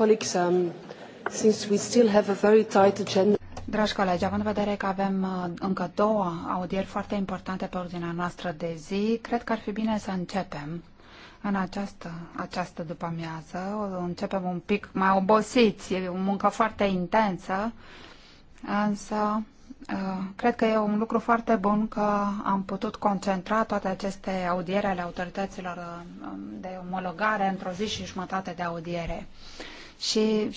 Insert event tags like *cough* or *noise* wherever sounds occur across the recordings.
Um, Dragi colegi, având în vedere că avem uh, încă două audieri foarte importante pe ordinea noastră de zi, cred că ar fi bine să începem în această, această după-amiază. Începem un pic mai obosiți, e o muncă foarte intensă, însă uh, cred că e un lucru foarte bun că am putut concentra toate aceste audiere ale autorităților uh, de omologare într-o zi și jumătate de audiere. Și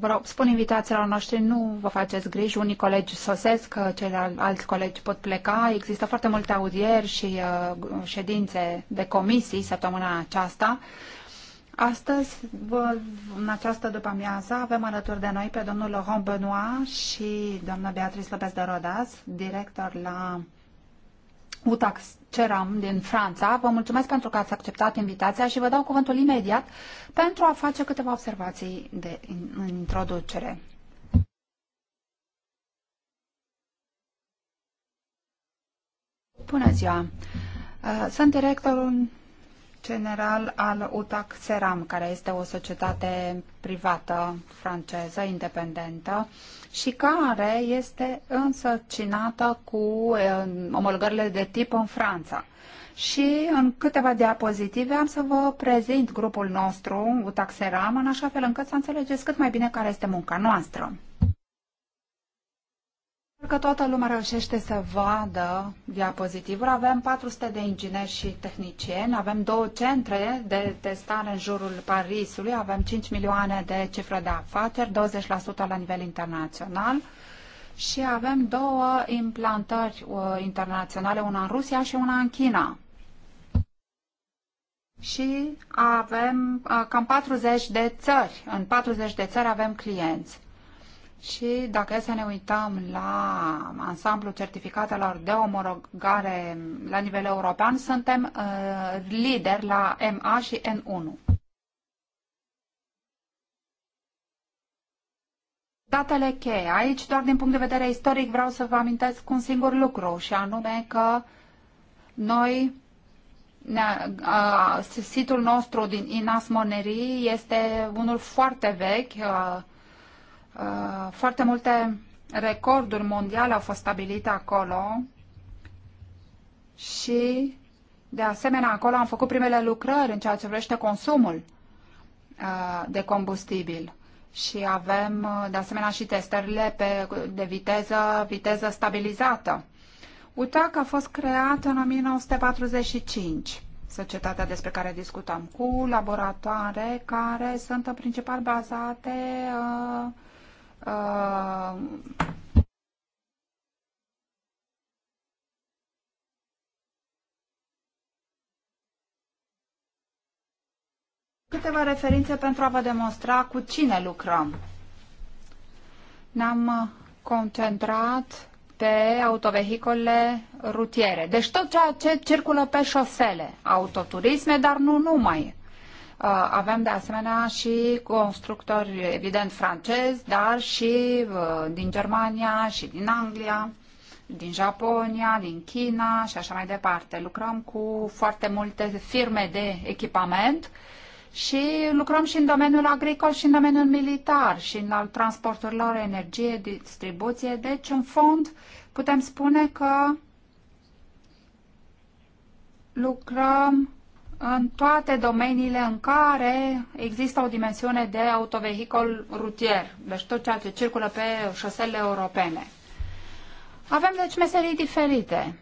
uh, spun invitațiilor noștri, nu vă faceți griji, unii colegi sosesc, uh, ceilalți colegi pot pleca. Există foarte multe audieri și uh, ședințe de comisii săptămâna aceasta. Astăzi, vă, în această după-amiază, avem alături de noi pe domnul Laurent Benoit și doamna Beatrice Lopez de Rodas, director la uh, Utax Ceram din Franța. Vă mulțumesc pentru că ați acceptat invitația și vă dau cuvântul imediat pentru a face câteva observații de introducere. Bună ziua! Uh, sunt directorul general al UTAC Seram, care este o societate privată franceză, independentă, și care este însărcinată cu eh, omologările de tip în Franța. Și în câteva diapozitive am să vă prezint grupul nostru, UTAC Seram, în așa fel încât să înțelegeți cât mai bine care este munca noastră că toată lumea reușește să vadă diapozitivul. Avem 400 de ingineri și tehnicieni, avem două centre de testare în jurul Parisului, avem 5 milioane de cifre de afaceri, 20% la nivel internațional și avem două implantări uh, internaționale, una în Rusia și una în China. Și avem uh, cam 40 de țări, în 40 de țări avem clienți. Și dacă e să ne uităm la ansamblu certificatelor de omologare la nivel european, suntem uh, lideri la MA și N1. Datele cheie. Aici, doar din punct de vedere istoric, vreau să vă amintesc un singur lucru, și anume că noi ne, uh, situl nostru din Inas Monerii este unul foarte vechi, uh, Uh, foarte multe recorduri mondiale au fost stabilite acolo și, de asemenea, acolo am făcut primele lucrări în ceea ce privește consumul uh, de combustibil. Și avem, uh, de asemenea, și testările pe, de viteză, viteză stabilizată. UTAC a fost creată în 1945, societatea despre care discutăm, cu laboratoare care sunt în principal bazate uh, Uh, câteva referințe pentru a vă demonstra cu cine lucrăm. Ne-am uh, concentrat pe autovehicole rutiere, deci tot ceea ce circulă pe șosele, autoturisme, dar nu numai. Uh, Avem de asemenea și constructori, evident, francezi, dar și uh, din Germania și din Anglia, din Japonia, din China și așa mai departe. Lucrăm cu foarte multe firme de echipament și lucrăm și în domeniul agricol și în domeniul militar și în al transporturilor, energie, distribuție. Deci, în fond, putem spune că lucrăm în toate domeniile în care există o dimensiune de autovehicol rutier, deci tot ceea ce circulă pe șosele europene. Avem deci meserii diferite.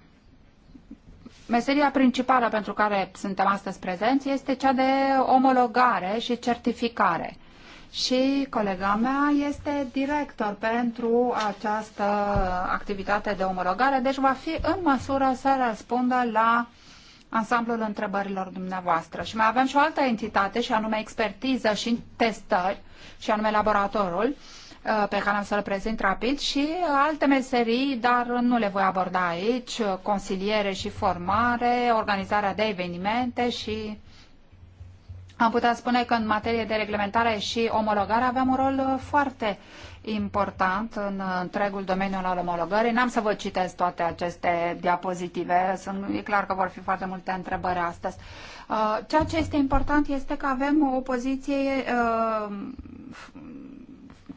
Meseria principală pentru care suntem astăzi prezenți este cea de omologare și certificare. Și colega mea este director pentru această activitate de omologare, deci va fi în măsură să răspundă la uh, ansamblul întrebărilor dumneavoastră. Și mai avem și o altă entitate, și anume expertiză și testări, și anume laboratorul, uh, pe care am să-l prezint rapid, și alte meserii, dar nu le voi aborda aici, consiliere și formare, organizarea de evenimente și am putea spune că în materie de reglementare și omologare aveam un rol uh, foarte important în uh, întregul domeniul al omologării. N-am să vă citesc toate aceste diapozitive, Sunt, e clar că vor fi foarte multe întrebări astăzi. Uh, ceea ce este important este că avem o poziție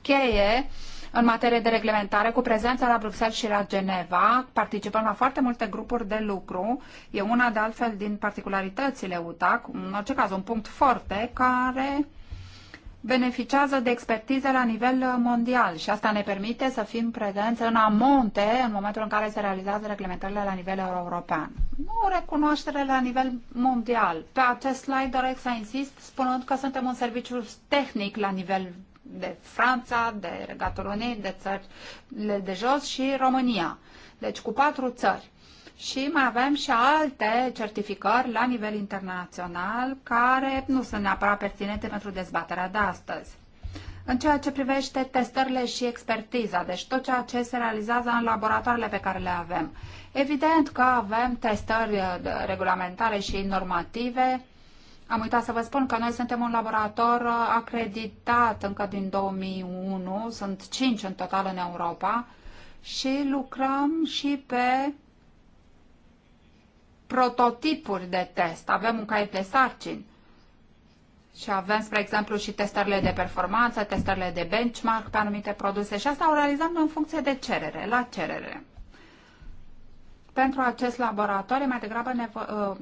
cheie în materie de reglementare, cu prezența la Bruxelles și la Geneva. Participăm la foarte multe grupuri de lucru. E una de altfel din particularitățile UTAC, în orice caz un punct foarte care beneficiază de expertiză la nivel mondial și asta ne permite să fim prezenți în amonte în momentul în care se realizează reglementările la nivel european. Nu o recunoaștere la nivel mondial. Pe acest slide doresc să insist spunând că suntem un serviciu tehnic la nivel de Franța, de Regatul Unit, de țările de jos și România. Deci cu patru țări. Și mai avem și alte certificări la nivel internațional care nu sunt neapărat pertinente pentru dezbaterea de astăzi. În ceea ce privește testările și expertiza, deci tot ceea ce se realizează în laboratoarele pe care le avem. Evident că avem testări uh, regulamentare și normative am uitat să vă spun că noi suntem un laborator uh, acreditat încă din 2001, sunt cinci în total în Europa și lucrăm și pe prototipuri de test. Avem un caiet de sarcini și avem, spre exemplu, și testările de performanță, testările de benchmark pe anumite produse și asta o realizăm în funcție de cerere, la cerere. Pentru acest laborator e mai degrabă nevo- uh,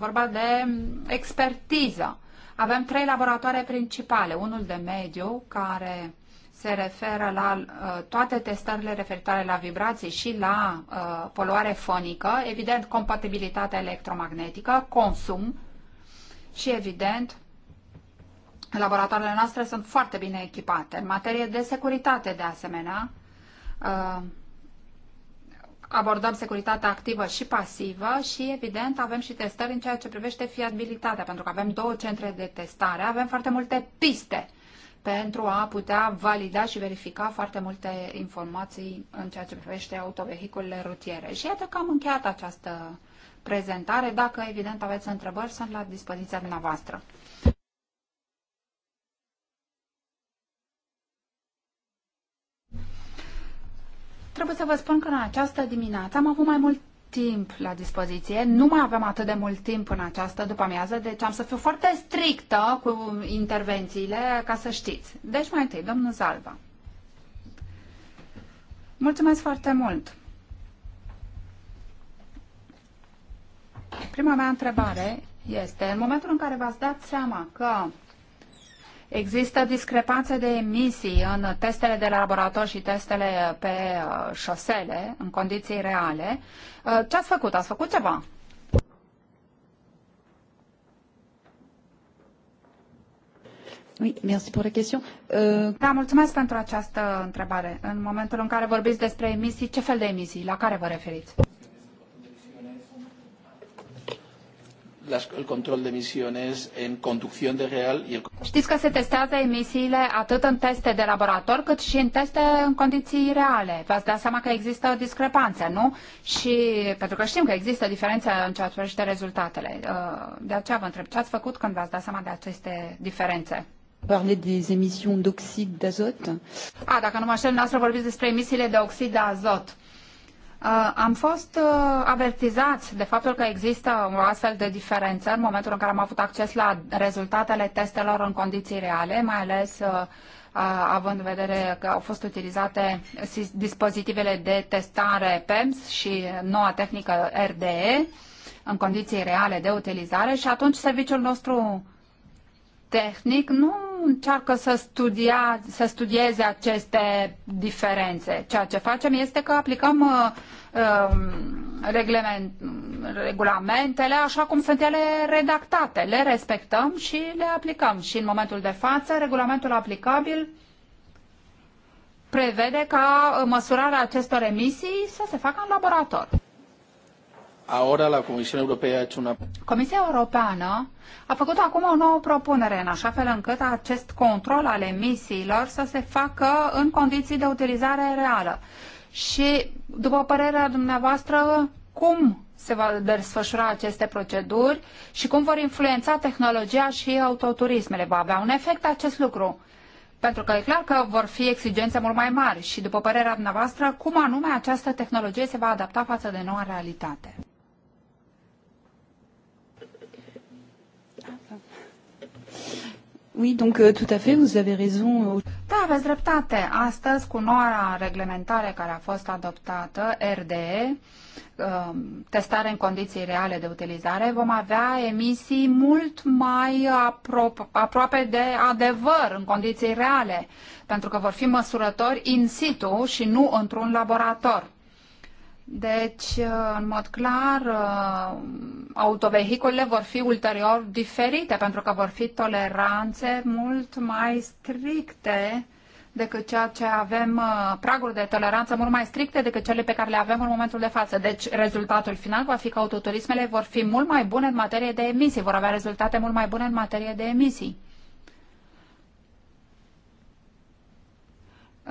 vorba de expertiză. Avem trei laboratoare principale, unul de mediu care se referă la uh, toate testările referitoare la vibrații și la uh, poluare fonică, evident compatibilitatea electromagnetică, consum și evident laboratoarele noastre sunt foarte bine echipate. În materie de securitate de asemenea, uh, abordăm securitatea activă și pasivă și, evident, avem și testări în ceea ce privește fiabilitatea, pentru că avem două centre de testare, avem foarte multe piste pentru a putea valida și verifica foarte multe informații în ceea ce privește autovehiculele rutiere. Și iată că am încheiat această prezentare. Dacă, evident, aveți întrebări, sunt la dispoziția dumneavoastră. Trebuie să vă spun că în această dimineață am avut mai mult timp la dispoziție. Nu mai avem atât de mult timp în această după-amiază, deci am să fiu foarte strictă cu intervențiile, ca să știți. Deci mai întâi, domnul Zalba. Mulțumesc foarte mult! Prima mea întrebare este, în momentul în care v-ați dat seama că Există discrepanțe de emisii în testele de laborator și testele pe uh, șosele, în condiții reale. Uh, ce ați făcut? Ați făcut ceva? Oui, merci pour la question. Uh... Da, mulțumesc pentru această întrebare. În momentul în care vorbiți despre emisii, ce fel de emisii? La care vă referiți? las, el control de emisiones en conducción de real y el... Știți că se testează emisiile atât în teste de laborator cât și în teste în condiții reale. V-ați dat seama că există o discrepanță, nu? Și pentru că știm că există diferențe în ceea ce privește rezultatele. Uh, de aceea vă întreb ce ați făcut când v-ați dat seama de aceste diferențe? Parle des emisiuni d'oxid d'azot. A, dacă nu mă aștept, noastră vorbiți despre emisiile de oxid de azot. Uh, Uh, am fost uh, avertizați de faptul că există o astfel de diferență în momentul în care am avut acces la rezultatele testelor în condiții reale, mai ales uh, având în vedere că au fost utilizate dispozitivele de testare PEMS și noua tehnică RDE în condiții reale de utilizare și atunci serviciul nostru tehnic nu încearcă să, studia, să studieze aceste diferențe. Ceea ce facem este că aplicăm uh, uh, regulamentele așa cum sunt ele redactate. Le respectăm și le aplicăm. Și în momentul de față, regulamentul aplicabil prevede ca măsurarea acestor emisii să se facă în laborator. Ahora la Comisión Europea ha hecho una... Comisia Europeană a făcut acum o nouă propunere, în așa fel încât acest control al emisiilor să se facă în condiții de utilizare reală. Și, după părerea dumneavoastră, cum se va desfășura aceste proceduri și cum vor influența tehnologia și autoturismele? Va avea un efect acest lucru? Pentru că e clar că vor fi exigențe mult mai mari și, după părerea dumneavoastră, cum anume această tehnologie se va adapta față de noua realitate? Oui, donc euh, tout à fait, vous avez raison. Euh, da, aveți dreptate. Astăzi, cu noua reglementare care a fost adoptată, RDE, um, testare în condiții reale de utilizare, vom avea emisii mult mai apro- aproape de adevăr în condiții reale, pentru că vor fi măsurători in situ și nu într-un laborator. Deci, uh, în mod clar, uh, autovehiculele vor fi ulterior diferite, pentru că vor fi toleranțe mult mai stricte decât ceea ce avem, uh, praguri de toleranță mult mai stricte decât cele pe care le avem în momentul de față. Deci, rezultatul final va fi că autoturismele vor fi mult mai bune în materie de emisii, vor avea rezultate mult mai bune în materie de emisii.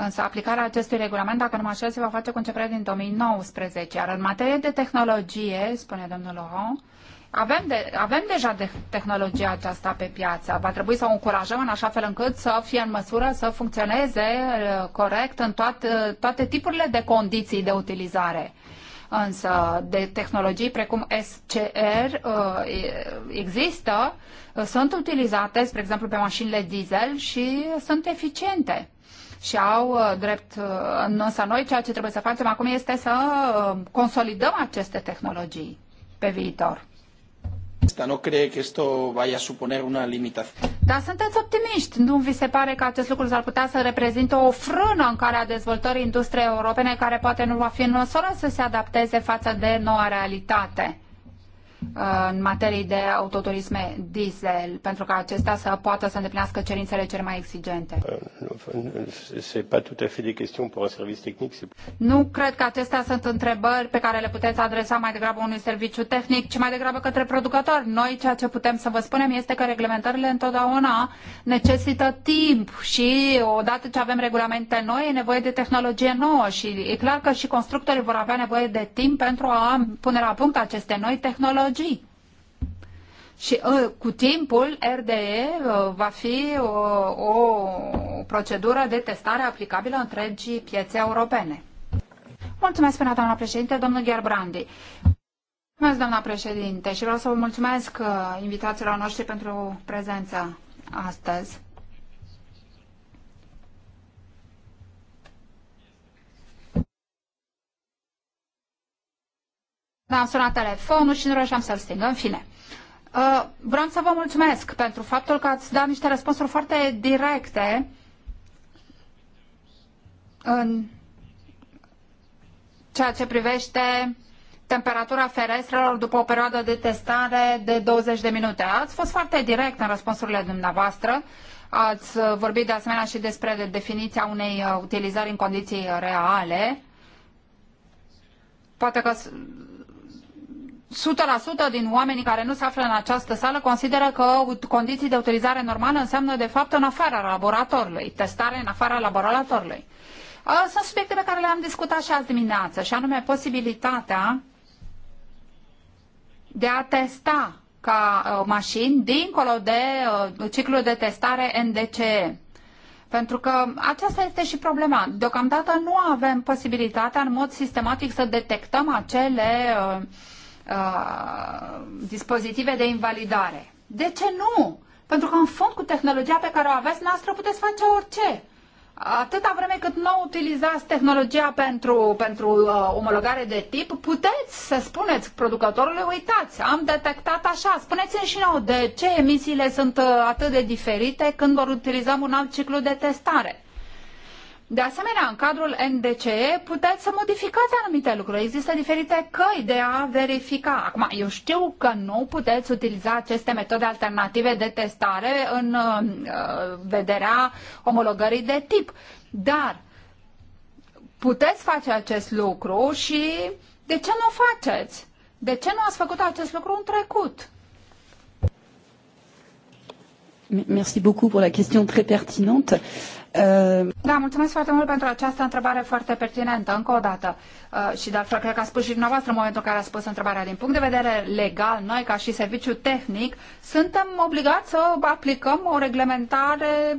Însă aplicarea acestui regulament, dacă nu mă așa, se va face cu începere din 2019. Iar în materie de tehnologie, spune domnul Laurent, avem, de, avem deja de tehnologia aceasta pe piață. Va trebui să o încurajăm în așa fel încât să fie în măsură să funcționeze uh, corect în toate, uh, toate tipurile de condiții de utilizare. Însă de tehnologii precum SCR uh, există, sunt utilizate, spre exemplu, pe mașinile diesel și sunt eficiente și au uh, drept uh, însă noi ceea ce trebuie să facem acum este să uh, consolidăm aceste tehnologii pe viitor. Asta nu cree că esto vaya a suponer una limitație. Dar sunteți optimiști. Nu vi se pare că acest lucru s-ar putea să reprezinte o frână în care a dezvoltării industriei europene care poate nu va fi în măsură să se adapteze față de noua realitate? în materie de autoturisme diesel, pentru ca acestea să poată să îndeplinească cerințele cele mai exigente? Euh, euh, nu cred că acestea sunt întrebări pe care le puteți adresa mai degrabă unui serviciu tehnic, ci mai degrabă către producători. Noi ceea ce putem să vă spunem este că reglementările întotdeauna necesită timp și odată ce avem regulamente noi e nevoie de tehnologie nouă și e clar că și constructorii vor avea nevoie de timp pentru a pune la punct aceste noi tehnologii tehnologii. Și ă, cu timpul RDE ă, va fi o, ă, o procedură de testare aplicabilă întregii piețe europene. Mulțumesc, până doamna președinte, domnul Gherbrandi. Mulțumesc, doamna președinte, și vreau să vă mulțumesc invitațiilor noștri pentru prezența astăzi. am sunat telefonul și nu reușeam să-l sting. În fine, uh, vreau să vă mulțumesc pentru faptul că ați dat niște răspunsuri foarte directe în ceea ce privește temperatura ferestrelor după o perioadă de testare de 20 de minute. Ați fost foarte direct în răspunsurile dumneavoastră. Ați uh, vorbit de asemenea și despre definiția unei uh, utilizări în condiții reale. Poate că 100% din oamenii care nu se află în această sală consideră că condiții de utilizare normală înseamnă de fapt în afara laboratorului, testare în afara laboratorului. Uh, sunt subiecte pe care le-am discutat și azi dimineață, și anume posibilitatea de a testa ca uh, mașini dincolo de uh, ciclul de testare NDCE. Pentru că aceasta este și problema. Deocamdată nu avem posibilitatea în mod sistematic să detectăm acele uh, Uh, dispozitive de invalidare. De ce nu? Pentru că în fond cu tehnologia pe care o aveți noastră puteți face orice. Atâta vreme cât nu utilizați tehnologia pentru, pentru uh, omologare de tip, puteți să spuneți producătorului, uitați, am detectat așa, spuneți-mi și nou de ce emisiile sunt uh, atât de diferite când vor utilizăm un alt ciclu de testare. De asemenea, în cadrul NDCE puteți să modificați anumite lucruri. Există diferite căi de a verifica. Acum, eu știu că nu puteți utiliza aceste metode alternative de testare în uh, uh vederea omologării de tip, dar puteți face acest lucru și de ce nu o faceți? De ce nu ați făcut acest lucru în trecut? Merci beaucoup pour la question très pertinente. Euh, Uh, da, mulțumesc foarte mult pentru această întrebare foarte pertinentă, încă o dată. Uh, și de altfel, cred că a spus și dumneavoastră în momentul în care a spus întrebarea. Din punct de vedere legal, noi, ca și serviciu tehnic, suntem obligați să aplicăm o reglementare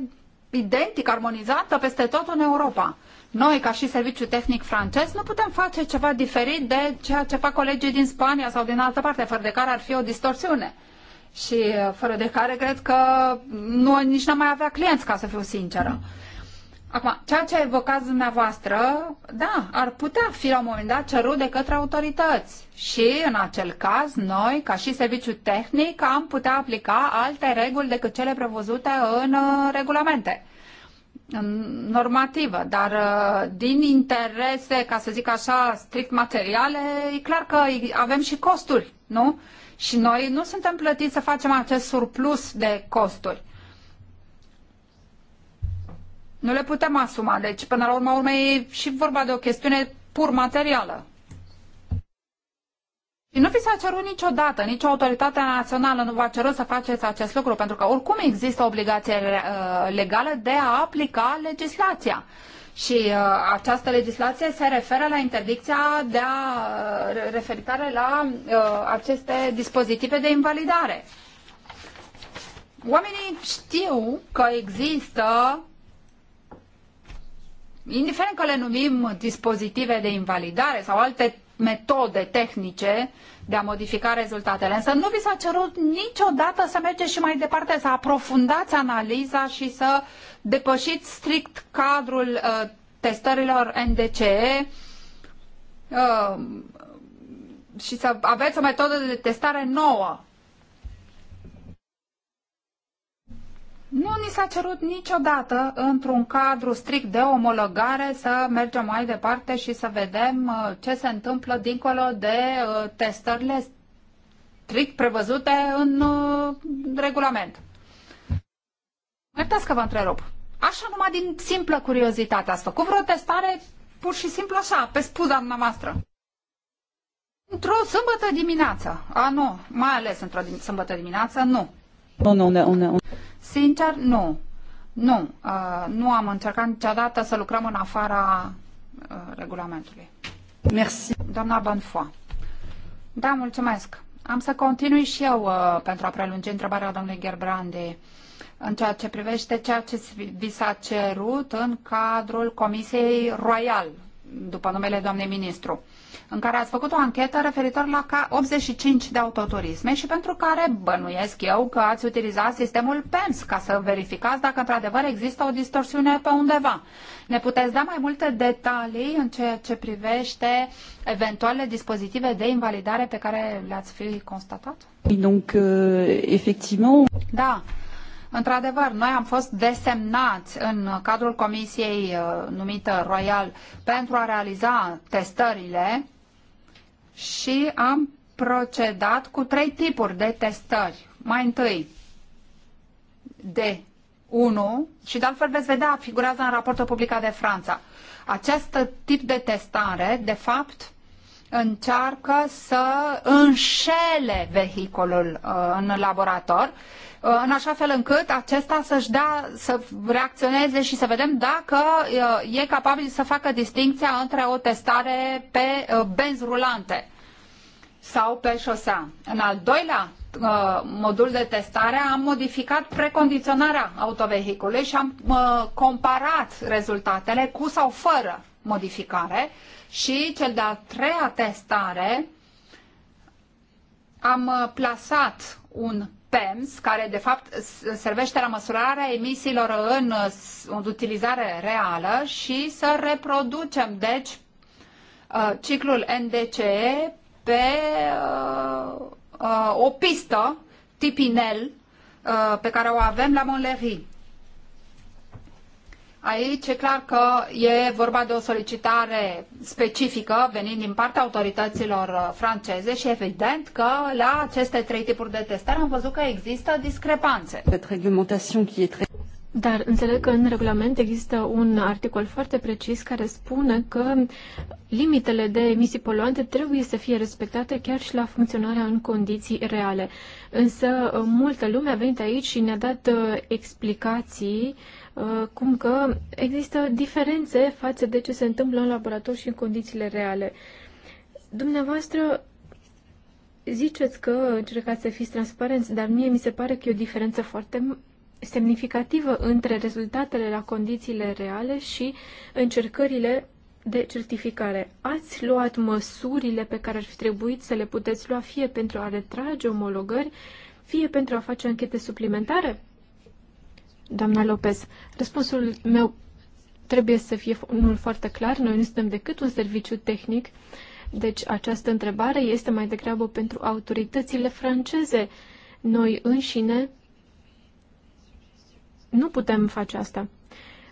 identic armonizată peste tot în Europa. Noi, ca și serviciu tehnic francez, nu putem face ceva diferit de ceea ce fac colegii din Spania sau din altă parte, fără de care ar fi o distorsiune și uh, fără de care cred că nu, nici n-am mai avea clienți, ca să fiu sinceră. Mm. Acum, ceea ce evocați dumneavoastră, da, ar putea fi la un moment dat cerut de către autorități. Și, în acel caz, noi, ca și serviciu tehnic, am putea aplica alte reguli decât cele prevăzute în uh, regulamente normativă, dar uh, din interese, ca să zic așa, strict materiale, e clar că avem și costuri, nu? Și noi nu suntem plătiți să facem acest surplus de costuri. Nu le putem asuma. Deci, până la urma urmei, e și vorba de o chestiune pur materială. Și nu vi s-a cerut niciodată, nicio autoritate națională nu v-a cerut să faceți acest lucru, pentru că oricum există obligație uh, legală de a aplica legislația. Și uh, această legislație se referă la interdicția de a, uh, referitare la uh, aceste dispozitive de invalidare. Oamenii știu că există indiferent că le numim dispozitive de invalidare sau alte metode tehnice de a modifica rezultatele. Însă nu vi s-a cerut niciodată să mergeți și mai departe, să aprofundați analiza și să depășiți strict cadrul uh, testărilor NDCE uh, și să aveți o metodă de testare nouă. Nu ni s-a cerut niciodată, într-un cadru strict de omologare, să mergem mai departe și să vedem uh, ce se întâmplă dincolo de uh, testările strict prevăzute în uh, regulament. Iertați că vă întrerup. Așa numai din simplă curiozitate ați făcut vreo testare pur și simplu așa, pe spuza noastră. Într-o sâmbătă dimineață. A, nu, mai ales într-o dim- sâmbătă dimineață, nu. Nu, nu, nu, nu. Sincer, nu. Nu. Uh, nu am încercat niciodată să lucrăm în afara uh, regulamentului. Merci. Doamna Bonfoy. Da, mulțumesc. Am să continui și eu uh, pentru a prelungi întrebarea domnului Gerbrande în ceea ce privește ceea ce vi s-a cerut în cadrul Comisiei Royal, după numele doamnei ministru. Uh, în care ați făcut o anchetă referitor la 85 de autoturisme și pentru care bănuiesc eu că ați utilizat sistemul PEMS ca să verificați dacă într-adevăr există o distorsiune pe undeva. Ne puteți da mai multe detalii în ceea ce privește eventuale dispozitive de invalidare pe care le-ați fi constatat? Donc, euh, effectivement... Da, Într-adevăr, noi am fost desemnați în cadrul comisiei uh, numită Royal pentru a realiza testările și am procedat cu trei tipuri de testări. Mai întâi, de 1 și de altfel veți vedea, figurează în raportul publicat de Franța. Acest tip de testare, de fapt, încearcă să înșele vehiculul uh, în laborator, uh, în așa fel încât acesta să-și dea, să reacționeze și să vedem dacă uh, e capabil să facă distinția între o testare pe benzi rulante sau pe șosea. În al doilea modul de testare am modificat precondiționarea autovehiculului și am comparat rezultatele cu sau fără modificare și cel de-a treia testare am uh, plasat un PEMS, care de fapt servește la măsurarea emisiilor în, uh, în utilizare reală și să reproducem, deci, uh, ciclul NDCE pe o pistă tipinel pe care o avem la Montlhéry. Aici e clar că e vorba de o solicitare specifică venind din partea autorităților uh, franceze și evident că la aceste trei tipuri de testare am văzut că există discrepanțe. Dar înțeleg că în regulament există un articol foarte precis care spune că limitele de emisii poluante trebuie să fie respectate chiar și la funcționarea în condiții reale. Însă uh, multă lume a venit aici și ne-a dat uh, explicații uh, Uh, cum că există diferențe față de ce se întâmplă în laborator și în condițiile reale. Dumneavoastră ziceți că încercați să fiți transparenți, dar mie mi se pare că e o diferență foarte semnificativă între rezultatele la condițiile reale și încercările de certificare. Ați luat măsurile pe care ar fi trebuit să le puteți lua fie pentru a retrage omologări, fie pentru a face anchete suplimentare? doamna Lopez. Răspunsul meu trebuie să fie unul foarte clar. Noi nu suntem decât un serviciu tehnic, deci această întrebare este mai degrabă pentru autoritățile franceze. Noi înșine nu putem face asta.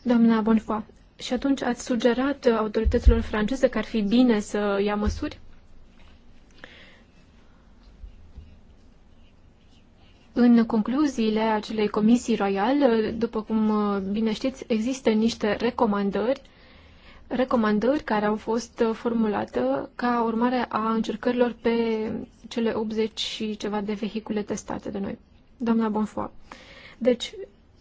Doamna Bonfoy, și atunci ați sugerat autorităților franceze că ar fi bine să ia măsuri? În concluziile acelei comisii royale, după cum uh, bine știți, există niște recomandări, recomandări care au fost uh, formulate ca urmare a încercărilor pe cele 80 și ceva de vehicule testate de noi. Doamna Bonfoa, Deci,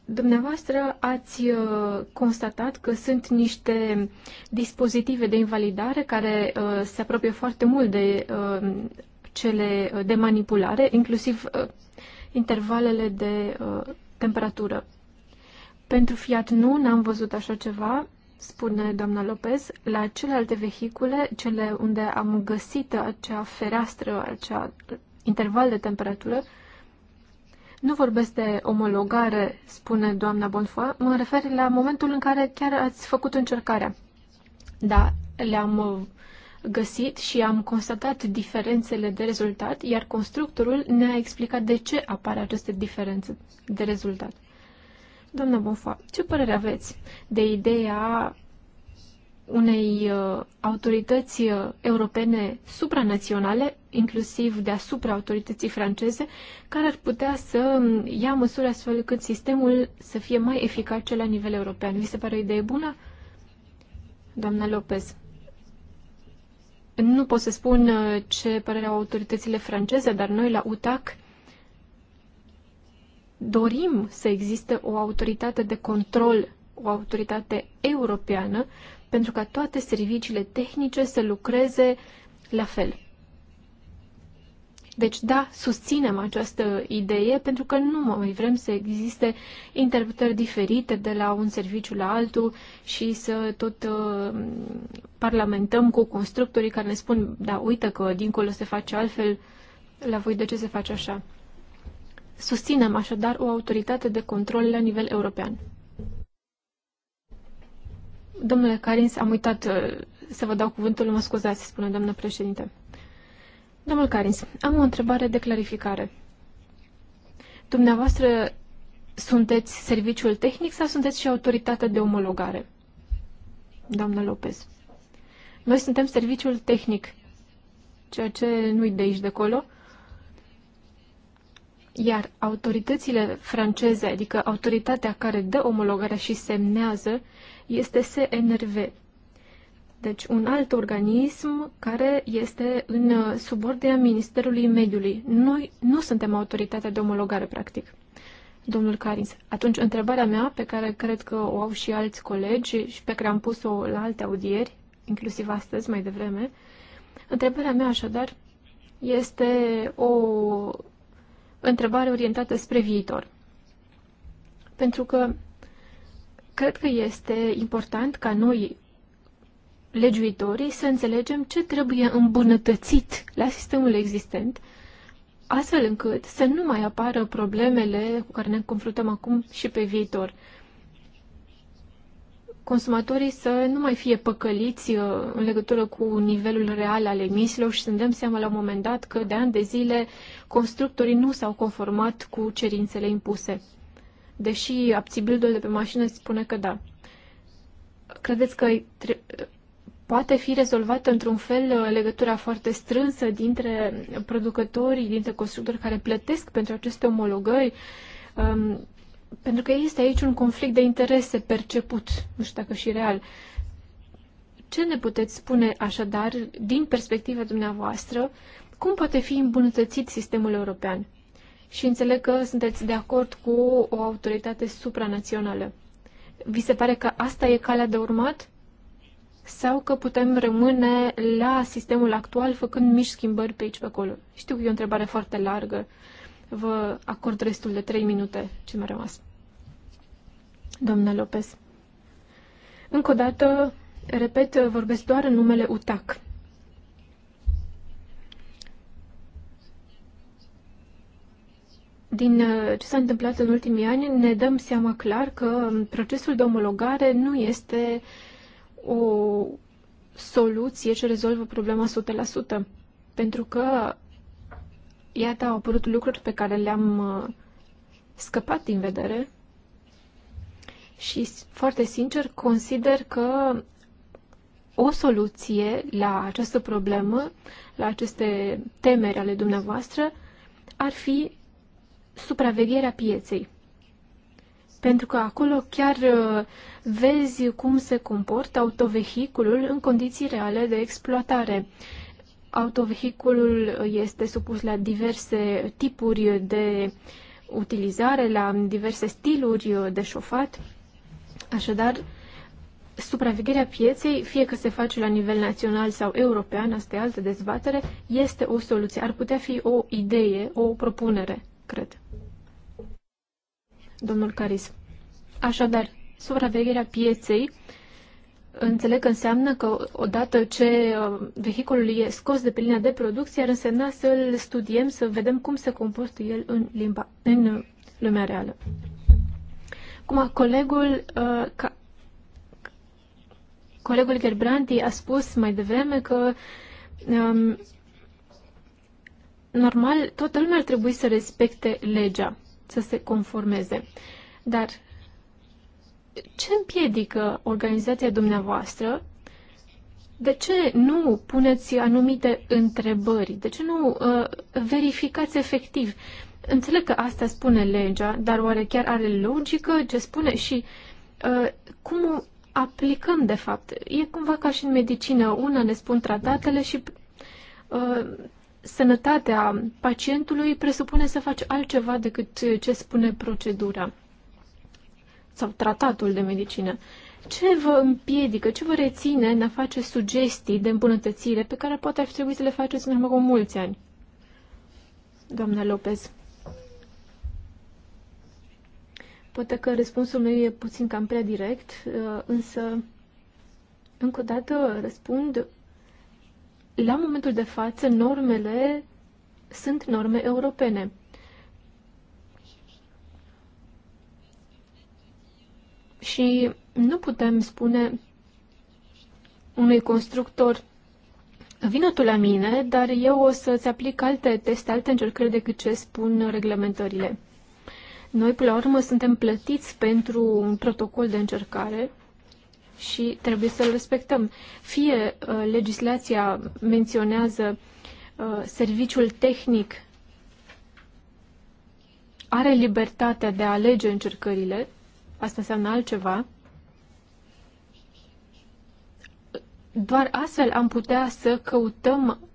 dumneavoastră ați uh, constatat că sunt niște dispozitive de invalidare care se apropie foarte mult de cele de manipulare, inclusiv intervalele de uh, temperatură. Pentru Fiat nu, n-am văzut așa ceva, spune doamna Lopez. La celelalte vehicule, cele unde am găsit acea fereastră, acea interval de temperatură, nu vorbesc de omologare, spune doamna Bonfoy, mă refer la momentul în care chiar ați făcut încercarea. Da, le-am găsit și am constatat diferențele de rezultat, iar constructorul ne-a explicat de ce apar aceste diferențe de rezultat. Doamna Bonfa, ce părere aveți de ideea unei uh, autorități uh, europene supranaționale, inclusiv deasupra autorității franceze, care ar putea să um, ia măsuri astfel cât sistemul să fie mai eficace la nivel european. Vi se pare o idee bună? Doamna Lopez. Nu pot să spun uh, ce părere au autoritățile franceze, dar noi la UTAC dorim să existe o autoritate de control, o autoritate europeană, pentru ca toate serviciile tehnice să lucreze la fel. Deci, da, susținem această idee pentru că nu mai vrem să existe interpretări diferite de la un serviciu la altul și să tot uh, parlamentăm cu constructorii care ne spun, da, uite că dincolo se face altfel, la voi de ce se face așa? Susținem așadar o autoritate de control la nivel european. Domnule Carins, am uitat uh, să vă dau cuvântul, mă scuzați, spune doamna președinte. Domnul Carins, am o întrebare de clarificare. Dumneavoastră sunteți serviciul tehnic sau sunteți și autoritatea de omologare? Doamna Lopez. Noi suntem serviciul tehnic, ceea ce nu-i de aici de acolo. Iar autoritățile franceze, adică autoritatea care dă omologarea și semnează, este CNRV, deci un alt organism care este în uh, subordinea Ministerului Mediului. Noi nu suntem autoritatea de omologare, practic. Domnul Carins, atunci întrebarea mea, pe care cred că o au și alți colegi și pe care am pus-o la alte audieri, inclusiv astăzi, mai devreme, întrebarea mea așadar este o întrebare orientată spre viitor. Pentru că cred că este important ca noi, legiuitorii să înțelegem ce trebuie îmbunătățit la sistemul existent, astfel încât să nu mai apară problemele cu care ne confruntăm acum și pe viitor. Consumatorii să nu mai fie păcăliți uh, în legătură cu nivelul real al emisiilor și să ne dăm seama la un moment dat că de ani de zile constructorii nu s-au conformat cu cerințele impuse. Deși abțibildul de pe mașină spune că da. Credeți că poate fi rezolvată într-un fel uh, legătura foarte strânsă dintre producătorii, dintre constructori care plătesc pentru aceste omologări, um, pentru că este aici un conflict de interese perceput, nu știu dacă și real. Ce ne puteți spune așadar, din perspectiva dumneavoastră, cum poate fi îmbunătățit sistemul european? Și înțeleg că sunteți de acord cu o autoritate supranațională. Vi se pare că asta e calea de urmat? sau că putem rămâne la sistemul actual făcând mici schimbări pe aici, pe acolo? Știu că e o întrebare foarte largă. Vă acord restul de trei minute ce mi-a rămas. Doamna Lopez. Încă o dată, repet, vorbesc doar în numele UTAC. Din uh, ce s-a întâmplat în ultimii ani, ne dăm seama clar că procesul de omologare nu este uh, o soluție ce rezolvă problema 100%. Pentru că, iată, au apărut lucruri pe care le-am uh, scăpat din vedere și, foarte sincer, consider că o soluție la această problemă, la aceste temeri ale dumneavoastră, ar fi supravegherea pieței. Pentru că acolo chiar uh, vezi cum se comportă autovehiculul în condiții reale de exploatare. Autovehiculul este supus la diverse tipuri de utilizare, la diverse stiluri de șofat. Așadar, supravegherea pieței, fie că se face la nivel național sau european, asta e altă dezbatere, este o soluție. Ar putea fi o idee, o propunere, cred domnul Caris. Așadar, supravegherea pieței înțeleg că înseamnă că odată ce uh, vehiculul e scos de pe linia de producție, ar însemna să-l studiem, să vedem cum se comportă el în, limba, în uh, lumea reală. Cum a colegul uh, ca, colegul Gerbranti a spus mai devreme că um, normal, toată lumea ar trebui să respecte legea să se conformeze. Dar ce împiedică organizația dumneavoastră? De ce nu puneți anumite întrebări? De ce nu uh, verificați efectiv? Înțeleg că asta spune legea, dar oare chiar are logică ce spune și uh, cum aplicăm, de fapt. E cumva ca și în medicină. Una ne spun tratatele și uh, sănătatea pacientului presupune să faci altceva decât ce spune procedura sau tratatul de medicină. Ce vă împiedică, ce vă reține în a face sugestii de îmbunătățire pe care poate ar trebui să le faceți în urmă cu mulți ani? Doamna Lopez. Poate că răspunsul meu e puțin cam prea direct, însă, încă o dată, răspund la momentul de față, normele sunt norme europene. Și nu putem spune unui constructor, vină tu la mine, dar eu o să-ți aplic alte teste, alte încercări decât ce spun reglementările. Noi, până la urmă, suntem plătiți pentru un protocol de încercare și trebuie să-l respectăm. Fie uh, legislația menționează uh, serviciul tehnic are libertatea de a alege încercările, asta înseamnă altceva, doar astfel am putea să căutăm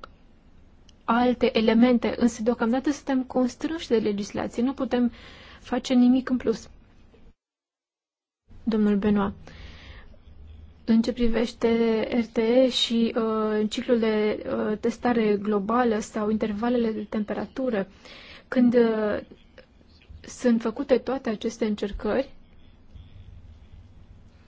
alte elemente, însă deocamdată suntem constrânși de legislație, nu putem face nimic în plus. Domnul Benoit. În ce privește RTE și uh, ciclul de uh, testare globală sau intervalele de temperatură, când uh, sunt făcute toate aceste încercări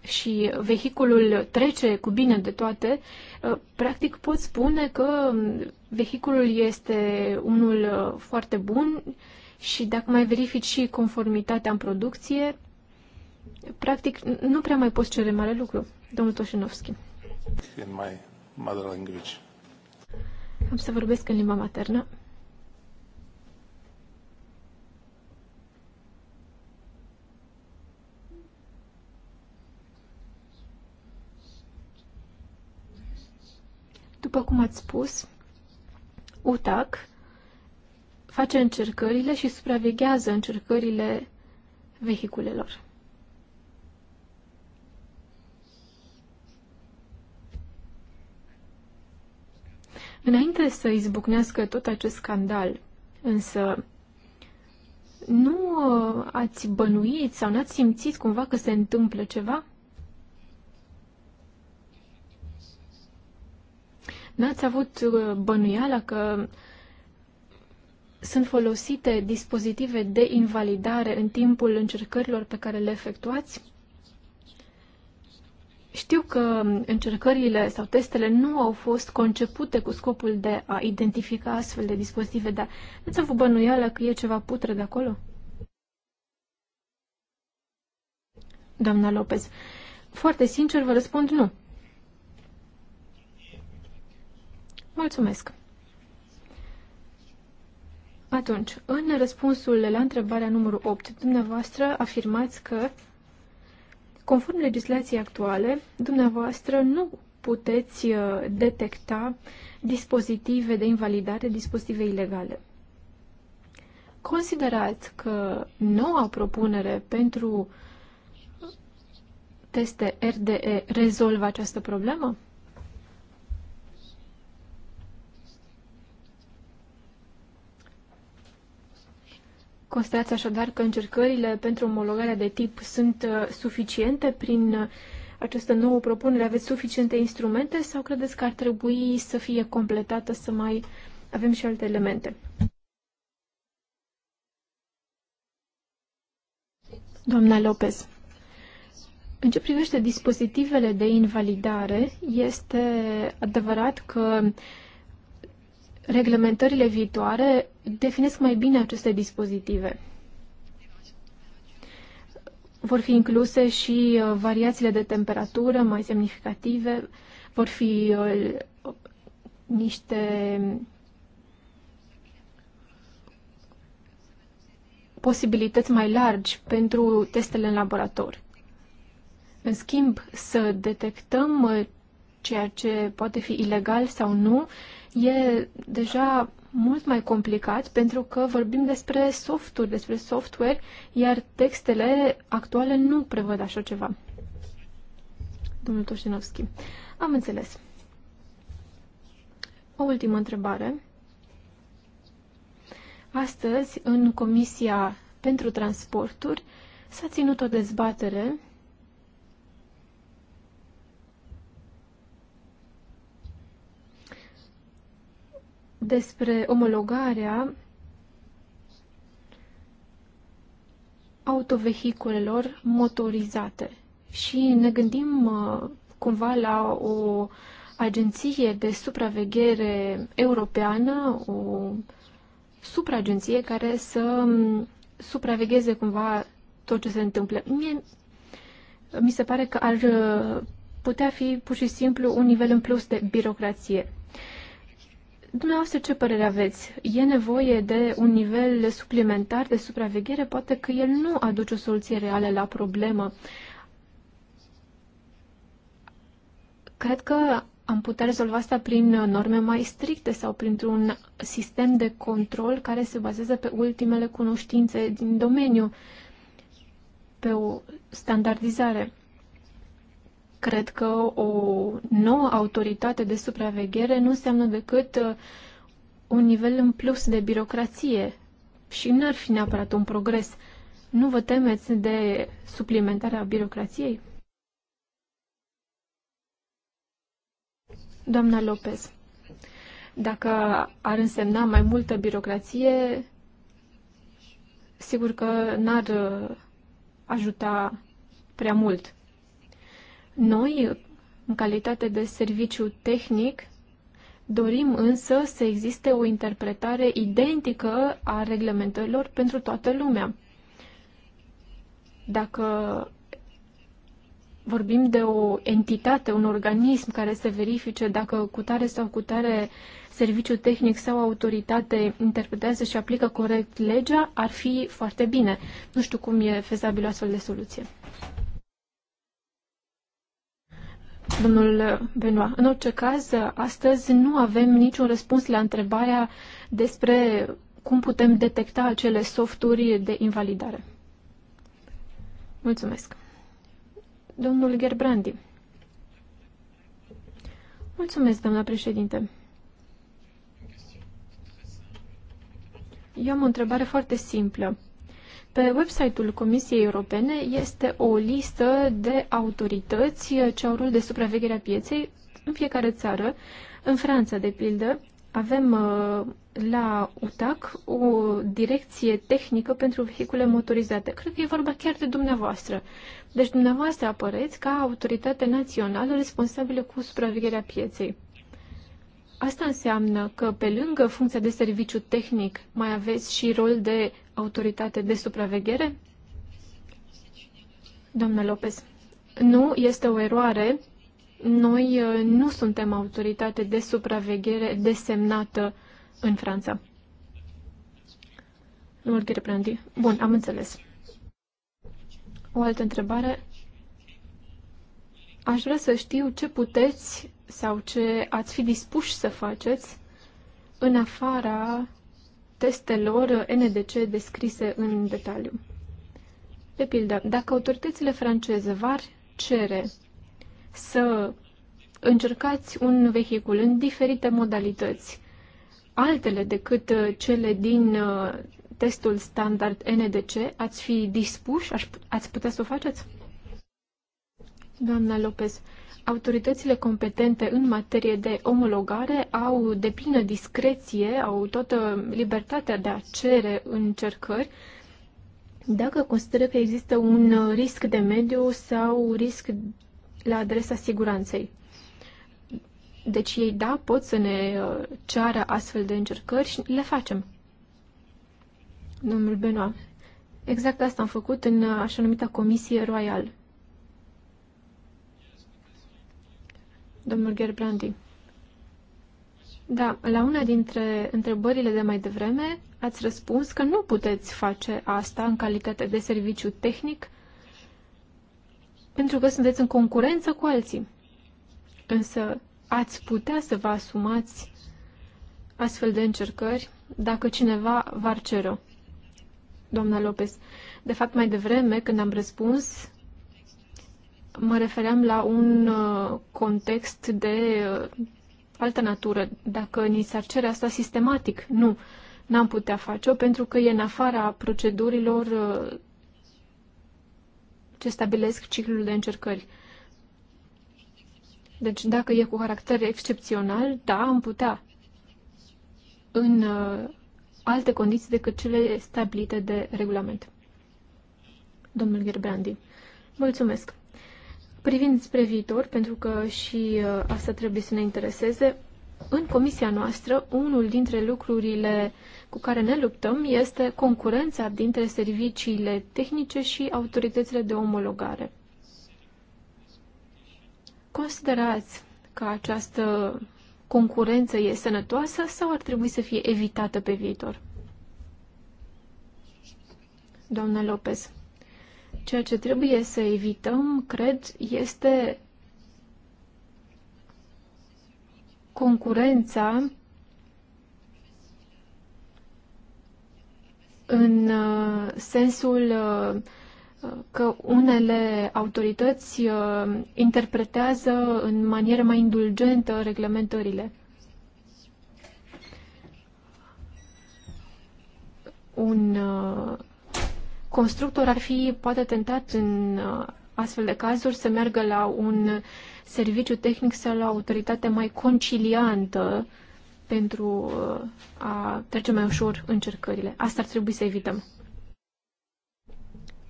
și vehiculul trece cu bine de toate, uh, practic pot spune că um, vehiculul este unul uh, foarte bun și dacă mai verifici și conformitatea în producție, practic nu prea mai poți cere mare lucru. Domnul Toșinovski. In my mother language. Am să vorbesc în limba maternă. După cum ați spus, UTAC face încercările și supraveghează încercările vehiculelor. bine să izbucnească tot acest scandal, însă nu uh, ați bănuit sau n-ați simțit cumva că se întâmplă ceva? N-ați avut uh, bănuiala că sunt folosite dispozitive de invalidare în timpul încercărilor pe care le efectuați? Știu că încercările sau testele nu au fost concepute cu scopul de a identifica astfel de dispozitive, dar ați avut bănuială că e ceva putre de acolo? Doamna Lopez, foarte sincer vă răspund nu. Mulțumesc. Atunci, în răspunsul la întrebarea numărul 8, dumneavoastră afirmați că Conform legislației actuale, dumneavoastră nu puteți uh, detecta dispozitive de invalidare, dispozitive ilegale. Considerați că noua propunere pentru teste RDE rezolvă această problemă? Constați așadar că încercările pentru omologarea de tip sunt uh, suficiente prin uh, această nouă propunere? Aveți suficiente instrumente sau credeți că ar trebui să fie completată, să mai avem și alte elemente? Doamna Lopez, în ce privește dispozitivele de invalidare, este adevărat că uh, reglementările viitoare definesc mai bine aceste dispozitive. Vor fi incluse și uh, variațiile de temperatură mai semnificative, vor fi uh, niște posibilități mai largi pentru testele în laborator. În schimb, să detectăm uh, ceea ce poate fi ilegal sau nu, e deja mult mai complicat pentru că vorbim despre softuri, despre software, iar textele actuale nu prevăd așa ceva. Domnul Toșinovski, am înțeles. O ultimă întrebare. Astăzi, în Comisia pentru Transporturi, s-a ținut o dezbatere despre omologarea autovehiculelor motorizate și ne gândim uh, cumva la o agenție de supraveghere europeană, o supraagenție care să um, supravegheze cumva tot ce se întâmplă. Mie mi se pare că ar uh, putea fi pur și simplu un nivel în plus de birocrație. Dumneavoastră, ce părere aveți? E nevoie de un nivel suplimentar de supraveghere? Poate că el nu aduce o soluție reală la problemă. Cred că am putea rezolva asta prin norme mai stricte sau printr-un sistem de control care se bazează pe ultimele cunoștințe din domeniu, pe o standardizare. Cred că o nouă autoritate de supraveghere nu înseamnă decât uh, un nivel în plus de birocrație și n-ar fi neapărat un progres. Nu vă temeți de suplimentarea birocrației? Doamna Lopez, dacă ar însemna mai multă birocrație, sigur că n-ar uh, ajuta prea mult. Noi, în calitate de serviciu tehnic, dorim însă să existe o interpretare identică a reglementărilor pentru toată lumea. Dacă vorbim de o entitate, un organism care să verifice dacă cu tare sau cu tare serviciu tehnic sau autoritate interpretează și aplică corect legea, ar fi foarte bine. Nu știu cum e fezabilă astfel de soluție domnul Benoit. În orice caz, astăzi nu avem niciun răspuns la întrebarea despre cum putem detecta acele softuri de invalidare. Mulțumesc. Domnul Gerbrandi. Mulțumesc, doamna președinte. Eu am o întrebare foarte simplă. Pe website-ul Comisiei Europene este o listă de autorități ce au rol de supraveghere a pieței în fiecare țară. În Franța, de pildă, avem uh, la UTAC o direcție tehnică pentru vehicule motorizate. Cred că e vorba chiar de dumneavoastră. Deci dumneavoastră apăreți ca autoritate națională responsabilă cu supravegherea pieței. Asta înseamnă că pe lângă funcția de serviciu tehnic mai aveți și rol de autoritate de supraveghere? Domnule Lopez, nu, este o eroare. Noi uh, nu suntem autoritate de supraveghere desemnată în Franța. Domnul Gherbrandi. Bun, am înțeles. O altă întrebare. Aș vrea să știu ce puteți sau ce ați fi dispuși să faceți în afara testelor NDC descrise în detaliu. De pildă, dacă autoritățile franceze v-ar cere să încercați un vehicul în diferite modalități, altele decât uh, cele din uh, testul standard NDC, ați fi dispuși? Ați putea să o faceți? Doamna Lopez, uh, autoritățile competente în materie de omologare au deplină discreție, au toată libertatea de a cere încercări dacă consideră că există un risc de mediu sau risc la adresa siguranței. Deci ei, da, pot să ne uh, ceară astfel de încercări și le facem. Domnul Benoit. Exact asta am făcut în uh, așa numita Comisie Royal. Domnul Gerbrandi. Da, la una dintre întrebările de mai devreme ați răspuns că nu puteți face asta în calitate de serviciu tehnic pentru că sunteți în concurență cu alții. Însă ați putea să vă asumați astfel de încercări dacă cineva v-ar cere. Doamna Lopez, de fapt mai devreme când am răspuns, mă refeream la un uh, context de uh, altă natură. Dacă ni s-ar cere asta sistematic, nu, n-am putea face-o pentru că e în afara procedurilor uh, ce stabilesc ciclul de încercări. Deci dacă e cu caracter excepțional, da, am putea. În alte condiții decât cele stabilite de regulament. Domnul Gerbrandi. Mulțumesc. Privind spre viitor, pentru că și uh, asta trebuie să ne intereseze, în comisia noastră, unul dintre lucrurile cu care ne luptăm este concurența dintre serviciile tehnice și autoritățile de omologare. Considerați că această concurență e sănătoasă sau ar trebui să fie evitată pe viitor? Doamna Lopez. Ceea ce trebuie să evităm, cred, este concurența în uh, sensul uh, că unele autorități uh, interpretează în manieră mai indulgentă reglementările. Un constructor ar fi poate tentat în uh, astfel de cazuri să meargă la un serviciu tehnic sau la o autoritate mai conciliantă pentru uh, a trece mai ușor încercările. Asta ar trebui să evităm.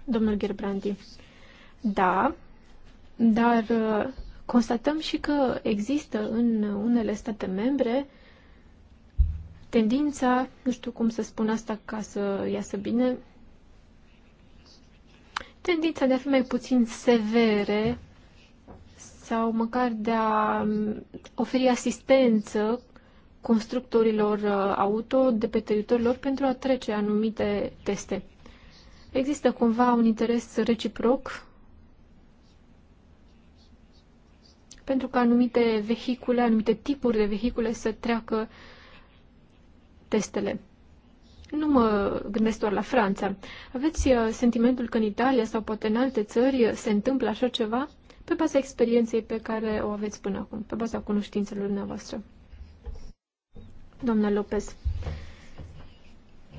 Domnul Gerbrandi. Da, dar uh, constatăm și că există în unele state membre tendința, nu știu cum să spun asta ca să iasă bine, tendința de a fi mai puțin severe sau măcar de a mm, oferi asistență constructorilor uh, auto de pe teritoriul lor pentru a trece anumite teste. Există cumva un interes reciproc pentru că anumite vehicule, anumite tipuri de vehicule să treacă testele. Nu mă gândesc doar la Franța. Aveți uh, sentimentul că în Italia sau poate în alte țări uh, se întâmplă așa ceva? Pe baza experienței pe care o aveți până acum, pe baza cunoștințelor dumneavoastră. Doamna Lopez,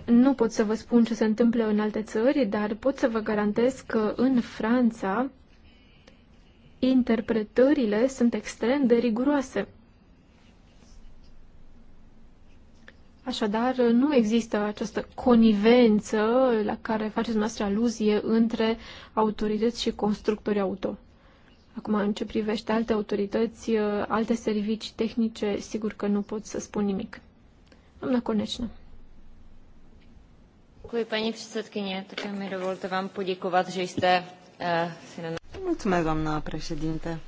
nu pot să vă spun ce se întâmplă în alte țări, dar pot să vă garantez că în Franța interpretările sunt extrem de riguroase. Așadar, nu există această conivență la care faceți noastră aluzie între autorități și constructori auto. Acum, în ce privește alte autorități, alte servicii tehnice, sigur că nu pot să spun nimic. Doamna Conecnă. Eh, Mulțumesc, doamna președinte.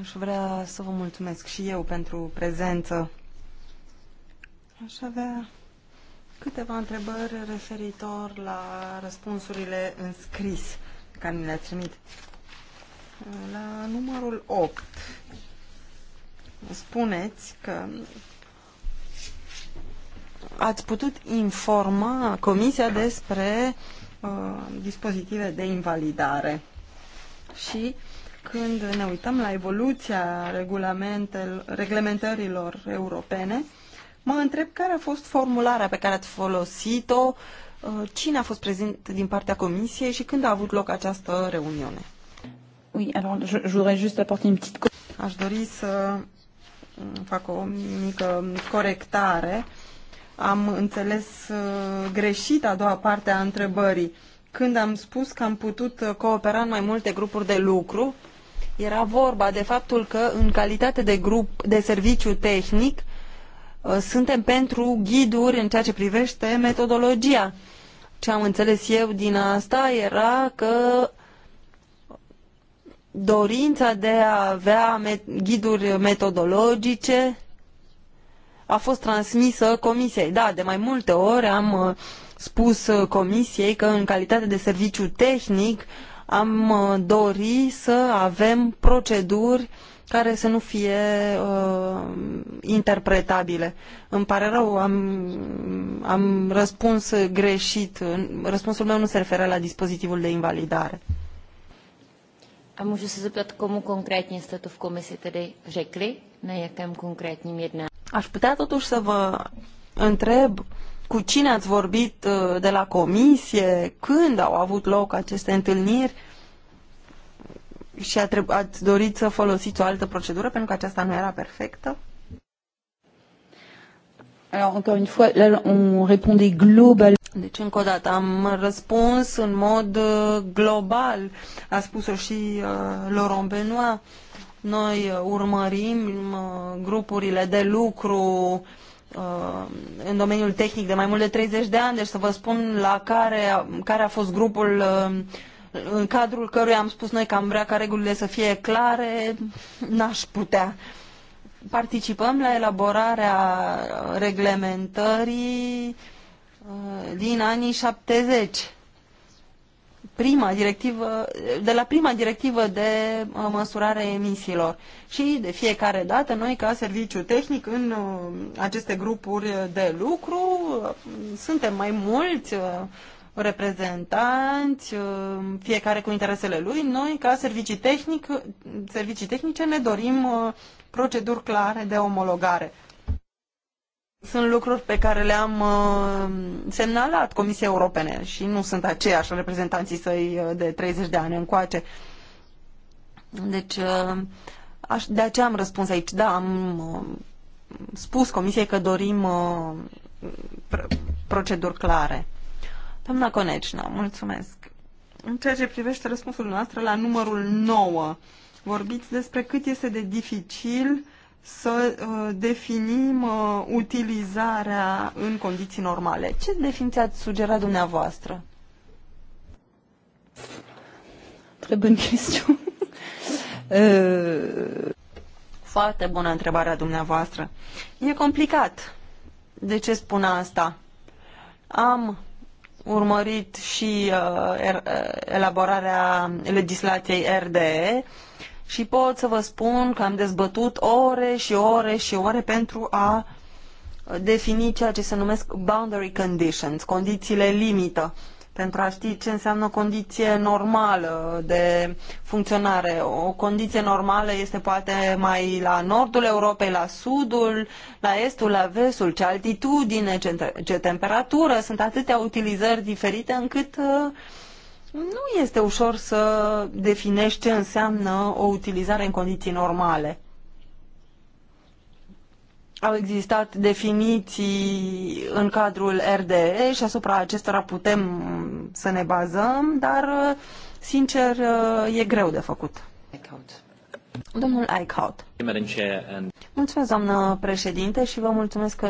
Aș vrea să vă mulțumesc și eu pentru prezență. Aș avea câteva întrebări referitor la răspunsurile în scris care mi le-ați trimit. La numărul 8 spuneți că ați putut informa Comisia despre uh, dispozitive de invalidare și uh, când ne uităm la evoluția reglementărilor europene, mă întreb care a fost formularea pe care ați folosit-o, uh, cine a fost prezent din partea Comisiei și când a avut loc această reuniune. Oui, alors juste apporter une petite... Aș dori să mm, fac o mică corectare. Am înțeles uh, greșit a doua parte a întrebării. Când am spus că am putut uh, coopera în mai multe grupuri de lucru, era vorba de faptul că în calitate de grup de serviciu tehnic uh, suntem pentru ghiduri în ceea ce privește metodologia. Ce am înțeles eu din asta era că dorința de a avea ghiduri metodologice a fost transmisă comisiei. Da, de mai multe ori am uh, spus uh, comisiei că în calitate de serviciu tehnic am uh, dori să avem proceduri care să nu fie uh, interpretabile. Îmi pare rău, am, am răspuns greșit. Răspunsul meu nu se referă la dispozitivul de invalidare. A můžu se zeptat, komu konkrétně jste to v komisi tedy řekli, na jakém konkrétním jednání? Aș putea totuși să vă întreb cu cine ați vorbit uh, de la comisie, când au avut loc aceste întâlniri și ați dorit să folosiți o altă procedură pentru că aceasta nu era perfectă? Alors, encore une fois, là, on répondait global. Deci, încă o dată, am răspuns în mod uh, global. A spus-o și uh, Laurent Benoit. Noi uh, urmărim uh, grupurile de lucru Uh, în domeniul tehnic de mai mult de 30 de ani, deci să vă spun la care, care a fost grupul uh, în cadrul căruia am spus noi că am vrea ca regulile să fie clare, n-aș putea. Participăm la elaborarea reglementării uh, din anii 70 prima directivă, de la prima directivă de uh, măsurare emisiilor. Și de fiecare dată noi ca serviciu tehnic în uh, aceste grupuri de lucru uh, suntem mai mulți reprezentanți, fiecare cu interesele lui. Noi ca servicii, tehnic, servicii tehnice ne dorim proceduri clare de omologare. Sunt lucruri pe care le-am uh, semnalat Comisiei Europene și nu sunt aceiași reprezentanții săi uh, de 30 de ani încoace. Deci, uh, aș, de aceea am răspuns aici. Da, am uh, spus Comisiei că dorim uh, pr proceduri clare. Doamna Conecina, mulțumesc. În ceea ce privește răspunsul noastră la numărul 9, vorbiți despre cât este de dificil să uh, definim uh, utilizarea în condiții normale. Ce definiție ați sugera dumneavoastră? Trebuie în *laughs* uh, Foarte bună întrebarea dumneavoastră. E complicat. De ce spun asta? Am urmărit și uh, er, elaborarea legislației RDE și pot să vă spun că am dezbătut ore și ore și ore pentru a defini ceea ce se numesc boundary conditions, condițiile limită, pentru a ști ce înseamnă condiție normală de funcționare. O condiție normală este poate mai la nordul Europei, la sudul, la estul, la vestul, ce altitudine, ce, ce temperatură. Sunt atâtea utilizări diferite încât uh, nu este ușor să definești ce înseamnă o utilizare în condiții normale. Au existat definiții în cadrul RDE și asupra acestora putem să ne bazăm, dar, sincer, e greu de făcut. Domnul Eichhout. Mulțumesc, doamnă președinte, și vă mulțumesc că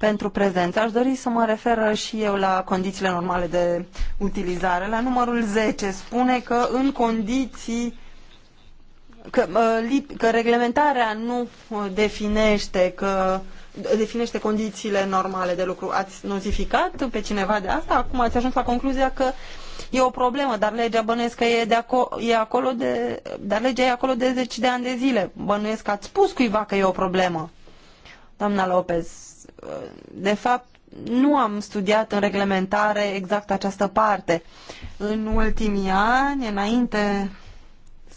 pentru prezență. Aș dori să mă refer și eu la condițiile normale de utilizare. La numărul 10 spune că în condiții că, uh, că reglementarea nu uh, definește că definește condițiile normale de lucru. Ați notificat pe cineva de asta? Acum ați ajuns la concluzia că e o problemă, dar legea bănuiesc că e, de aco- e acolo de... dar legea e acolo de 10 de ani de zile. Bănuiesc că ați spus cuiva că e o problemă. Doamna Lopez, de fapt, nu am studiat în reglementare exact această parte. În ultimii ani, înainte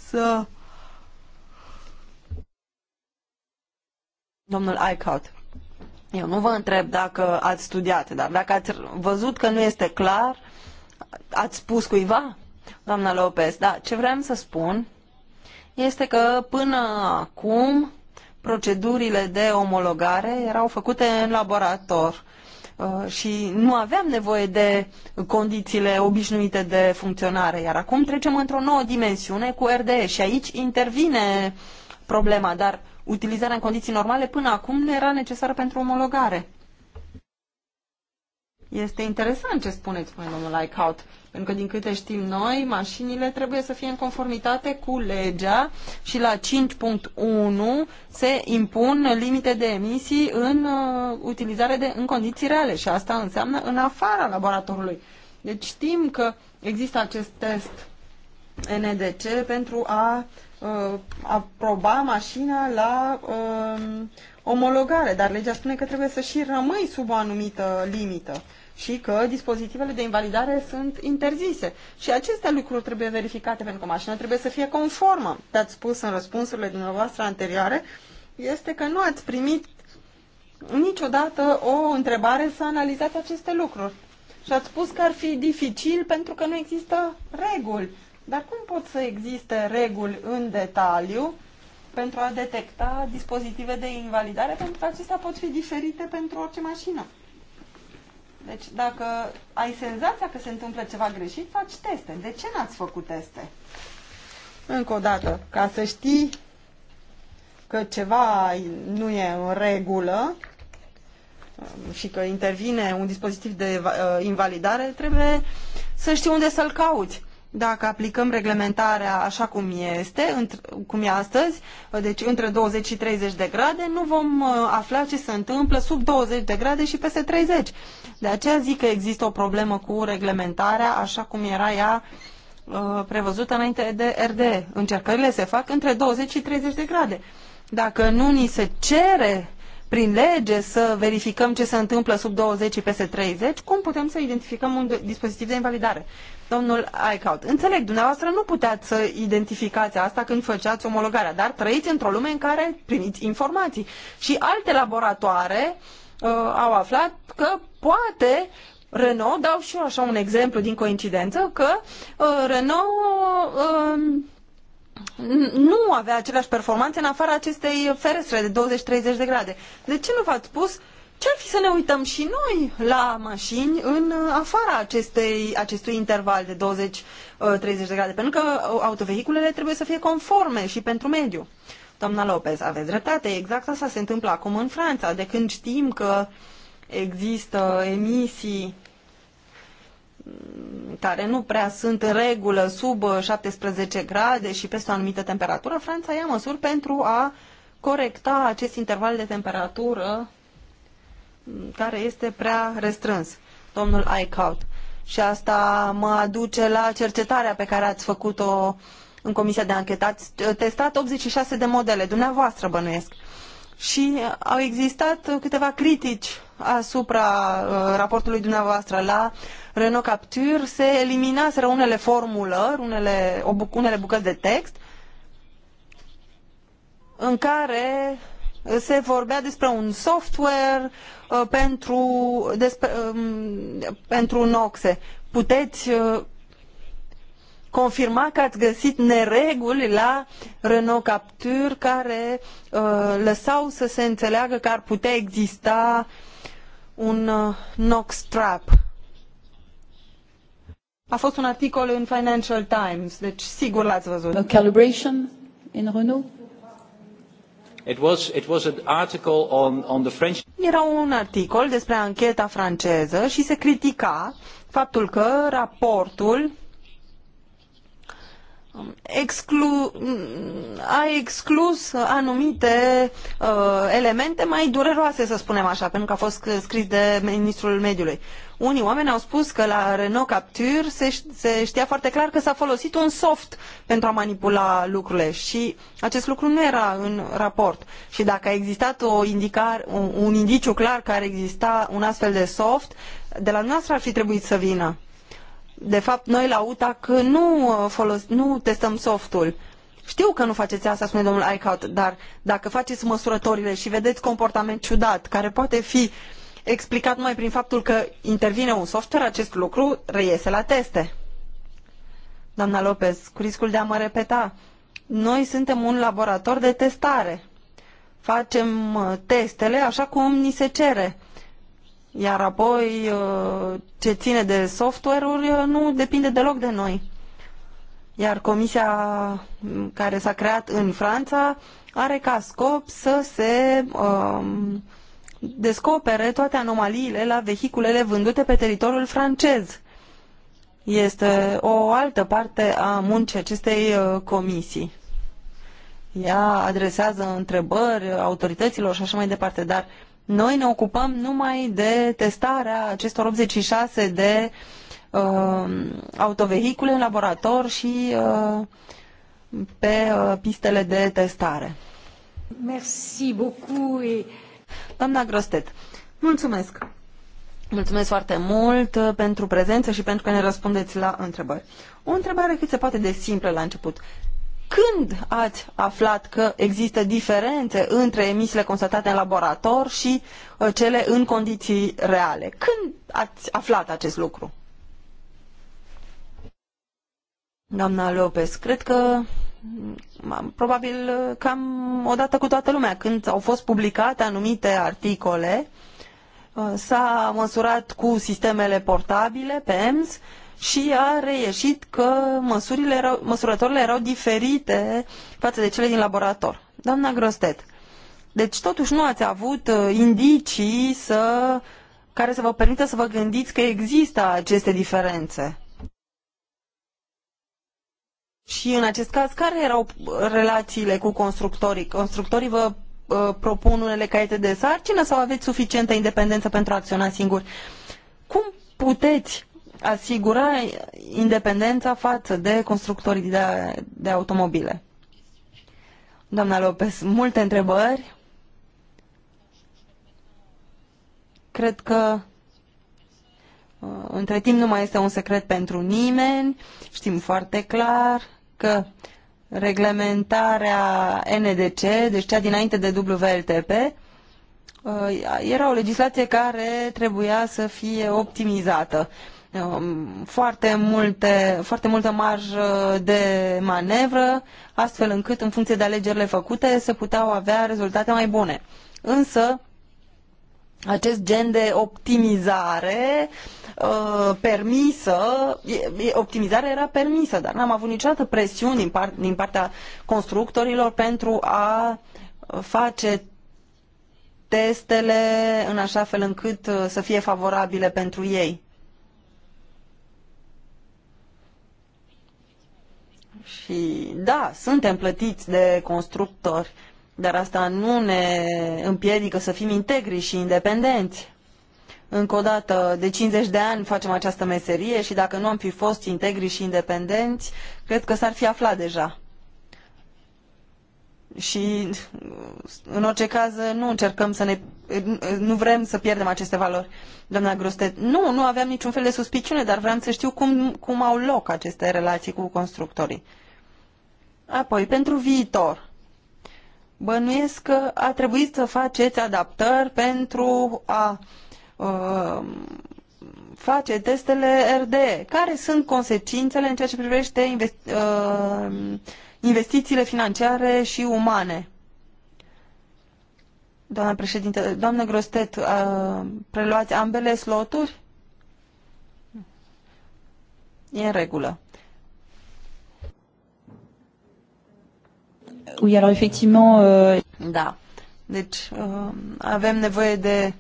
să... Domnul Eichhout, eu nu vă întreb dacă ați studiat, dar dacă ați văzut că nu este clar, ați spus cuiva? Doamna Lopez, da, ce vrem să spun este că până acum procedurile de omologare erau făcute în laborator uh, și nu aveam nevoie de condițiile obișnuite de funcționare. Iar acum trecem într-o nouă dimensiune cu RDE și aici intervine problema, dar utilizarea în condiții normale până acum nu era necesară pentru omologare. Este interesant ce spuneți, spune domnul Eichhout. Pentru că, din câte știm noi, mașinile trebuie să fie în conformitate cu legea și la 5.1 se impun limite de emisii în uh, utilizare de, în condiții reale și asta înseamnă în afara laboratorului. Deci știm că există acest test NDC pentru a uh, aproba mașina la uh, omologare, dar legea spune că trebuie să și rămâi sub o anumită limită și că dispozitivele de invalidare sunt interzise. Și aceste lucruri trebuie verificate pentru că mașina trebuie să fie conformă. Te-ați spus în răspunsurile dumneavoastră anterioare este că nu ați primit niciodată o întrebare să analizați aceste lucruri. Și ați spus că ar fi dificil pentru că nu există reguli. Dar cum pot să existe reguli în detaliu pentru a detecta dispozitive de invalidare, pentru că acestea pot fi diferite pentru orice mașină? Deci dacă ai senzația că se întâmplă ceva greșit, faci teste. De ce n-ați făcut teste? Încă o dată, ca să știi că ceva nu e în regulă um, și că intervine un dispozitiv de uh, invalidare, trebuie să știi unde să-l cauți. Dacă aplicăm reglementarea așa cum este, cum e astăzi, uh, deci între 20 și 30 de grade, nu vom uh, afla ce se întâmplă sub 20 de grade și peste 30. De aceea zic că există o problemă cu reglementarea așa cum era ea uh, prevăzută înainte de RDE. Încercările se fac între 20 și 30 de grade. Dacă nu ni se cere prin lege să verificăm ce se întâmplă sub 20 și peste 30, cum putem să identificăm un dispozitiv de invalidare? Domnul Aicaut, înțeleg, dumneavoastră nu puteați să identificați asta când făceați omologarea, dar trăiți într-o lume în care primiți informații și alte laboratoare uh, uh, au aflat că poate Renault, dau și eu așa un exemplu din coincidență, că uh, Renault uh, nu avea aceleași performanțe în afara acestei ferestre de 20-30 de grade. De ce nu v-ați spus ce-ar fi să ne uităm și noi la mașini în afara acestei, acestui interval de 20-30 uh, de grade? Pentru că autovehiculele trebuie să fie conforme și pentru mediu. Uh, Doamna Lopez, aveți dreptate, exact asta se întâmplă acum în Franța, de când știm că există emisii care nu prea sunt în regulă sub 17 grade și peste o anumită temperatură, Franța ia măsuri pentru a corecta acest interval de temperatură care este prea restrâns, domnul Eichhout. Și asta mă aduce la cercetarea pe care ați făcut-o uh, în comisia de anchetă. Ați testat 86 de modele, dumneavoastră bănuiesc. Și au existat câteva critici asupra uh, raportului dumneavoastră. La Renault Captur se eliminaseră unele formulări, unele, unele bucăți de text în care se vorbea despre un software uh, pentru, despre, uh, pentru noxe. Puteți uh, confirma că ați găsit nereguli la Renault Captur care uh, lăsau să se înțeleagă că ar putea exista un uh, NOx trap. A fost un articol în Financial Times, deci sigur l-ați văzut. A calibration in Renault? It was, it was an article on, on the French... Era un articol despre ancheta franceză și se critica faptul că raportul exclu, a exclus anumite uh, elemente mai dureroase, să spunem așa, pentru că a fost scris de ministrul mediului. Unii oameni au spus că la Renault Captur se, se știa foarte clar că s-a folosit un soft pentru a manipula lucrurile și acest lucru nu era în raport. Și dacă a existat o indicar, un, un indiciu clar că ar exista un astfel de soft, de la noastră ar fi trebuit să vină de fapt, noi la UTAC nu, uh, folos, nu testăm softul. Știu că nu faceți asta, spune domnul Eichhout, dar dacă faceți măsurătorile și vedeți comportament ciudat, care poate fi explicat mai prin faptul că intervine un software, acest lucru reiese la teste. Doamna Lopez, cu riscul de a mă repeta, noi suntem un laborator de testare. Facem uh, testele așa cum ni se cere iar apoi uh, ce ține de software-uri uh, nu depinde deloc de noi. Iar comisia mm, care s-a creat în Franța are ca scop să se um, descopere toate anomaliile la vehiculele vândute pe teritoriul francez. Este o altă parte a muncii acestei uh, comisii. Ea adresează întrebări autorităților și așa mai departe, dar uh, noi ne ocupăm numai de testarea acestor 86 de uh, autovehicule în laborator și uh, pe uh, pistele de testare. Merci beaucoup. Doamna Grostet, mulțumesc! Mulțumesc foarte mult uh, pentru prezență și pentru că ne răspundeți la întrebări. O întrebare cât se poate de simplă la început. Când ați aflat că există diferențe între emisiile constatate în laborator și uh, cele în condiții reale? Când ați aflat acest lucru? Doamna Lopez, cred că probabil uh, cam odată cu toată lumea, când au fost publicate anumite articole, uh, s-a măsurat cu sistemele portabile, PEMS, și a reieșit că măsurile erau, măsurătorile erau diferite față de cele din laborator. Doamna Grostet, deci totuși nu ați avut uh, indicii să, care să vă permită să vă gândiți că există aceste diferențe. Și în acest caz, care erau relațiile cu constructorii? Constructorii vă uh, propun unele caiete de sarcină sau aveți suficientă independență pentru a acționa singuri? Cum puteți asigura independența față de constructorii de, de automobile. Doamna Lopez, multe întrebări. Cred că uh, între timp nu mai este un secret pentru nimeni. Știm foarte clar că reglementarea NDC, deci cea dinainte de WLTP, uh, era o legislație care trebuia să fie optimizată. Um, foarte, multe, foarte multă marjă de manevră, astfel încât, în funcție de alegerile făcute, se puteau avea rezultate mai bune. Însă, acest gen de optimizare uh, permisă, optimizarea era permisă, dar n-am avut niciodată presiuni din, part, din partea constructorilor pentru a face testele în așa fel încât uh, să fie favorabile pentru ei. Și da, suntem plătiți de constructori, dar asta nu ne împiedică să fim integri și independenți. Încă o dată, de 50 de ani facem această meserie și dacă nu am fi fost integri și independenți, cred că s-ar fi aflat deja și în orice caz nu încercăm să ne nu vrem să pierdem aceste valori. Doamna Grostet, nu, nu aveam niciun fel de suspiciune, dar vreau să știu cum, cum au loc aceste relații cu constructorii. Apoi, pentru viitor, bănuiesc că a trebuit să faceți adaptări pentru a uh, face testele RDE. Care sunt consecințele în ceea ce privește uh, investițiile financiare și umane. Doamna președinte, doamnă Grostet, uh, preluați ambele sloturi? E în regulă. Oui, alors effectivement... Euh... Da. Deci euh, avem nevoie de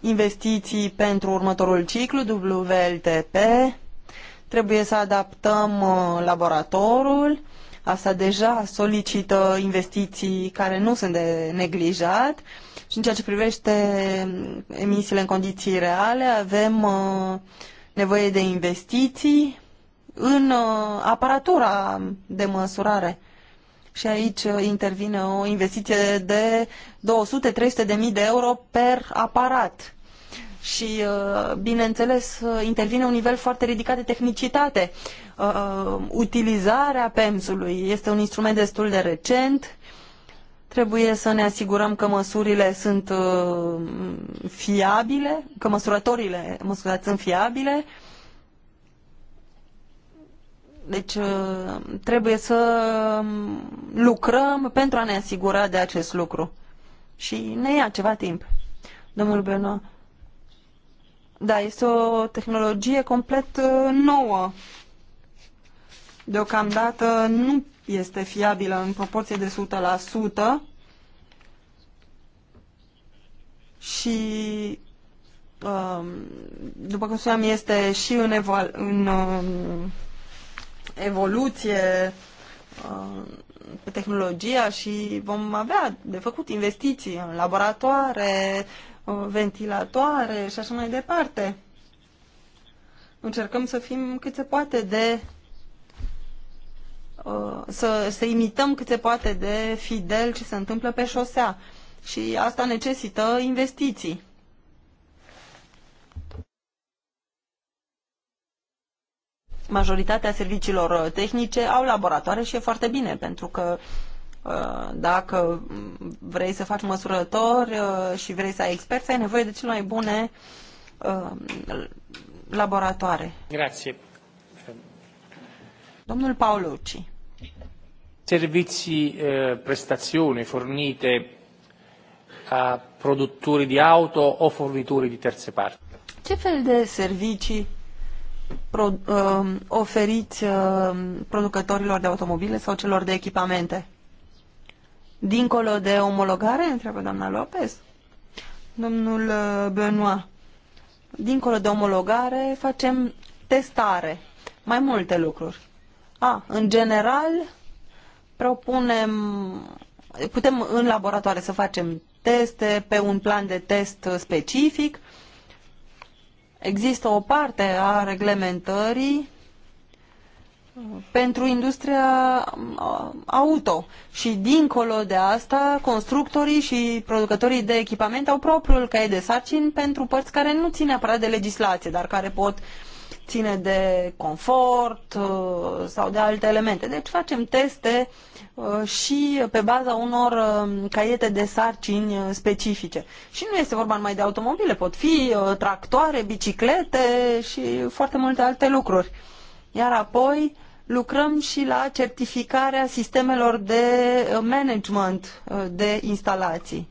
investiții pentru următorul ciclu, WLTP. Trebuie să adaptăm euh, laboratorul Asta deja solicită investiții care nu sunt de neglijat și în ceea ce privește emisiile în condiții reale avem uh, nevoie de investiții în uh, aparatura de măsurare. Și aici uh, intervine o investiție de 200-300 de mii de euro per aparat și, uh, bineînțeles, uh, intervine un nivel foarte ridicat de tehnicitate. Uh, utilizarea PEMS-ului este un instrument destul de recent. Trebuie să ne asigurăm că măsurile sunt fiabile, că măsurătorile scuzați, sunt fiabile. Deci trebuie să um, lucrăm pentru a ne asigura de acest lucru. Și ne ia ceva timp. Domnul Benoît. Da, este o tehnologie complet uh, nouă. Deocamdată nu este fiabilă în proporție de 100% și um, după cum spuneam, este și în, evol în um, evoluție um, tehnologia și vom avea de făcut investiții în laboratoare, ventilatoare și așa mai departe. Încercăm să fim cât se poate de să, să imităm cât se poate de fidel ce se întâmplă pe șosea. Și asta necesită investiții. Majoritatea serviciilor tehnice au laboratoare și e foarte bine, pentru că Uh, dacă vrei să faci măsurător uh, și vrei să ai experți, ai nevoie de cele mai bune uh, laboratoare. Grație. Domnul Paolucci. Servicii, prestazioni fornite a produttori di auto o fornitori di terze parti. Ce fel de servicii pro, uh, oferiți uh, producătorilor de automobile sau celor de echipamente? dincolo de omologare? Întreabă doamna Lopez. Domnul uh, Benoit, dincolo de omologare facem testare, mai multe lucruri. A, în general, propunem, putem în laboratoare să facem teste pe un plan de test specific. Există o parte a reglementării pentru industria uh, auto și dincolo de asta constructorii și producătorii de echipament au propriul caiet de sarcini pentru părți care nu țin neapărat de legislație, dar care pot ține de confort uh, sau de alte elemente. Deci facem teste uh, și pe baza unor caiete de sarcini specifice. Și nu este vorba numai de automobile, pot fi tractoare, biciclete și foarte multe alte lucruri. Iar apoi lucrăm și la certificarea sistemelor de management uh, de instalații.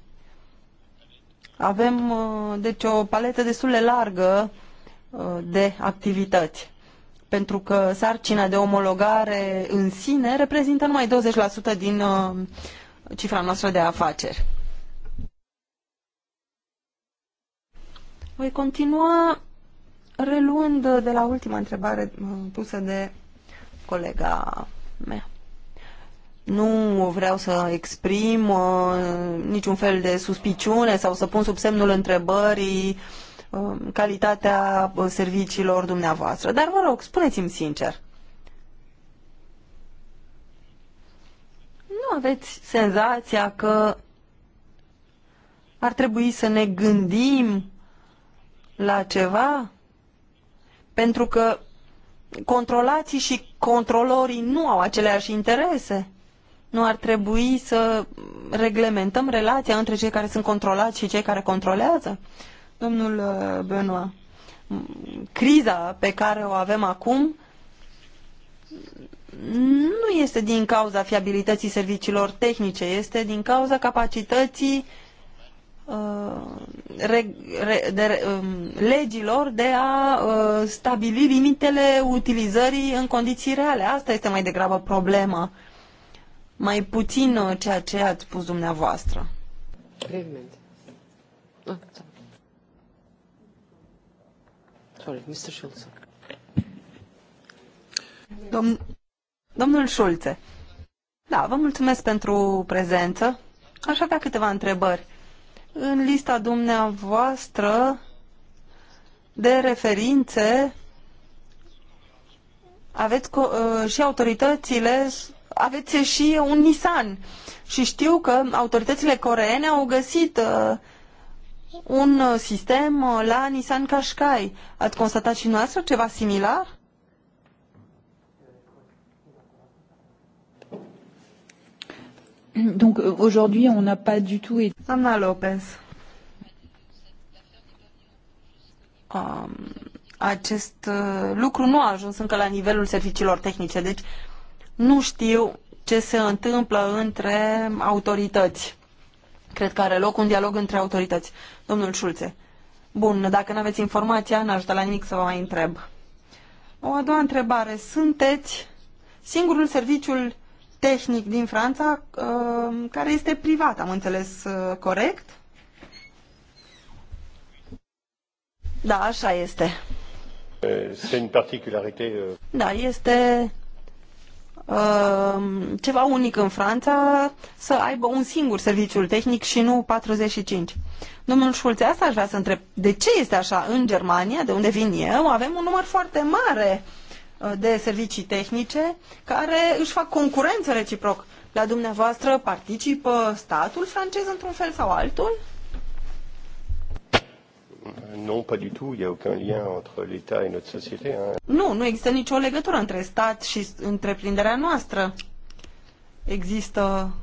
Avem, uh, deci, o paletă destul de largă uh, de activități, pentru că sarcina de omologare în sine reprezintă numai 20% din cifra noastră de afaceri. Voi continua reluând de la ultima întrebare pusă de colega mea. Nu vreau să exprim uh, niciun fel de suspiciune sau să pun sub semnul întrebării uh, calitatea uh, serviciilor dumneavoastră, dar vă rog, spuneți-mi sincer. Nu aveți senzația că ar trebui să ne gândim la ceva? Pentru că controlații și controlorii nu au aceleași interese. Nu ar trebui să reglementăm relația între cei care sunt controlați și cei care controlează? Domnul uh, Benoit, criza pe care o avem acum nu este din cauza fiabilității serviciilor tehnice, este din cauza capacității uh, Uh, de, um, legilor de a uh, stabili limitele utilizării în condiții reale. Asta este mai degrabă problema. Mai puțin uh, ceea ce ați spus dumneavoastră. Ah, sorry, Mr. Schulze. Dom Domnul Schulze. Da, vă mulțumesc pentru prezență. Aș avea câteva întrebări. În lista dumneavoastră de referințe aveți uh, și autoritățile, aveți și un Nissan. Și știu că autoritățile coreene au găsit uh, un uh, sistem la Nissan Qashqai. Ați constatat și noastră ceva similar? *clears throat* Donc euh, aujourd'hui, on n'a pas du tout. Anna Lopez. Um, acest uh, lucru nu a ajuns încă la nivelul serviciilor tehnice, deci nu știu ce se întâmplă între autorități. Cred că are loc un dialog între autorități. Domnul Șulțe. Bun, dacă nu aveți informația, n-aș da la nimic să vă mai întreb. O a doua întrebare. Sunteți singurul serviciul tehnic din Franța uh, care este privat, am înțeles uh, corect? Da, așa este. Eh, este une particularitate. Euh, da, este uh, ceva unic în Franța să aibă un singur serviciu tehnic și nu 45. Domnul Schulze, asta aș vrea să întreb. De ce este așa în Germania, de unde vin eu, avem un număr foarte mare uh, Uh, de servicii tehnice care își fac concurență reciproc. La dumneavoastră participă statul francez într-un fel sau altul? Non, pas du tout. Il a aucun lien entre l'État et notre société. Hein. Nu, nu există nicio legătură între stat și întreprinderea noastră. Există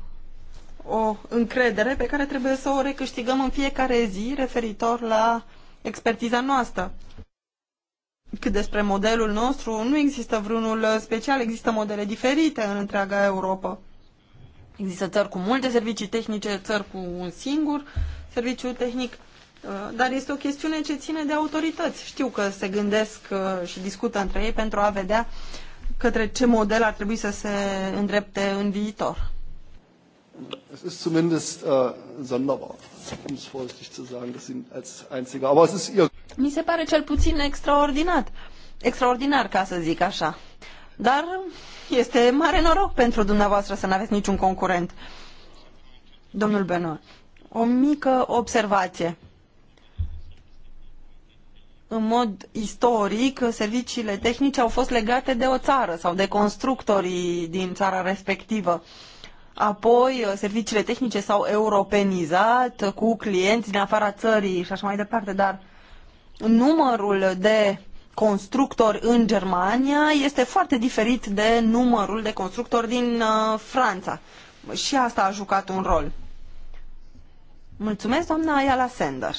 o încredere pe care trebuie să o recâștigăm în fiecare zi referitor la expertiza noastră. Cât despre modelul nostru, nu există vreunul uh, special, există modele diferite în întreaga Europa. Există țări cu multe servicii tehnice, țări cu un singur serviciu tehnic, uh, dar este o chestiune ce ține de autorități. Știu că se gândesc uh, și discută între ei pentru a vedea către ce model ar trebui să se îndrepte în viitor. Es ist zumindest äh, um es vorsichtig zu sagen, dass sie als einziger, aber es ist ihr. Mi se pare cel puțin extraordinar, extraordinar ca să zic așa. Dar este mare noroc pentru dumneavoastră să nu aveți niciun concurent. Domnul Benoit, o mică observație. În mod istoric, serviciile tehnice au fost legate de o țară sau de constructorii din țara respectivă apoi uh, serviciile tehnice s-au europenizat cu clienți din afara țării și așa mai departe, dar numărul de constructori în Germania este foarte diferit de numărul de constructori din uh, Franța. Și asta a jucat un rol. Mulțumesc, doamna Ayala Sender.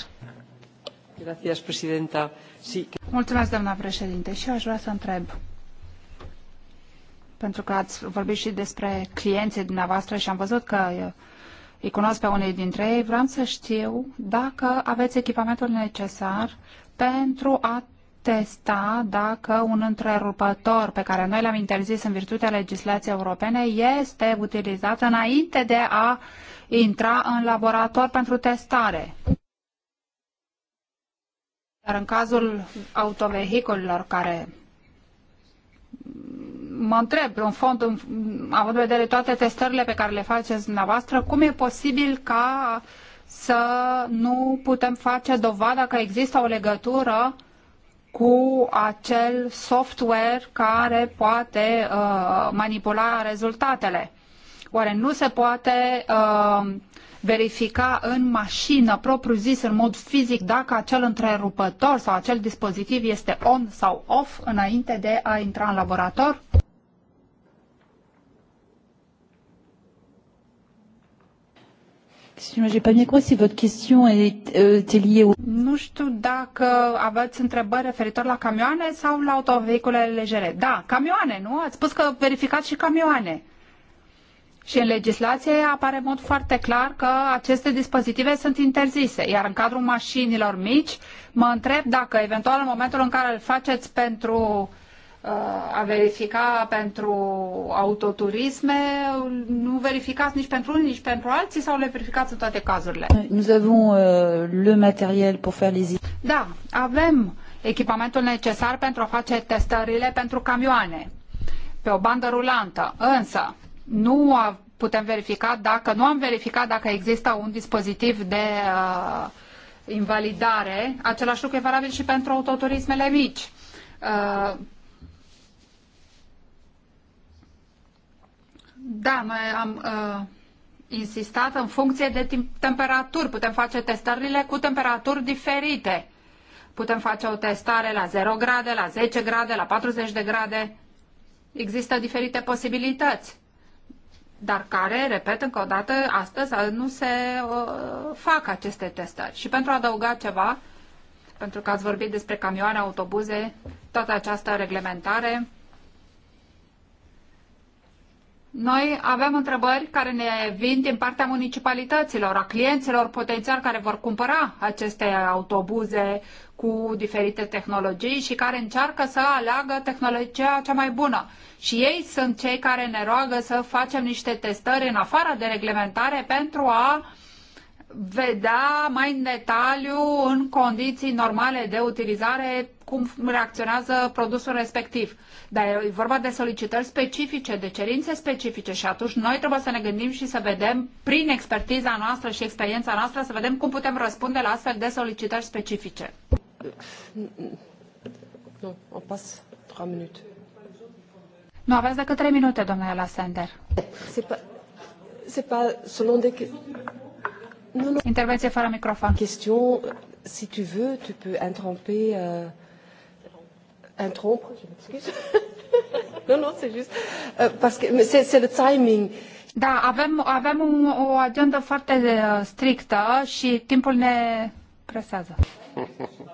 Mulțumesc, doamna președinte. Și eu aș vrea să întreb pentru că ați vorbit și despre clienții dumneavoastră și am văzut că uh, îi cunosc pe unii dintre ei. Vreau să știu dacă aveți echipamentul necesar pentru a testa dacă un întrerupător pe care noi l-am interzis în virtutea legislației europene este utilizat înainte de a intra în laborator pentru testare. Dar în cazul autovehiculilor care mă întreb, în fond, în, având în vedere toate testările pe care le faceți dumneavoastră, cum e posibil ca să nu putem face dovada că există o legătură cu acel software care poate uh, manipula rezultatele. Oare nu se poate uh, verifica în mașină, propriu-zis, în mod fizic, dacă acel întrerupător sau acel dispozitiv este on sau off înainte de a intra în laborator? Nu știu dacă aveți întrebări referitor la camioane sau la autovehiculele legere. Da, camioane, nu? Ați spus că verificați și camioane. Și în legislație apare în mod foarte clar că aceste dispozitive sunt interzise, iar în cadrul mașinilor mici mă întreb dacă eventual în momentul în care îl faceți pentru uh, a verifica pentru autoturisme, nu verificați nici pentru unii, nici pentru alții sau le verificați în toate cazurile? Nous avons euh, le matériel pour faire les... Da, avem echipamentul necesar pentru a face testările pentru camioane pe o bandă rulantă, însă nu putem verifica dacă, nu am verificat dacă există un dispozitiv de uh, invalidare, același lucru e valabil și pentru autoturismele mici. Uh, Da, noi am uh, insistat în funcție de temperaturi. Putem face testările cu temperaturi diferite. Putem face o testare la 0 grade, la 10 grade, la 40 de grade. Există diferite posibilități, dar care, repet încă o dată, astăzi nu se uh, fac aceste testări. Și pentru a adăuga ceva, pentru că ați vorbit despre camioane, autobuze, toată această reglementare, noi avem întrebări care ne vin din partea municipalităților, a clienților potențial care vor cumpăra aceste autobuze cu diferite tehnologii și care încearcă să aleagă tehnologia cea mai bună. Și ei sunt cei care ne roagă să facem niște testări în afara de reglementare pentru a uh, vedea mai în detaliu, în condiții normale de utilizare, cum reacționează produsul respectiv. Dar e vorba de solicitări specifice, de cerințe specifice și atunci noi trebuie să ne gândim și să vedem, prin expertiza noastră și experiența noastră, să vedem cum putem răspunde la astfel de solicitări specifice. Nu, o pas 3 minute. Nu aveți decât 3 minute, domnule Lasender. C'est pas, c'est pas selon des... Intervenție fără microfon. Question, si tu veux, tu peux interromper, euh, interrompre, je m'excuse. *laughs* non, non, c'est juste, euh, parce que c'est le timing. Da, avem, avem un, o agendă foarte euh, strictă și timpul ne presează. *laughs*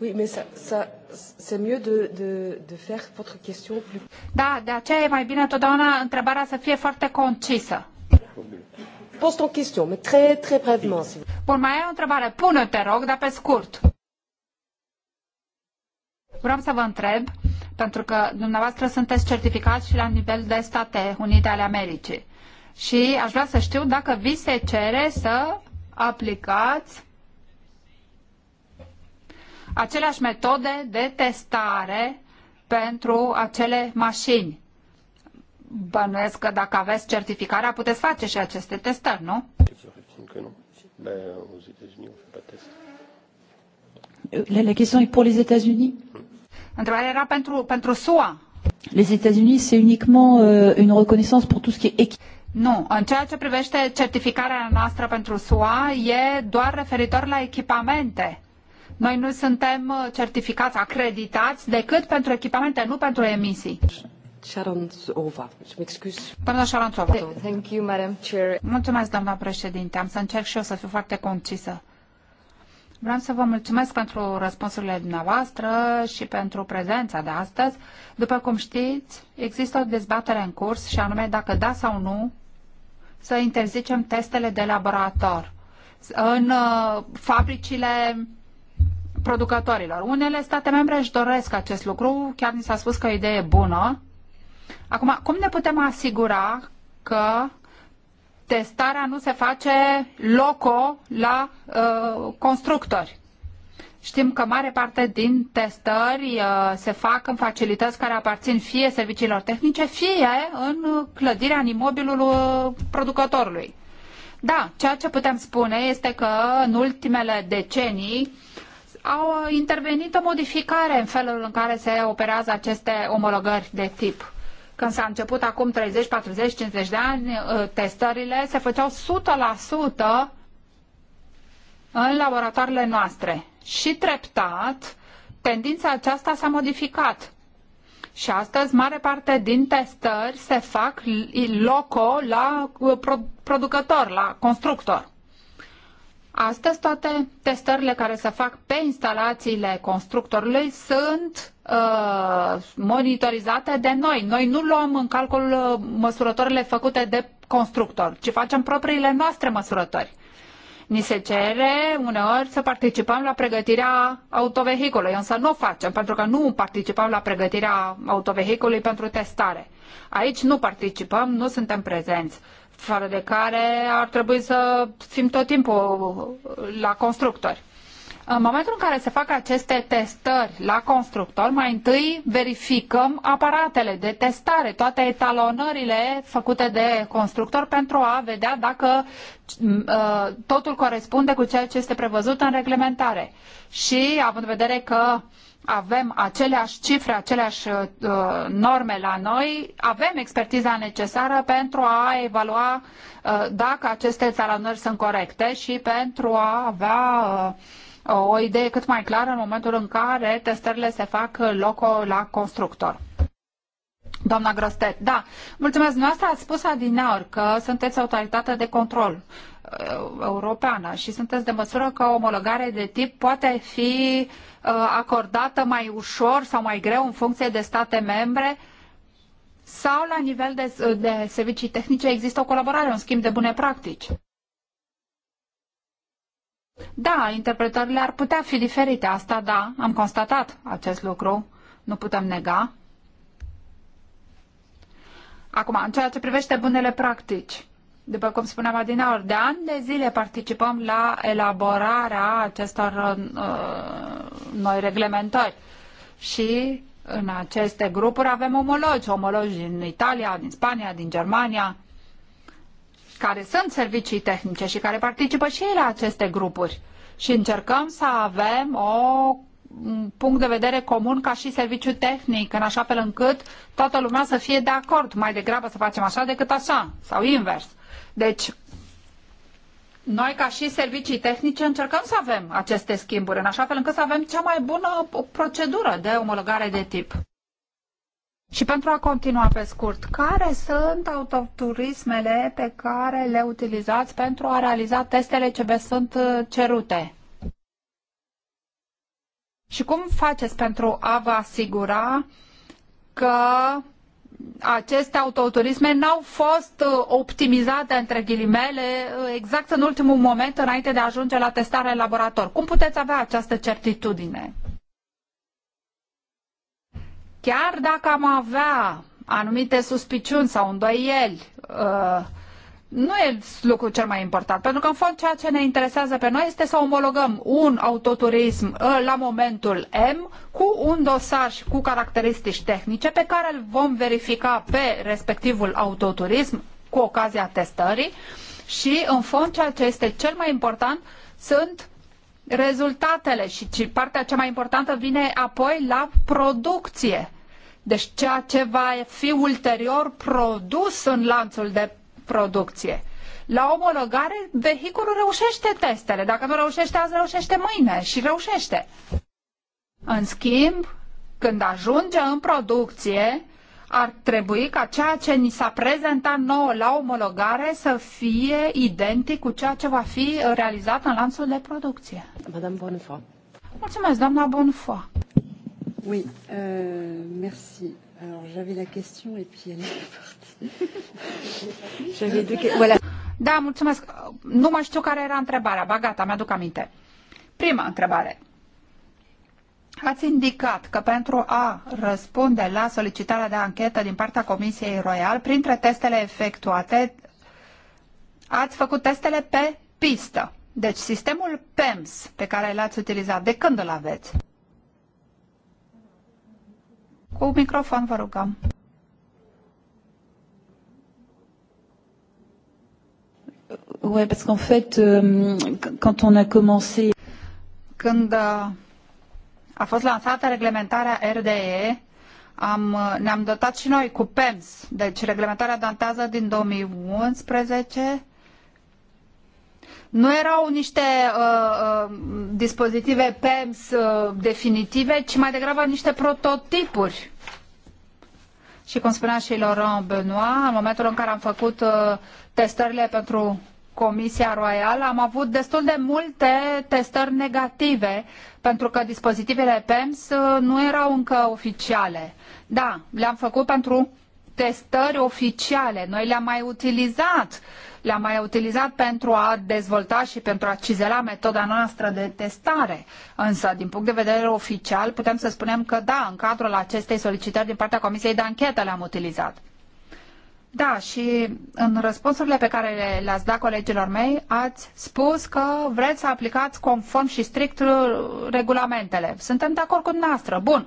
Oui, mais ça, ça, c'est mieux de, de, de faire votre question plus... Da, de aceea e mai bine întotdeauna întrebarea să fie foarte concisă. Pose ton question, mais très, très brevement. Si vous... Bun, mai e o întrebare. Pune, te rog, dar pe scurt. Vreau să vă întreb, pentru că dumneavoastră sunteți certificați și la nivel de State Unite ale Americii. Și aș vrea să știu dacă vi se cere să aplicați aceleași metode de testare pentru acele mașini. Bănuiesc că dacă aveți certificarea, puteți face și aceste testări, nu? La question est pour les États-Unis Întrebarea era pentru, pentru SUA. Les États-Unis, c'est uniquement euh, une reconnaissance pour tout ce qui est nu, în ceea ce privește certificarea noastră pentru SUA e doar referitor la echipamente. Noi nu suntem uh, certificați, acreditați, decât pentru echipamente, nu pentru emisii. Thank you, Madam Chair. Mulțumesc, doamna președinte. Am să încerc și eu să fiu foarte concisă. Vreau să vă mulțumesc pentru răspunsurile dumneavoastră și pentru prezența de astăzi. După cum știți, există o dezbatere în curs și anume dacă da sau nu să interzicem testele de laborator în uh, fabricile producătorilor. Unele state membre își doresc acest lucru, chiar ni s-a spus că o idee bună. Acum, cum ne putem asigura că testarea nu se face loco la uh, constructori? Știm că mare parte din testări uh, se fac în facilități care aparțin fie serviciilor tehnice, fie în clădirea, în imobilul uh, producătorului. Da, ceea ce putem spune este că în ultimele decenii au intervenit o modificare în felul în care se operează aceste omologări de tip. Când s-a început acum 30, 40, 50 de ani, ă, testările se făceau 100% în laboratoarele noastre. Și treptat, tendința aceasta s-a modificat. Și astăzi, mare parte din testări se fac loco la ă, producător, la constructor. Astăzi toate testările care se fac pe instalațiile constructorului sunt uh, monitorizate de noi. Noi nu luăm în calcul uh, măsurătorile făcute de constructor, ci facem propriile noastre măsurători. Ni se cere uneori să participăm la pregătirea autovehiculului, însă nu o facem, pentru că nu participăm la pregătirea autovehicului pentru testare. Aici nu participăm, nu suntem prezenți fără de care ar trebui să fim tot timpul la constructori. În momentul în care se fac aceste testări la constructor, mai întâi verificăm aparatele de testare, toate etalonările făcute de constructor pentru a vedea dacă uh, totul corespunde cu ceea ce este prevăzut în reglementare. Și având în vedere că avem aceleași cifre, aceleași uh, norme la noi, avem expertiza necesară pentru a evalua uh, dacă aceste țalanări sunt corecte și pentru a avea uh, o idee cât mai clară în momentul în care testările se fac loco la constructor. Doamna Grostet, da. Mulțumesc. Dumneavoastră ați spus adineori că sunteți autoritatea de control uh, europeană și sunteți de măsură că omologare de tip poate fi uh, acordată mai ușor sau mai greu în funcție de state membre sau la nivel de, de servicii tehnice există o colaborare, un schimb de bune practici. Da, interpretările ar putea fi diferite, asta da, am constatat acest lucru, nu putem nega. Acum, în ceea ce privește bunele practici, după cum spuneam adineaori, de ani de zile participăm la elaborarea acestor uh, noi reglementări și în aceste grupuri avem omologi, omologi din Italia, din Spania, din Germania, care sunt servicii tehnice și care participă și ei la aceste grupuri. Și încercăm să avem o punct de vedere comun ca și serviciu tehnic, în așa fel încât toată lumea să fie de acord, mai degrabă să facem așa decât așa, sau invers. Deci, noi ca și servicii tehnice încercăm să avem aceste schimburi, în așa fel încât să avem cea mai bună procedură de omologare de tip. Și pentru a continua pe scurt, care sunt autoturismele pe care le utilizați pentru a realiza testele ce sunt cerute? Și cum faceți pentru a vă asigura că aceste autoturisme n-au fost uh, optimizate, între ghilimele, uh, exact în ultimul moment înainte de a ajunge la testare în laborator. Cum puteți avea această certitudine? Chiar dacă am avea anumite suspiciuni sau îndoieli uh, nu e lucru cel mai important, pentru că în fond ceea ce ne interesează pe noi este să omologăm un autoturism ă, la momentul M cu un dosar cu caracteristici tehnice pe care îl vom verifica pe respectivul autoturism cu ocazia testării și în fond ceea ce este cel mai important sunt rezultatele și partea cea mai importantă vine apoi la producție. Deci ceea ce va fi ulterior produs în lanțul de producție. La omologare, vehiculul reușește testele. Dacă nu reușește azi, reușește mâine și reușește. În schimb, când ajunge în producție, ar trebui ca ceea ce ni s-a prezentat nouă la omologare să fie identic cu ceea ce va fi realizat în lanțul de producție. Madame Bonfoy. Mulțumesc, doamna Bonfoy. Oui, euh, merci. Alors j'avais la question et puis elle da, mulțumesc. Nu mai știu care era întrebarea. Ba gata, mi-aduc aminte. Prima întrebare. Ați indicat că pentru a răspunde la solicitarea de anchetă din partea Comisiei Royal, printre testele efectuate, ați făcut testele pe pistă. Deci sistemul PEMS pe care l-ați utilizat, de când îl aveți? Cu microfon vă rugăm. Oui, parce qu'en fait, euh, quand on a commencé... Când uh, a fost lansată reglementarea RDE, am, uh, ne-am dotat și noi cu PEMS. Deci reglementarea datează din 2011. Nu erau niște uh, uh, dispozitive PEMS uh, definitive, ci mai degrabă niște prototipuri și cum spunea și Laurent Benoit, în momentul în care am făcut uh, testările pentru Comisia Royală, am avut destul de multe testări negative, pentru că dispozitivele PEMS uh, nu erau încă oficiale. Da, le-am făcut pentru testări oficiale, noi le-am mai utilizat le-am mai utilizat pentru a dezvolta și pentru a cizela metoda noastră de testare. Însă, din punct de vedere oficial, putem să spunem că da, în cadrul acestei solicitări din partea Comisiei de Anchetă le-am utilizat. Da, și în răspunsurile pe care le-ați dat colegilor mei, ați spus că vreți să aplicați conform și strict regulamentele. Suntem de acord cu dumneavoastră. Bun.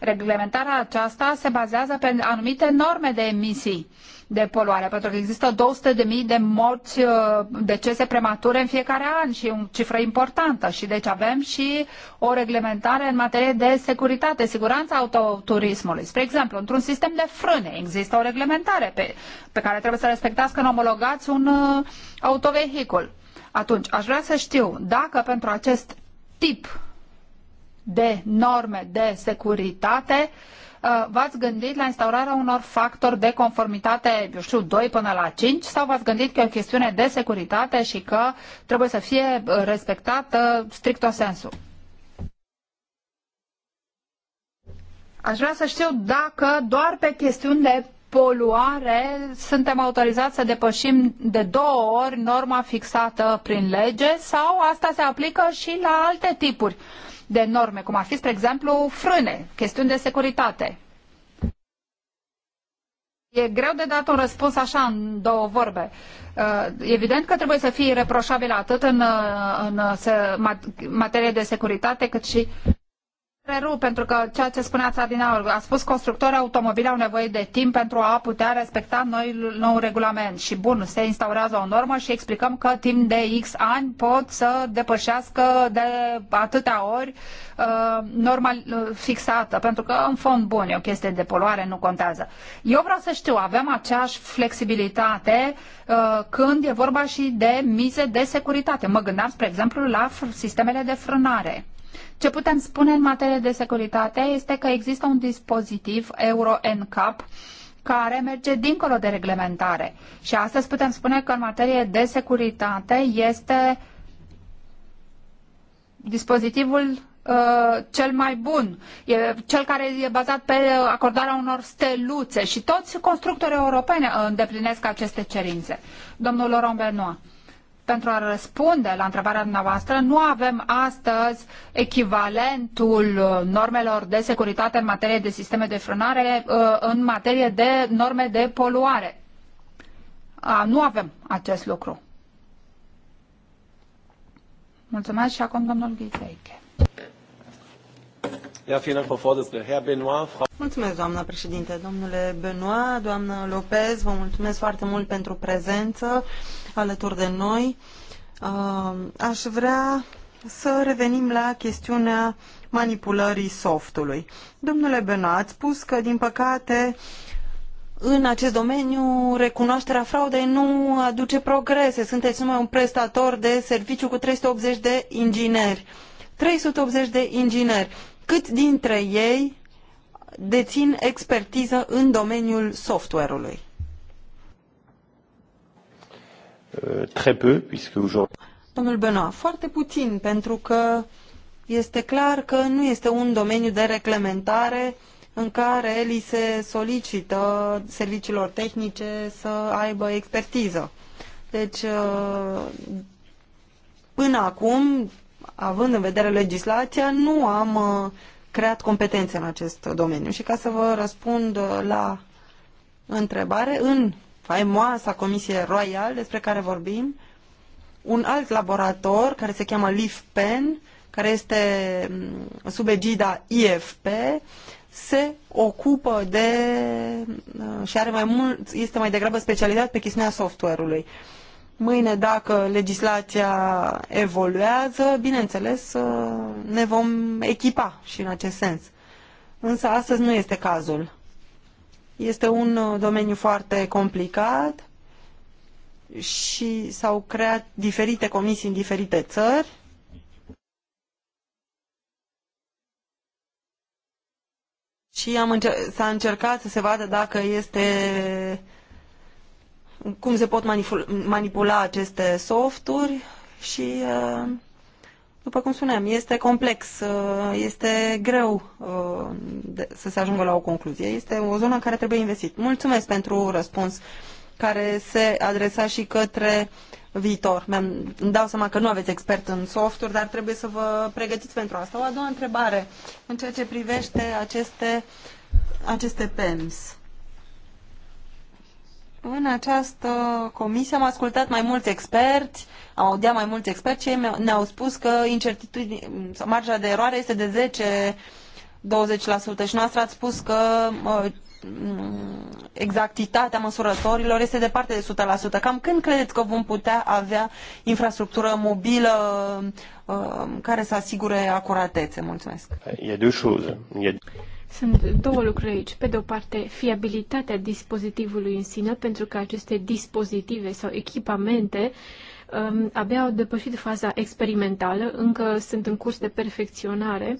Reglementarea aceasta se bazează pe anumite norme de emisii de poluare, pentru că există 200.000 de morți, uh, decese premature în fiecare an și e o cifră importantă. Și deci avem și o reglementare în materie de securitate, siguranța autoturismului. Spre exemplu, într-un sistem de frâne există o reglementare pe, pe care trebuie să respectați când omologați un uh, autovehicul. Atunci, aș vrea să știu dacă pentru acest tip de norme de securitate uh, Uh, v-ați gândit la instaurarea unor factori de conformitate, eu știu, 2 până la 5, sau v-ați gândit că e o chestiune de securitate și că trebuie să fie uh, respectată stricto sensu? Aș vrea să știu dacă doar pe chestiuni de poluare suntem autorizați să depășim de două ori norma fixată prin lege sau asta se aplică și la alte tipuri de norme, cum ar fi, spre exemplu, frâne, chestiuni de securitate. E greu de dat un răspuns așa în două vorbe. Uh, evident că trebuie să fie reproșabil atât în, uh, în uh, materie de securitate cât și întrerup pentru că ceea ce spuneați Adinaur, a spus constructorii automobili au nevoie de timp pentru a putea respecta noi, nou regulament. Și bun, se instaurează o normă și explicăm că timp de X ani pot să depășească de atâtea ori uh, norma uh, fixată, pentru că în fond bun, e o chestie de poluare, nu contează. Eu vreau să știu, avem aceeași flexibilitate uh, când e vorba și de mize de securitate. Mă gândeam, spre exemplu, la sistemele de frânare. Ce putem spune în materie de securitate este că există un dispozitiv Euro NCAP care merge dincolo de reglementare. Și astăzi putem spune că în materie de securitate este dispozitivul uh, cel mai bun, e cel care e bazat pe acordarea unor steluțe și toți constructorii europene îndeplinesc aceste cerințe. Domnul Laurent Benoit pentru a răspunde la întrebarea dumneavoastră, nu avem astăzi echivalentul uh, normelor de securitate în materie de sisteme de frânare uh, în materie de norme de poluare. Nu avem acest lucru. Mulțumesc și acum domnul Ghizeiche. Mulțumesc, doamnă președinte. Domnule Benoit, doamnă Lopez, vă mulțumesc foarte mult pentru prezență alături de noi. Uh, aș vrea să revenim la chestiunea manipulării softului. Domnule Benat, ați spus că, din păcate, în acest domeniu recunoașterea fraudei nu aduce progrese. Sunteți numai un prestator de serviciu cu 380 de ingineri. 380 de ingineri. Cât dintre ei dețin expertiză în domeniul software-ului? Euh, très peu, puisque aujourd'hui... Domnul Benoît, foarte puțin, pentru că este clar că nu este un domeniu de reglementare în care li se solicită serviciilor tehnice să aibă expertiză. Deci, uh, până acum, având în vedere legislația, nu am uh, creat competențe în acest domeniu. Și ca să vă răspund uh, la întrebare, în faimoasa comisie Royal despre care vorbim, un alt laborator care se cheamă Pen, care este mm, sub egida IFP, se ocupă de mm, și are mai mult, este mai degrabă specializat pe chestiunea software-ului. Mâine, dacă legislația evoluează, bineînțeles, ă, ne vom echipa și în acest sens. Însă astăzi nu este cazul. Este un uh, domeniu foarte complicat și s-au creat diferite comisii în diferite țări. Și am încer- s-a încercat să se vadă dacă este cum se pot manipula aceste softuri și uh, după cum spuneam, este complex, uh, este greu uh, să se ajungă la o concluzie. Este o zonă în care trebuie investit. Mulțumesc pentru răspuns care se adresa și către viitor. Mi-am dau seama că nu aveți expert în software, dar trebuie să vă pregătiți pentru asta. O a doua întrebare în ceea ce privește aceste, aceste PEMS. În această comisie am ascultat mai mulți experți, am audiat mai mulți experți și ne-au spus că incertitudinea, marja de eroare este de 10-20% și noastră ați spus că exactitatea măsurătorilor este departe de 100%. Cam când credeți că vom putea avea infrastructură mobilă ă, care să asigure acuratețe? Mulțumesc. E de ușuză. E... Sunt două lucruri aici. Pe de o parte, fiabilitatea dispozitivului în sine, pentru că aceste dispozitive sau echipamente um, abia au depășit faza experimentală, încă sunt în curs de perfecționare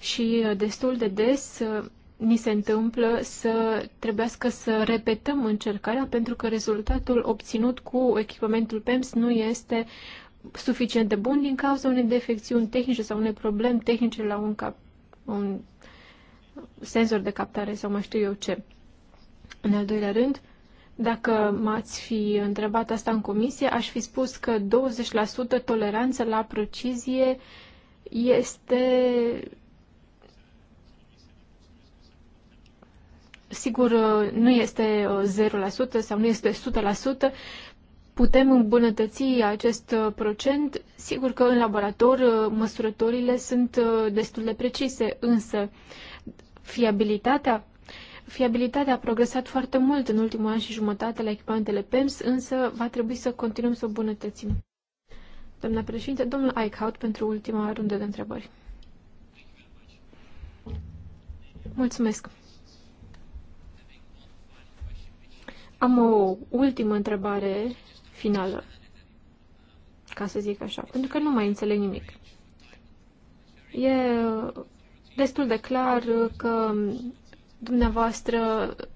și uh, destul de des uh, ni se întâmplă să trebuiască să repetăm încercarea pentru că rezultatul obținut cu echipamentul PEMS nu este suficient de bun din cauza unei defecțiuni tehnice sau unei probleme tehnice la un, cap, un senzori de captare sau mai știu eu ce. În al doilea rând, dacă m-ați fi întrebat asta în comisie, aș fi spus că 20% toleranță la precizie este sigur nu este 0% uh, sau nu este 100%, putem îmbunătăți acest uh, procent. Sigur că în laborator uh, măsurătorile sunt destul de precise, însă Fiabilitatea Fiabilitatea a progresat foarte mult în ultimul an și jumătate la echipamentele PEMS, însă va trebui să continuăm să o bunătățim. Doamna președinte, domnul Eichhout pentru ultima rundă de întrebări. Mulțumesc. Am o ultimă întrebare finală, ca să zic așa, pentru că nu mai înțeleg nimic. E destul de clar că dumneavoastră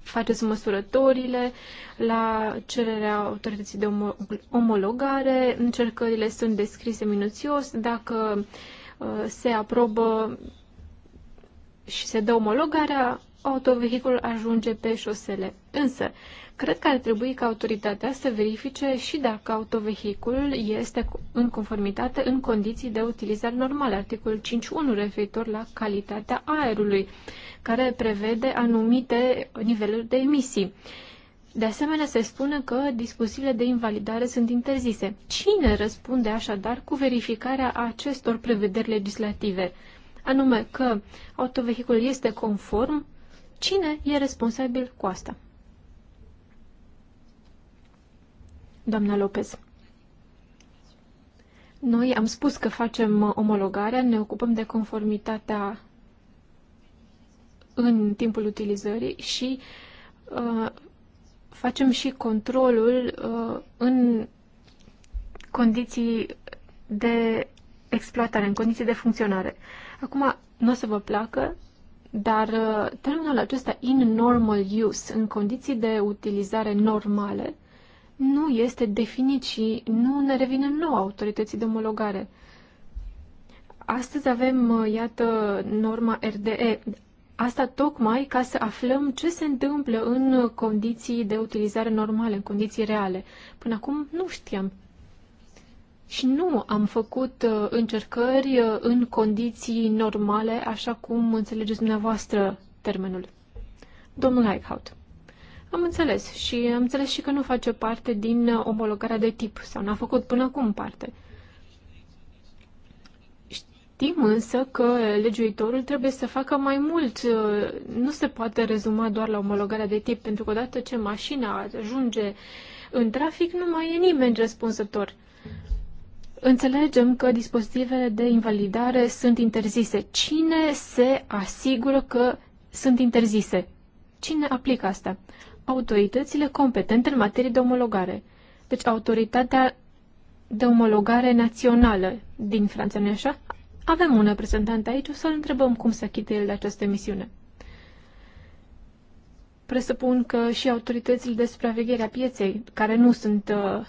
faceți măsurătorile la cererea autorității de omologare, încercările sunt descrise minuțios, dacă uh, se aprobă și se dă omologarea, autovehiculul ajunge pe șosele. Însă, Cred că ar trebui ca autoritatea să verifice și dacă autovehiculul este în conformitate în condiții de utilizare normale, articolul 5.1 referitor la calitatea aerului, care prevede anumite niveluri de emisii. De asemenea, se spune că dispozițiile de invalidare sunt interzise. Cine răspunde așadar cu verificarea acestor prevederi legislative? Anume că autovehiculul este conform, cine e responsabil cu asta? doamna Lopez. Noi am spus că facem omologarea, ne ocupăm de conformitatea în timpul utilizării și uh, facem și controlul uh, în condiții de exploatare, în condiții de funcționare. Acum, nu o să vă placă, dar uh, termenul acesta in normal use, în condiții de utilizare normale, nu este definit și nu ne revine nouă autorității de omologare. Astăzi avem, uh, iată, norma RDE. Asta tocmai ca să aflăm ce se întâmplă în condiții de utilizare normale, în condiții reale. Până acum nu știam. Și nu am făcut uh, încercări uh, în condiții normale, așa cum înțelegeți dumneavoastră termenul. Domnul Eichhout. Am înțeles și am înțeles și că nu face parte din uh, omologarea de tip sau n-a făcut până acum parte. Știm însă că legiuitorul trebuie să facă mai mult. Uh, nu se poate rezuma doar la omologarea de tip, pentru că odată ce mașina ajunge în trafic, nu mai e nimeni răspunsător. Înțelegem că dispozitivele de invalidare sunt interzise. Cine se asigură că sunt interzise? Cine aplică asta? autoritățile competente în materie de omologare. Deci autoritatea de omologare națională din Franța, nu așa? Avem un reprezentant aici, o să-l întrebăm cum se achită el de această misiune. Presupun că și autoritățile de supraveghere a pieței, care nu sunt uh,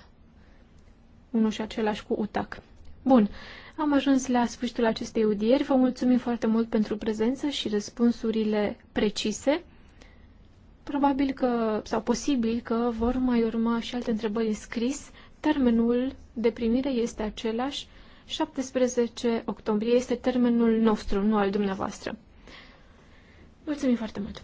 unul și același cu UTAC. Bun, am ajuns la sfârșitul acestei audieri. Vă mulțumim foarte mult pentru prezență și răspunsurile precise. Probabil că, sau posibil că vor mai urma și alte întrebări în scris. Termenul de primire este același. 17 octombrie este termenul nostru, nu al dumneavoastră. Mulțumim foarte mult!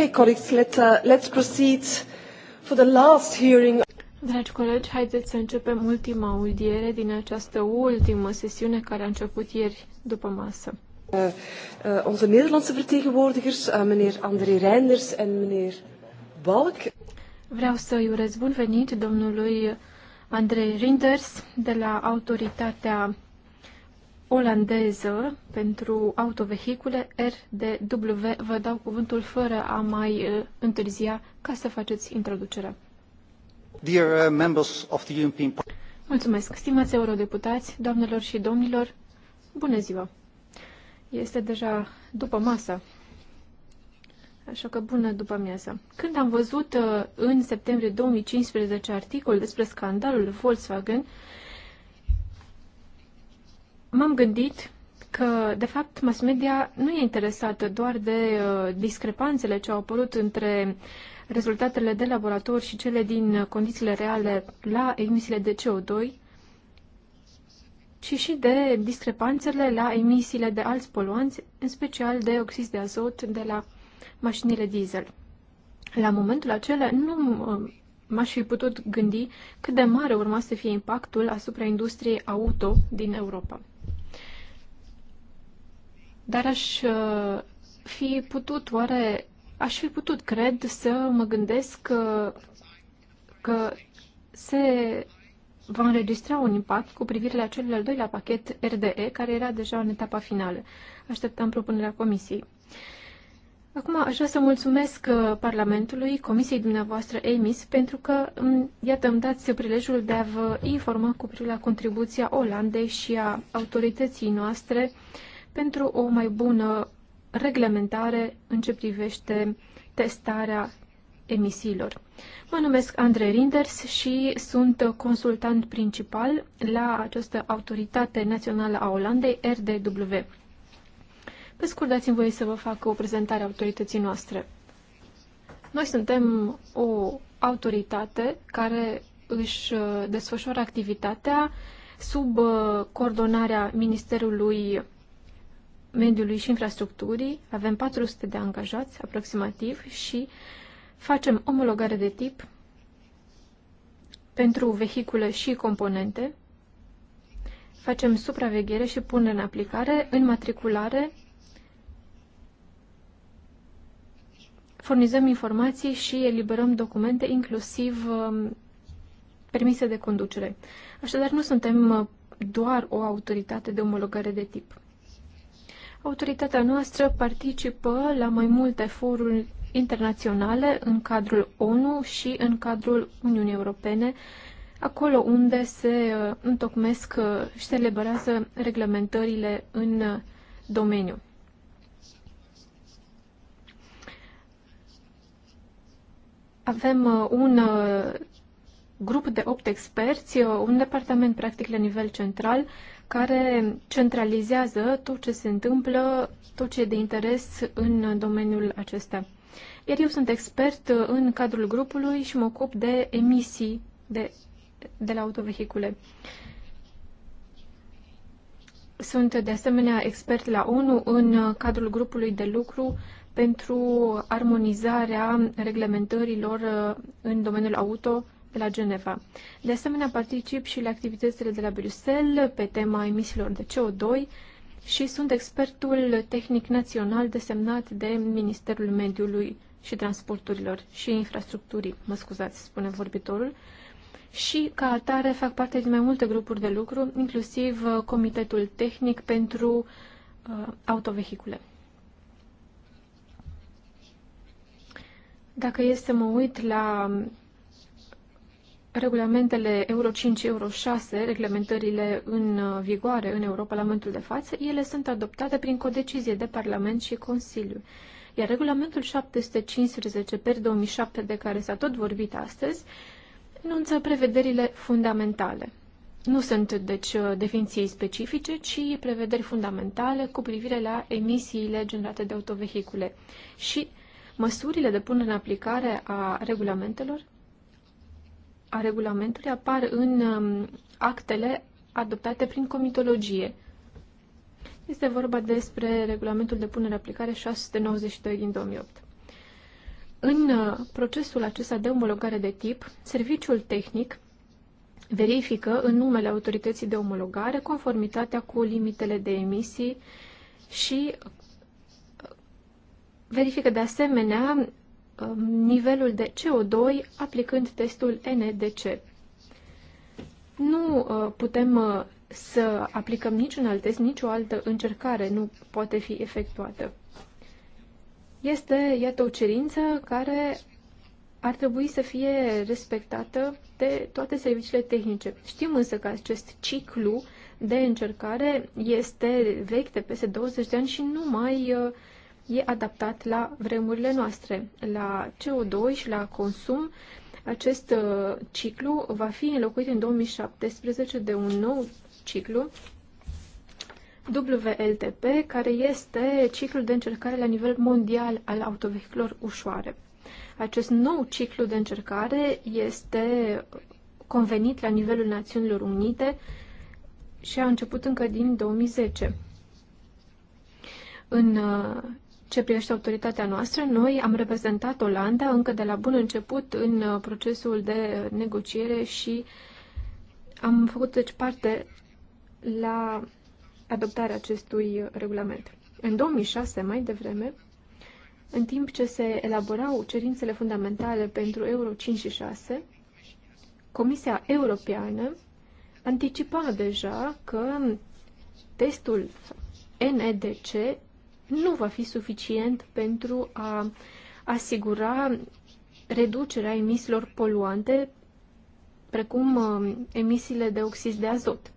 Okay, colleagues, let, uh, let's proceed for the last hearing. Dragi colegi, haideți să începem ultima audiere din această ultimă sesiune care a început ieri după masă. Uh, uh, onze Nederlandse vertegenwoordigers, uh, meneer André Reinders en meneer Balk. Vreau să îi urez bun venit domnului Andrei Rinders de la Autoritatea olandeză pentru autovehicule RDW. Vă dau cuvântul fără a mai uh, întârzia ca să faceți introducerea. Dear uh, members of the European Mulțumesc, stimați eurodeputați, doamnelor și domnilor, bună ziua! Este deja după masă, așa că bună după amiază. Când am văzut uh, în septembrie 2015 articol despre scandalul Volkswagen, m-am gândit că, de fapt, mass media nu e interesată doar de uh, discrepanțele ce au apărut între rezultatele de laborator și cele din condițiile reale la emisiile de CO2, ci și de discrepanțele la emisiile de alți poluanți, în special de oxid de azot de la mașinile diesel. La momentul acela nu uh, m-aș fi putut gândi cât de mare urma să fie impactul asupra industriei auto din Europa. Dar aș uh, fi putut, oare, aș fi putut, cred, să mă gândesc că, uh, că se va înregistra un impact cu privire la cel al doilea pachet RDE, care era deja în etapa finală. Așteptam propunerea Comisiei. Acum aș vrea să mulțumesc uh, Parlamentului, Comisiei dumneavoastră EMIS, pentru că, iată, îmi dați prilejul de a vă informa cu privire la contribuția Olandei și a autorității noastre uh, pentru o mai bună reglementare în ce privește testarea emisiilor. Mă numesc Andrei Rinders și sunt consultant principal la această autoritate națională a Olandei, RDW. Pe scurt, dați-mi voie să vă fac o prezentare a autorității noastre. Noi suntem o autoritate care își uh, desfășoară activitatea sub uh, coordonarea Ministerului mediului și infrastructurii, avem 400 de angajați aproximativ și facem omologare de tip pentru vehicule și componente, facem supraveghere și punere în aplicare, în matriculare, furnizăm informații și eliberăm documente, inclusiv um, permise de conducere. Așadar, nu suntem uh, doar o autoritate de omologare de tip. Autoritatea noastră participă la mai multe foruri internaționale în cadrul ONU și în cadrul Uniunii Europene, acolo unde se uh, întocmesc uh, și se elaborează reglementările în uh, domeniu. Avem un grup de opt experți, un departament practic la nivel central, care centralizează tot ce se întâmplă, tot ce e de interes în domeniul acesta. Iar eu sunt expert în cadrul grupului și mă ocup de emisii de, de la autovehicule. Sunt de asemenea expert la ONU în cadrul grupului de lucru pentru armonizarea reglementărilor în domeniul auto de la Geneva. De asemenea, particip și la activitățile de la Bruxelles pe tema emisiilor de CO2 și sunt expertul tehnic național desemnat de Ministerul Mediului și Transporturilor și Infrastructurii, mă scuzați, spune vorbitorul, și ca atare fac parte din mai multe grupuri de lucru, inclusiv uh, Comitetul Tehnic pentru uh, Autovehicule. Dacă este să mă uit la um, regulamentele Euro 5, Euro 6, reglementările în uh, vigoare în Europa momentul de față, ele sunt adoptate prin codecizie de Parlament și Consiliu. Iar regulamentul 715 per 2007, de care s-a tot vorbit astăzi, enunță prevederile fundamentale. Nu sunt, deci, uh, definiții specifice, ci prevederi fundamentale cu privire la emisiile generate de autovehicule și măsurile de punere în aplicare a regulamentelor a regulamentului apar în um, actele adoptate prin comitologie. Este vorba despre regulamentul de punere aplicare 692 din 2008. În uh, procesul acesta de omologare de tip, serviciul tehnic verifică în numele autorității de omologare conformitatea cu limitele de emisii și uh, verifică de asemenea Um, nivelul de CO2 aplicând testul NDC. Nu uh, putem uh, să aplicăm niciun alt test, nicio altă încercare nu poate fi efectuată. Este, iată, o cerință care ar trebui să fie respectată de toate serviciile tehnice. Știm însă că acest ciclu de încercare este vechi de peste 20 de ani și nu mai uh, e adaptat la vremurile noastre, la CO2 și la consum. Acest uh, ciclu va fi înlocuit în 2017 de un nou ciclu WLTP, care este ciclul de încercare la nivel mondial al autovehiculor ușoare. Acest nou ciclu de încercare este convenit la nivelul Națiunilor Unite și a început încă din 2010. În uh, ce privește autoritatea noastră, noi am reprezentat Olanda încă de la bun început în uh, procesul de negociere și am făcut deci parte la adoptarea acestui regulament. În 2006, mai devreme, în timp ce se elaborau cerințele fundamentale pentru Euro 5 și 6, Comisia Europeană anticipa deja că testul NEDC nu va fi suficient pentru a asigura reducerea emisiilor poluante, precum uh, emisiile de oxid de azot.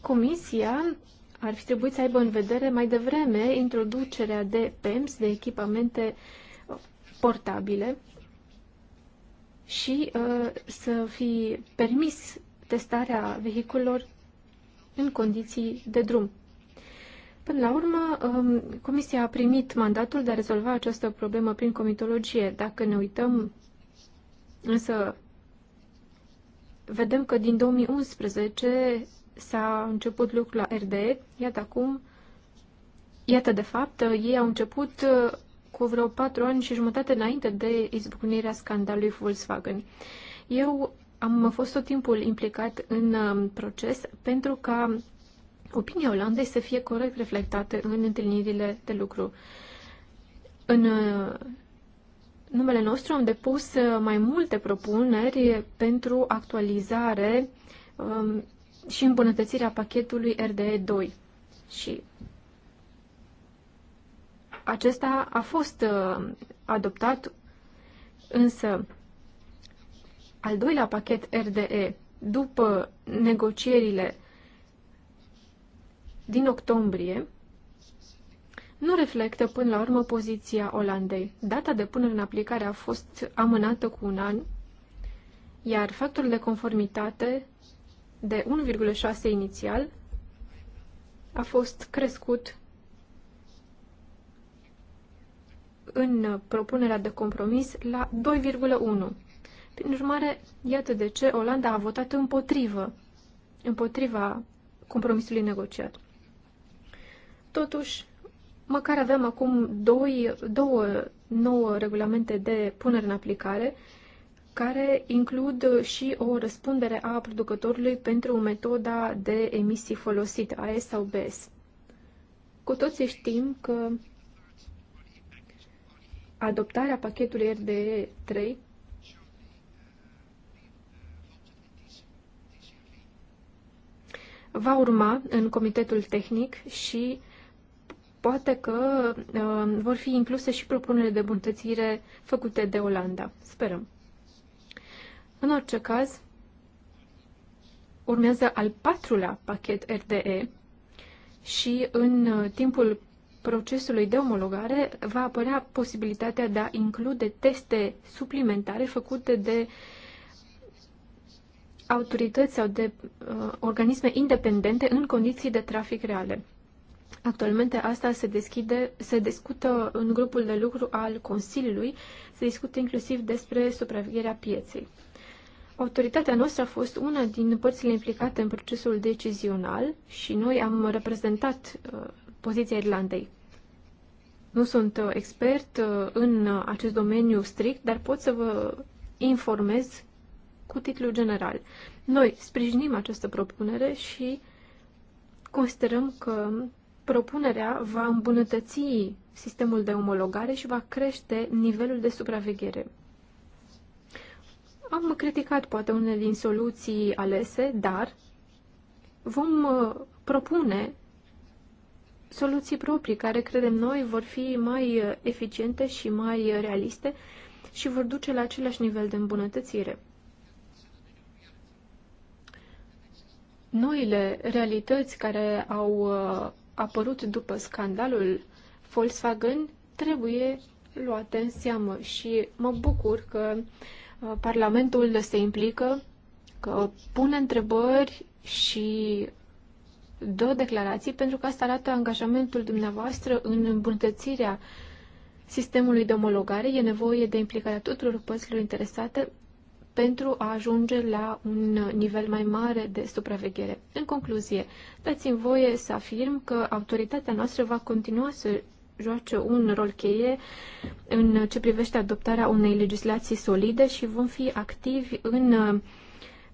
Comisia ar fi trebuit să aibă în vedere mai devreme introducerea de PEMS, de echipamente uh, portabile și uh, să fi permis testarea vehiculelor în condiții de drum. Până la urmă, um, Comisia a primit mandatul de a rezolva această problemă prin comitologie. Dacă ne uităm, însă, vedem că din 2011 s-a început lucrul la RDE, iată acum, iată de fapt, ei au început uh, cu vreo patru ani și jumătate înainte de izbucnirea scandalului Volkswagen. Eu am fost tot timpul implicat în um, proces pentru ca opinia Olandei să fie corect reflectată în întâlnirile de lucru. În uh, numele nostru am depus uh, mai multe propuneri pentru actualizare um, și îmbunătățirea pachetului RDE2. Și acesta a fost uh, adoptat, însă al doilea pachet RDE, după negocierile din octombrie, nu reflectă până la urmă poziția Olandei. Data de punere în aplicare a fost amânată cu un an, iar factorul de conformitate de 1,6 inițial a fost crescut în propunerea de compromis la 2,1. Prin urmare, iată de ce Olanda a votat împotrivă, împotriva compromisului negociat. Totuși, măcar avem acum doi, două nouă regulamente de punere în aplicare, care includ și o răspundere a producătorului pentru metoda de emisii folosită, AS sau BS. Cu toții știm că adoptarea pachetului RDE 3 va urma în comitetul tehnic și poate că uh, vor fi incluse și propunerile de bunătățire făcute de Olanda. Sperăm. În orice caz, urmează al patrulea pachet RDE și în uh, timpul procesului de omologare va apărea posibilitatea de a include teste suplimentare făcute de uh, autorități sau de uh, organisme independente în condiții de trafic reale. Actualmente asta se deschide, se discută în grupul de lucru al Consiliului, se discută inclusiv despre supravegherea pieței. Autoritatea noastră a fost una din părțile implicate în procesul decizional și noi am reprezentat uh, poziția Irlandei. Nu sunt uh, expert uh, în uh, acest domeniu strict, dar pot să vă informez cu titlul general. Noi sprijinim această propunere și considerăm că propunerea va îmbunătăți sistemul de omologare și va crește nivelul de supraveghere. Am criticat poate unele din soluții alese, dar vom uh, propune soluții proprii care credem noi vor fi mai uh, eficiente și mai uh, realiste și vor duce la același nivel de îmbunătățire. noile realități care au uh, apărut după scandalul Volkswagen trebuie luate în seamă și mă bucur că uh, Parlamentul se implică, că pune întrebări și dă declarații, pentru că asta arată angajamentul dumneavoastră în îmbunătățirea sistemului de omologare. E nevoie de implicarea tuturor părților interesate pentru a ajunge la un nivel mai mare de supraveghere. În concluzie, dați-mi voie să afirm că autoritatea noastră va continua să joace un rol cheie în ce privește adoptarea unei legislații solide și vom fi activi în uh,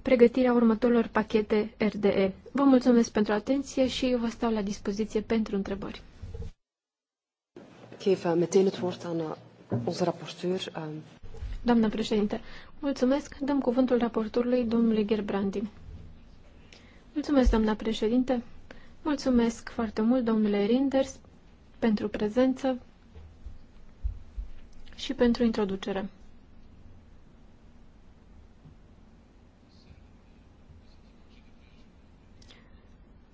pregătirea următorilor pachete RDE. Vă mulțumesc pentru atenție și vă stau la dispoziție pentru întrebări. Geef eh, eh, eh. Doamnă președinte, Mulțumesc. Dăm cuvântul raportorului domnului Gerbrandi. Mulțumesc, doamna președinte. Mulțumesc foarte mult, domnule Rinders, pentru prezență și pentru introducere.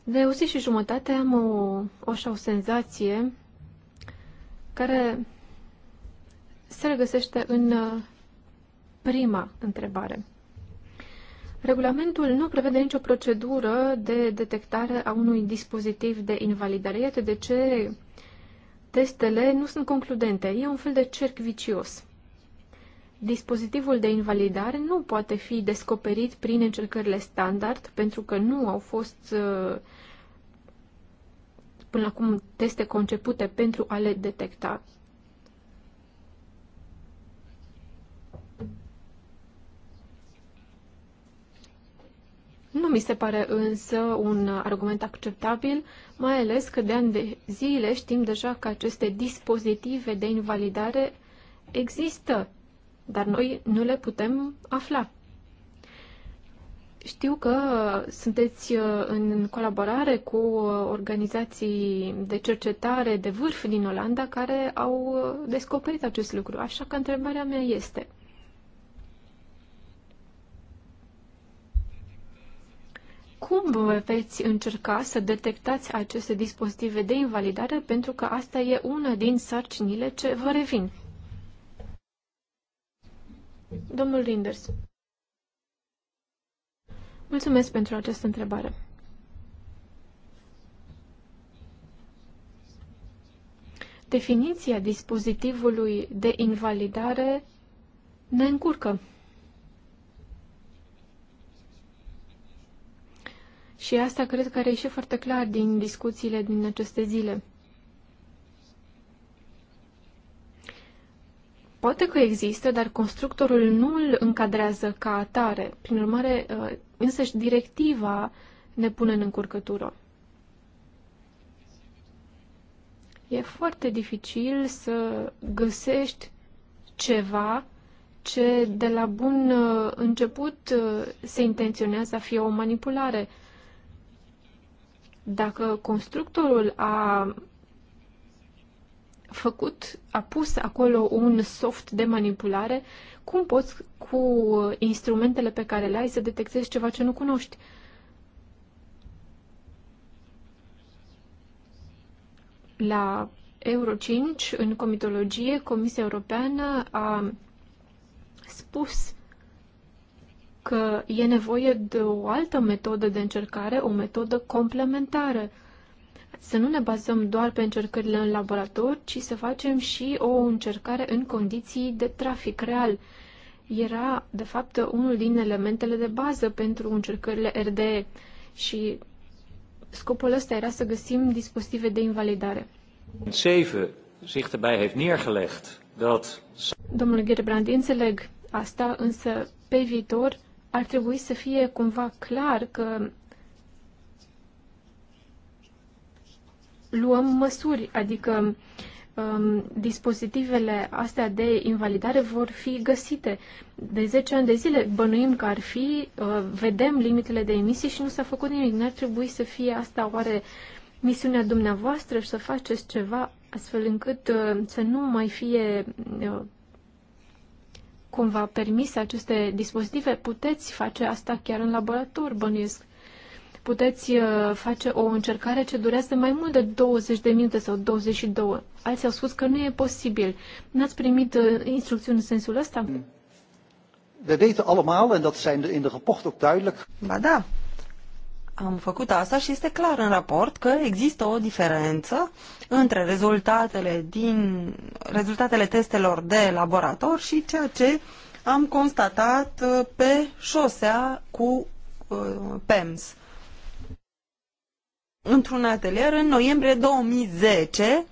De o zi și jumătate am o, o, așa, o senzație care se regăsește în prima întrebare. Regulamentul nu prevede nicio procedură de detectare a unui dispozitiv de invalidare. Iată de ce testele nu sunt concludente. E un fel de cerc vicios. Dispozitivul de invalidare nu poate fi descoperit prin încercările standard, pentru că nu au fost uh, până acum teste concepute pentru a le detecta. Nu mi se pare însă un argument acceptabil, mai ales că de ani de zile știm deja că aceste dispozitive de invalidare există, dar noi nu le putem afla. Știu că sunteți uh, în colaborare cu uh, organizații de cercetare de vârf din Olanda care au uh, descoperit acest lucru, așa că întrebarea mea este – Cum veți încerca să detectați aceste dispozitive de invalidare? Pentru că asta e una din sarcinile ce vă revin. Domnul Rinders. Mulțumesc pentru această întrebare. Definiția dispozitivului de invalidare ne încurcă. Și asta cred că ieșit foarte clar din discuțiile din aceste zile. Poate că există, dar constructorul nu îl încadrează ca atare. Prin urmare, uh, și directiva ne pune în încurcătură. E foarte dificil să găsești ceva ce de la bun uh, început uh, se intenționează a fi o manipulare. Dacă constructorul a făcut, a pus acolo un soft de manipulare, cum poți cu instrumentele pe care le ai să detectezi ceva ce nu cunoști? La Euro 5, în comitologie, Comisia Europeană a spus că e nevoie de o altă metodă de încercare, o metodă complementară. Să nu ne bazăm doar pe încercările în laborator, ci să facem și o încercare în condiții de trafic real. Era, de fapt, unul din elementele de bază pentru încercările RDE și scopul ăsta era să găsim dispozitive de invalidare. 7 zich daarbij heeft neergelegd dat... Domnule Gerbrand, înțeleg asta, însă pe viitor ar trebui să fie cumva clar că luăm măsuri, adică um, dispozitivele astea de invalidare vor fi găsite. De 10 ani de zile bănuim că ar fi, uh, vedem limitele de emisie și nu s-a făcut nimic. N-ar trebui să fie asta oare misiunea dumneavoastră și să faceți ceva astfel încât uh, să nu mai fie uh, cumva permise aceste dispozitive, puteți face asta chiar în laborator, bănuiesc. Puteți uh, face o încercare ce durează mai mult de 20 de minute sau 22. Alții au spus că nu e posibil. N-ați primit uh, instrucțiuni în sensul ăsta? We mm. weten allemaal, en dat zijn in de rapport ook duidelijk. Ba da, am făcut asta și este clar în raport că există o diferență între rezultatele, din, rezultatele testelor de laborator și ceea ce am constatat uh, pe șosea cu uh, PEMS. Într-un atelier, în noiembrie 2010,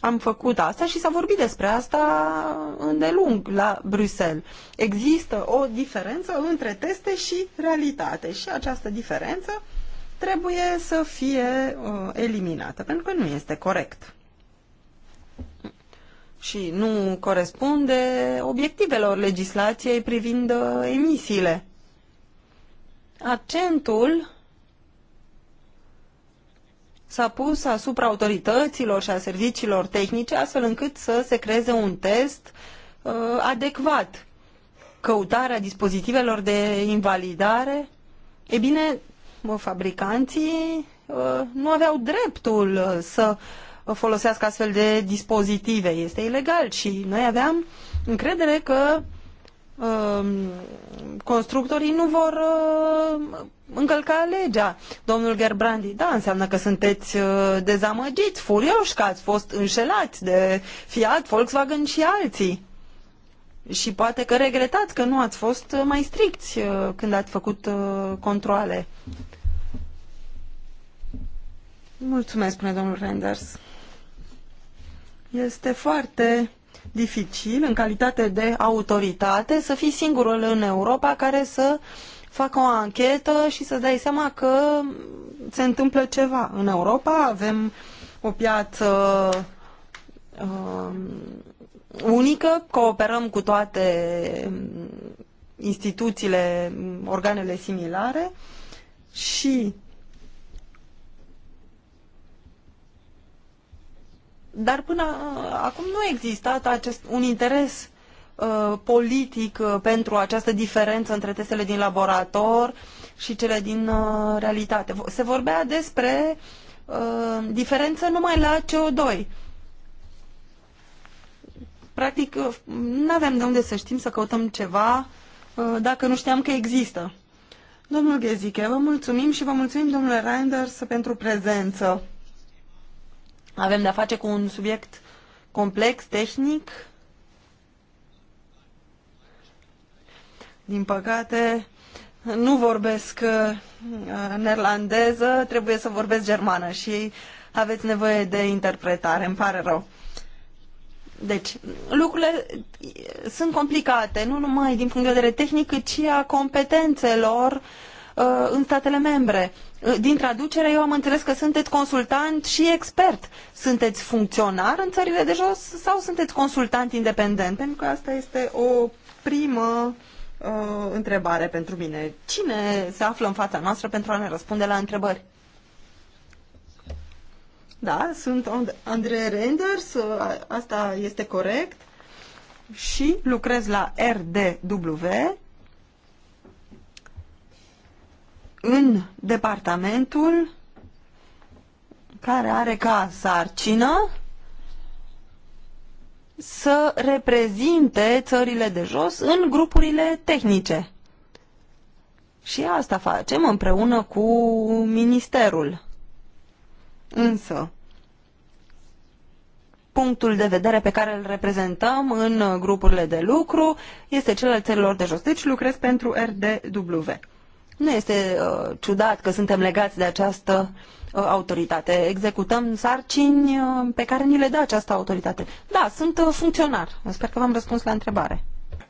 am făcut asta și s-a vorbit despre asta îndelung la Bruxelles. Există o diferență între teste și realitate și această diferență trebuie să fie uh, eliminată, pentru că nu este corect. Și nu corespunde obiectivelor legislației privind uh, emisiile. Accentul s-a pus asupra autorităților și a serviciilor tehnice, astfel încât să se creeze un test uh, adecvat. Căutarea dispozitivelor de invalidare, e bine, fabricanții uh, nu aveau dreptul uh, să folosească astfel de dispozitive. Este ilegal și noi aveam încredere că um, constructorii nu vor uh, încălca legea. Domnul Gerbrandi, da, înseamnă că sunteți dezamăgiți, furioși, că ați fost înșelați de Fiat, Volkswagen și alții și poate că regretați că nu ați fost uh, mai stricți uh, când ați făcut uh, controle. Mulțumesc, spune domnul Renders. Este foarte dificil, în calitate de autoritate, să fii singurul în Europa care să facă o anchetă și să dai seama că se întâmplă ceva. În Europa avem o piață unică, cooperăm cu toate mm, instituțiile, mm, organele similare și dar până uh, acum nu a existat acest, un interes uh, politic uh, pentru această diferență între testele din laborator și cele din uh, realitate. Se vorbea despre uh, diferență numai la CO2 practic, uh, nu aveam de unde să știm să căutăm ceva uh, dacă nu știam că există. Domnul Ghezike, vă mulțumim și vă mulțumim, domnule Reinders, pentru prezență. Avem de-a face cu un subiect complex, tehnic. Din păcate, nu vorbesc uh, neerlandeză, trebuie să vorbesc germană și aveți nevoie de interpretare, îmi pare rău. Deci, lucrurile eh, sunt complicate, nu numai din punct de vedere tehnic, cât și a competențelor uh, în statele membre. Eh, din traducere, eu am înțeles că sunteți consultant și expert. Sunteți funcționar în țările de jos sau sunteți consultant independent? Pentru că asta este o primă uh, întrebare pentru mine. Cine se află în fața noastră pentru a ne răspunde la întrebări? Da, sunt Andrei Renders, ă, asta este corect. Și lucrez la RDW în departamentul care are ca sarcină să reprezinte țările de jos în grupurile tehnice. Și asta facem împreună cu ministerul. Însă, punctul de vedere pe care îl reprezentăm în grupurile de lucru este cel al țărilor de jos. Deci lucrez pentru RDW. Nu este uh, ciudat că suntem legați de această uh, autoritate. Executăm sarcini uh, pe care ni le dă această autoritate. Da, sunt uh, funcționar. Sper că v-am răspuns la întrebare.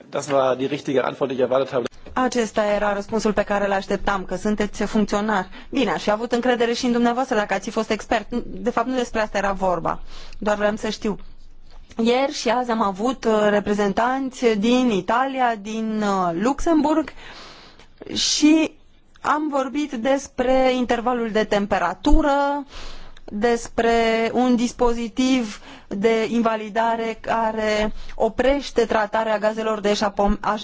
Das war die richtige Antwort, die ich erwartet habe. Acesta era răspunsul pe care îl așteptam, că sunteți funcționar. Bine, aș fi avut încredere și în dumneavoastră dacă ați fi fost expert. De fapt, nu despre asta era vorba. Doar vreau să știu. Ieri și azi am avut uh, reprezentanți din Italia, din uh, Luxemburg și am vorbit despre intervalul de temperatură, uh, despre un dispozitiv de invalidare care oprește tratarea gazelor de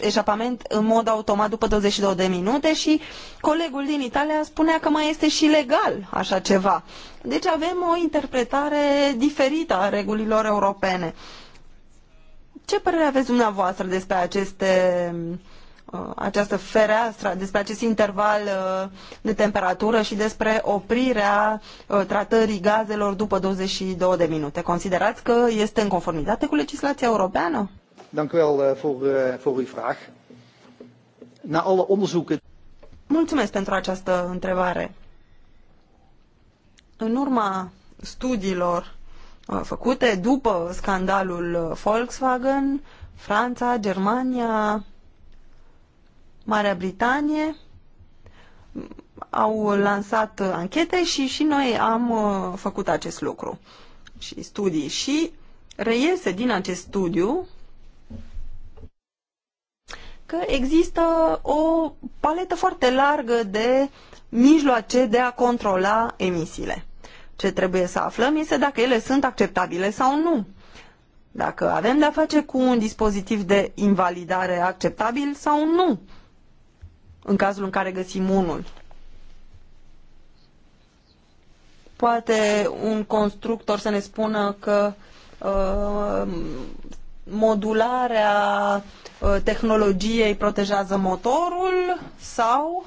eșapament în mod automat după 22 de minute și colegul din Italia spunea că mai este și legal așa ceva. Deci avem o interpretare diferită a regulilor europene. Ce părere aveți dumneavoastră despre aceste uh, Uh, această fereastră, despre acest interval uh, de temperatură și despre oprirea uh, tratării gazelor după 22 de minute. Considerați că este în conformitate cu legislația europeană? Eh, eh, Mulțumesc pentru această întrebare. În urma studiilor făcute după scandalul Volkswagen, Franța, Germania, Marea Britanie au lansat anchete și și noi am uh, făcut acest lucru și studii și reiese din acest studiu că există o paletă foarte largă de mijloace de a controla emisiile. Ce trebuie să aflăm este dacă ele sunt acceptabile sau nu. Dacă avem de-a face cu un dispozitiv de invalidare acceptabil sau nu în cazul în care găsim unul. Poate un constructor să ne spună că uh, modularea uh, tehnologiei protejează motorul sau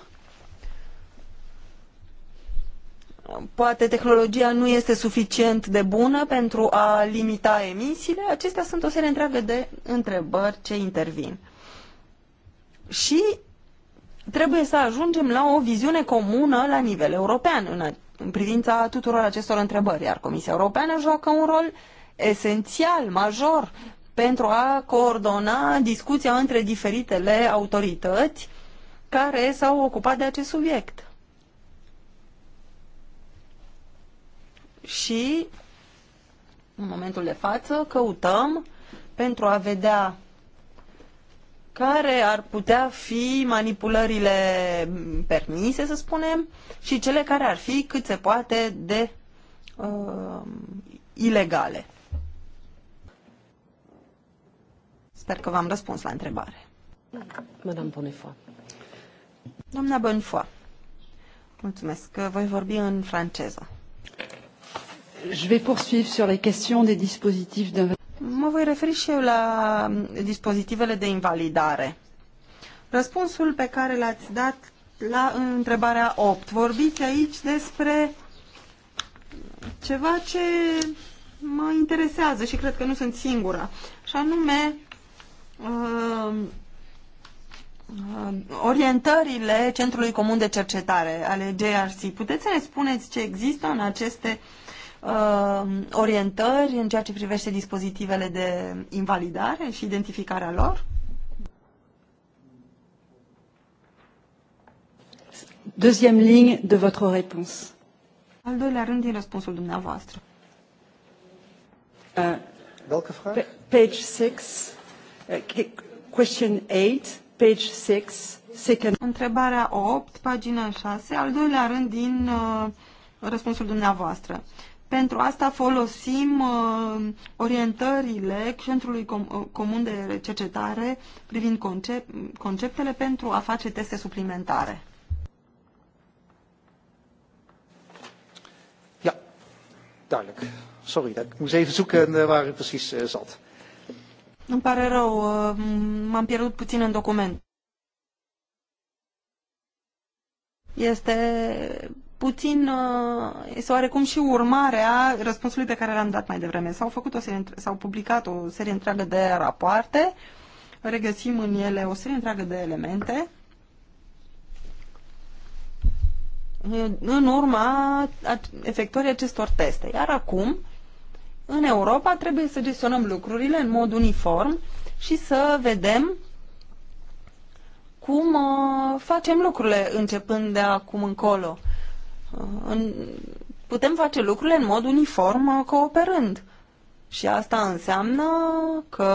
poate tehnologia nu este suficient de bună pentru a limita emisiile. Acestea sunt o serie întreagă de întrebări ce intervin. Și trebuie să ajungem la o viziune comună la nivel european în, în privința tuturor acestor întrebări, iar Comisia Europeană joacă un rol esențial, major, pentru a coordona discuția între diferitele autorități care s-au ocupat de acest subiect. Și, în momentul de față, căutăm pentru a vedea care ar putea fi manipulările permise, să spunem, și cele care ar fi cât se poate de uh, ilegale. Sper că v-am răspuns la întrebare. Madame Bonifoa. Doamna Bonifoa, Mulțumesc. Voi vorbi în franceză. Je vais poursuivre sur les questions des dispositifs de... Mă voi referi și eu la mm, dispozitivele de invalidare. Răspunsul pe care l-ați dat la întrebarea 8. Vorbiți aici despre ceva ce mă interesează și cred că nu sunt singura. Și anume uh, uh, orientările Centrului Comun de Cercetare ale JRC. Puteți să ne spuneți ce există în aceste uh, uh, orientări în ceea ce privește dispozitivele de invalidare și identificarea lor? Deuxième ligne de votre réponse. Al doilea rând din răspunsul dumneavoastră. Uh, Page 6, uh, question 8, page 6. Second. Întrebarea 8, pagina 6, al doilea rând din uh, răspunsul dumneavoastră. Pentru asta folosim uh, orientările Centrului Com uh, Comun de Cercetare privind concep conceptele pentru a face teste suplimentare. Ja, duidelijk. Sorry, dat ik moest even zoeken eh, waar ik precies uh, zat. Îmi pare rău, uh, m-am pierdut puțin în document. Este puțin, este uh, oarecum și urmarea răspunsului pe care l-am dat mai devreme. S-au, făcut o serie, s-au publicat o serie întreagă de rapoarte, regăsim în ele o serie întreagă de elemente, în urma efectuării acestor teste. Iar acum, în Europa, trebuie să gestionăm lucrurile în mod uniform și să vedem cum uh, facem lucrurile începând de acum încolo în, putem face lucrurile în mod uniform uh, cooperând. Și asta înseamnă că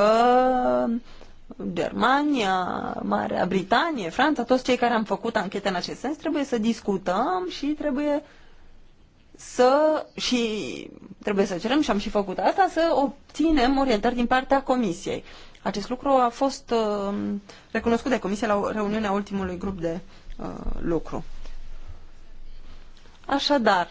Germania, Marea Britanie, Franța, toți cei care am făcut anchete în acest sens, trebuie să discutăm și trebuie să și trebuie să cerem și am și făcut asta, să obținem orientări din partea Comisiei. Acest lucru a fost uh, recunoscut de Comisie la reuniunea ultimului grup de uh, lucru. Așadar,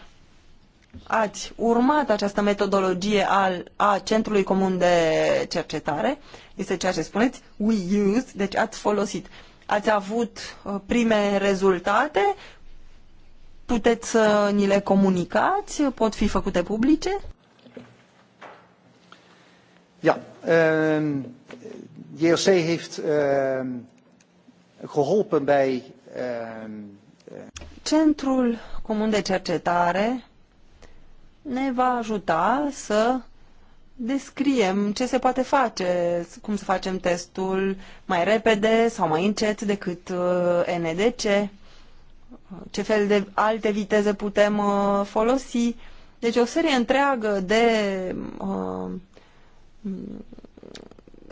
ați urmat această metodologie al, a Centrului Comun de Cercetare, este ceea ce spuneți, we used, deci ați folosit. Ați avut uh, prime rezultate, puteți să ni le comunicați, pot fi făcute publice? Ja, um, ehm, JOC heeft um, geholpen bij ehm, Centrul Comun de Cercetare ne va ajuta să descriem ce se poate face, cum să facem testul mai repede sau mai încet decât uh, NDC, ce fel de alte viteze putem uh, folosi. Deci o serie întreagă de uh,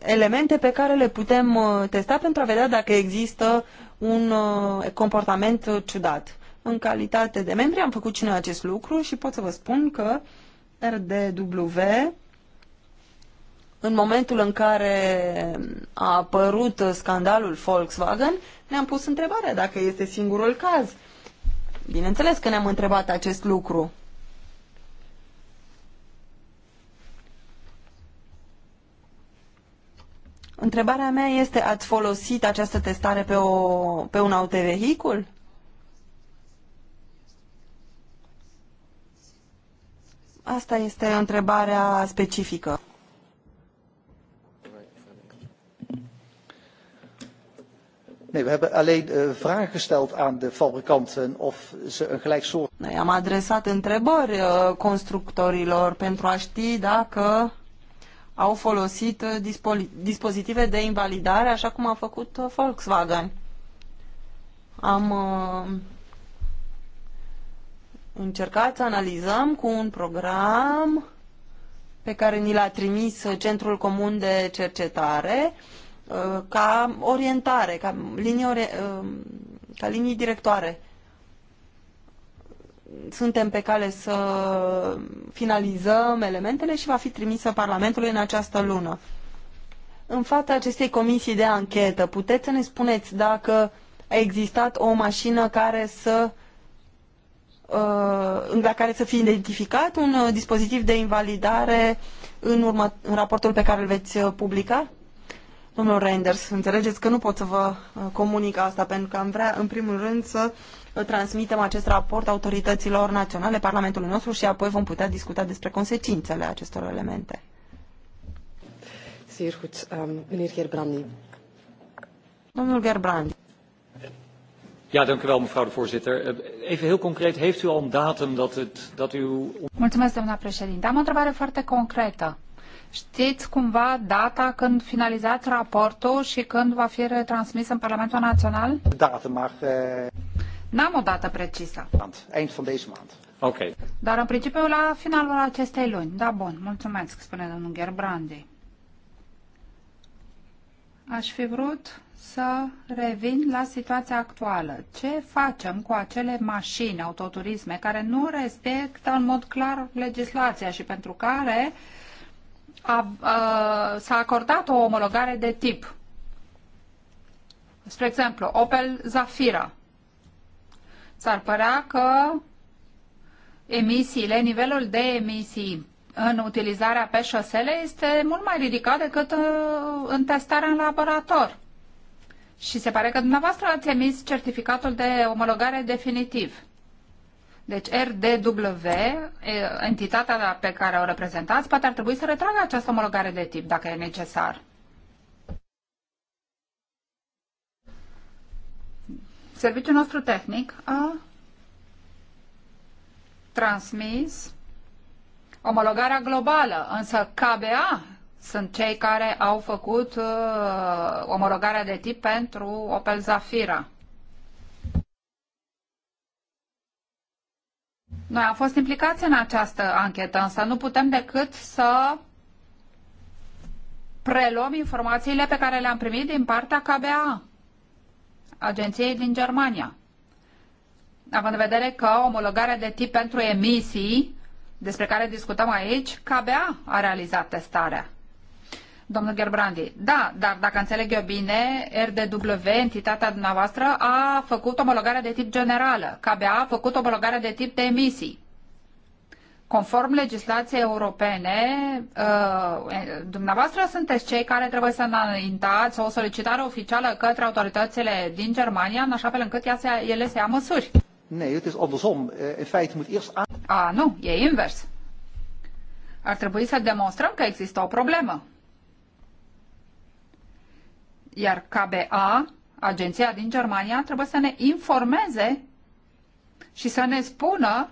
elemente pe care le putem uh, testa pentru a vedea dacă există un comportament ciudat. În calitate de membri am făcut și noi acest lucru și pot să vă spun că RDW în momentul în care a apărut scandalul Volkswagen, ne-am pus întrebarea dacă este singurul caz. Bineînțeles că ne-am întrebat acest lucru. Întrebarea mea este, ați folosit această testare pe, o, pe un autovehicul? Asta este întrebarea specifică. Nee, we hebben alleen uh, vragen gesteld aan de fabrikanten of ze een gelijksoort. Noi am adresat întrebări uh, constructorilor pentru a ști dacă au folosit eh, dispo dispozitive de invalidare, așa cum a făcut uh, Volkswagen. Am încercat să analizăm cu un program pe care ni l-a trimis Centrul Comun de Cercetare uh, ca orientare, ca linii, ori, uh, ca linii directoare. Suntem pe cale să finalizăm elementele și va fi trimisă Parlamentului în această lună. În fața acestei comisii de anchetă, puteți să ne spuneți dacă a existat o mașină care să uh, Uh, la care să fie identificat un uh, dispozitiv de invalidare în, urmă, în raportul pe care îl veți uh, publica? Domnul Reinders, înțelegeți că nu pot să vă comunic asta, pentru că am vrea, în primul rând, să transmitem acest raport autorităților naționale, Parlamentului nostru și apoi vom putea discuta despre consecințele acestor elemente. Zeer goed, um, meneer Gerbrandi. Domnul Gerbrandi mevrouw de voorzitter. Eh, even heel concreet, heeft u al een datum dat, het, dat Mulțumesc, doamna președinte. Am o întrebare foarte concretă. Știți cumva data când finalizați raportul și când va fi retransmis în Parlamentul Național? Data, maar... Uh... Eh, N-am o dată precisă. Eind van deze maand. Ok. Dar în principiu la finalul acestei luni. Da, bun, mulțumesc, spune domnul Gerbrandi. Aș fi vrut să revin la situația actuală. Ce facem cu acele mașini, autoturisme, care nu respectă în mod clar legislația și pentru care s-a acordat o omologare de tip? Spre exemplu, Opel Zafira. S-ar părea că emisiile, nivelul de emisii în utilizarea pe șosele este mult mai ridicat decât uh, în testarea în laborator. Și se pare că dumneavoastră ați emis certificatul de omologare definitiv. Deci RDW, entitatea pe care o reprezentați, poate ar trebui să retragă această omologare de tip, dacă e necesar. Serviciul nostru tehnic a transmis omologarea globală, însă KBA sunt cei care au făcut uh, omologarea de tip pentru Opel Zafira. Noi am fost implicați în această anchetă, însă nu putem decât să preluăm informațiile pe care le-am primit din partea KBA, agenției din Germania. Având în vedere că omologarea de tip pentru emisii, despre care discutăm aici, KBA a realizat testarea. Domnul Gerbrandi, da, dar dacă înțeleg eu bine, RDW, entitatea dumneavoastră, a făcut omologarea de tip generală. KBA a făcut omologarea de tip de emisii. Conform legislației europene, uh, dumneavoastră sunteți cei care trebuie să înaintați o solicitare oficială către autoritățile din Germania, în așa fel încât ele să ia măsuri. Nee, het is andersom. Eh, in feite moet eerst aan... A, nu, e invers. Ar trebui să demonstrăm că există o problemă. Iar KBA, agenția din Germania, trebuie să ne informeze și să ne spună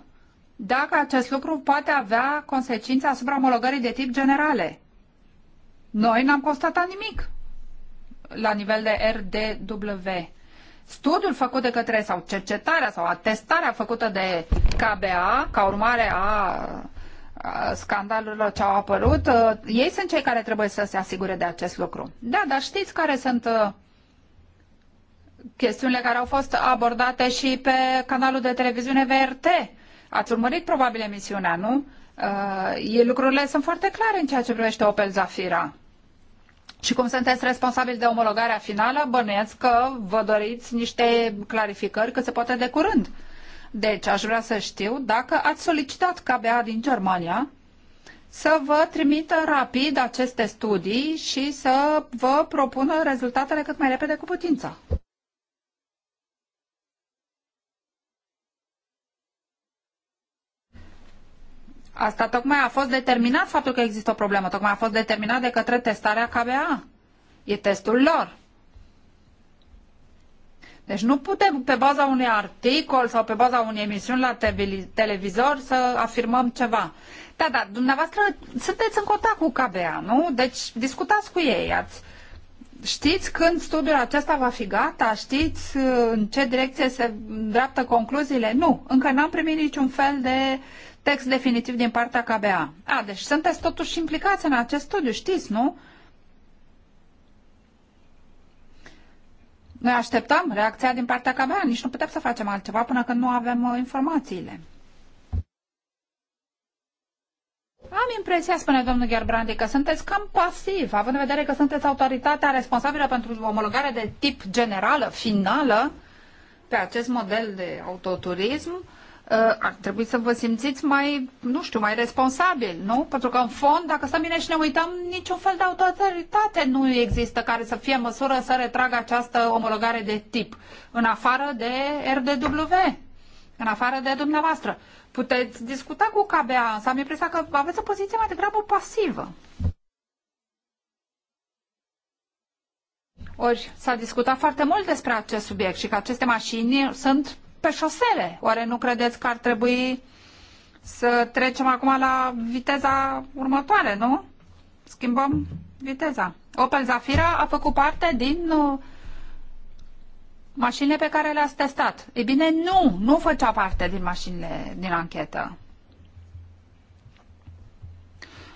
dacă acest lucru poate avea consecințe asupra omologării de tip generale. Noi n-am constatat nimic la nivel de RDW. Studiul făcut de către, sau cercetarea, sau atestarea făcută de KBA, ca urmare a scandalurilor ce au apărut, uh, ei sunt cei care trebuie să se asigure de acest lucru. Da, dar știți care sunt uh, chestiunile care au fost abordate și pe canalul de televiziune VRT. Ați urmărit probabil emisiunea, nu? Uh, lucrurile sunt foarte clare în ceea ce privește Opel Zafira. Și cum sunteți responsabili de omologarea finală, bănuiesc că vă doriți niște clarificări cât se poate de curând. Deci, aș vrea să știu dacă ați solicitat KBA din Germania să vă trimită rapid aceste studii și să vă propună rezultatele cât mai repede cu putință. Asta tocmai a fost determinat faptul că există o problemă, tocmai a fost determinat de către testarea KBA. E testul lor. Deci nu putem pe baza unui articol sau pe baza unei emisiuni la televizor să afirmăm ceva. Da, da, dumneavoastră sunteți în contact cu KBA, nu? Deci discutați cu ei, ați Știți când studiul acesta va fi gata? Știți uh, în ce direcție se îndreaptă concluziile? Nu, încă n-am primit niciun fel de text definitiv din partea KBA. A, deci sunteți totuși implicați în acest studiu, știți, nu? Noi așteptăm reacția din partea Cabea, nici nu putem să facem altceva până când nu avem uh, informațiile. Am impresia, spune domnul Gerbrandi, că sunteți cam pasiv, având în vedere că sunteți autoritatea responsabilă pentru omologarea de tip generală, finală, pe acest model de autoturism Uh, ar trebui să vă simțiți mai, nu știu, mai responsabil, nu? Pentru că, în fond, dacă stăm bine și ne uităm, niciun fel de autoritate nu există care să fie măsură să retragă această omologare de tip, în afară de RDW, în afară de dumneavoastră. Puteți discuta cu KBA, însă am impresia că aveți o poziție mai degrabă pasivă. Ori s-a discutat foarte mult despre acest subiect și că aceste mașini sunt pe șosele. Oare nu credeți că ar trebui să trecem acum la viteza următoare, nu? Schimbăm viteza. Opel Zafira a făcut parte din uh, mașinile pe care le-ați testat. Ei bine, nu, nu făcea parte din mașinile din anchetă.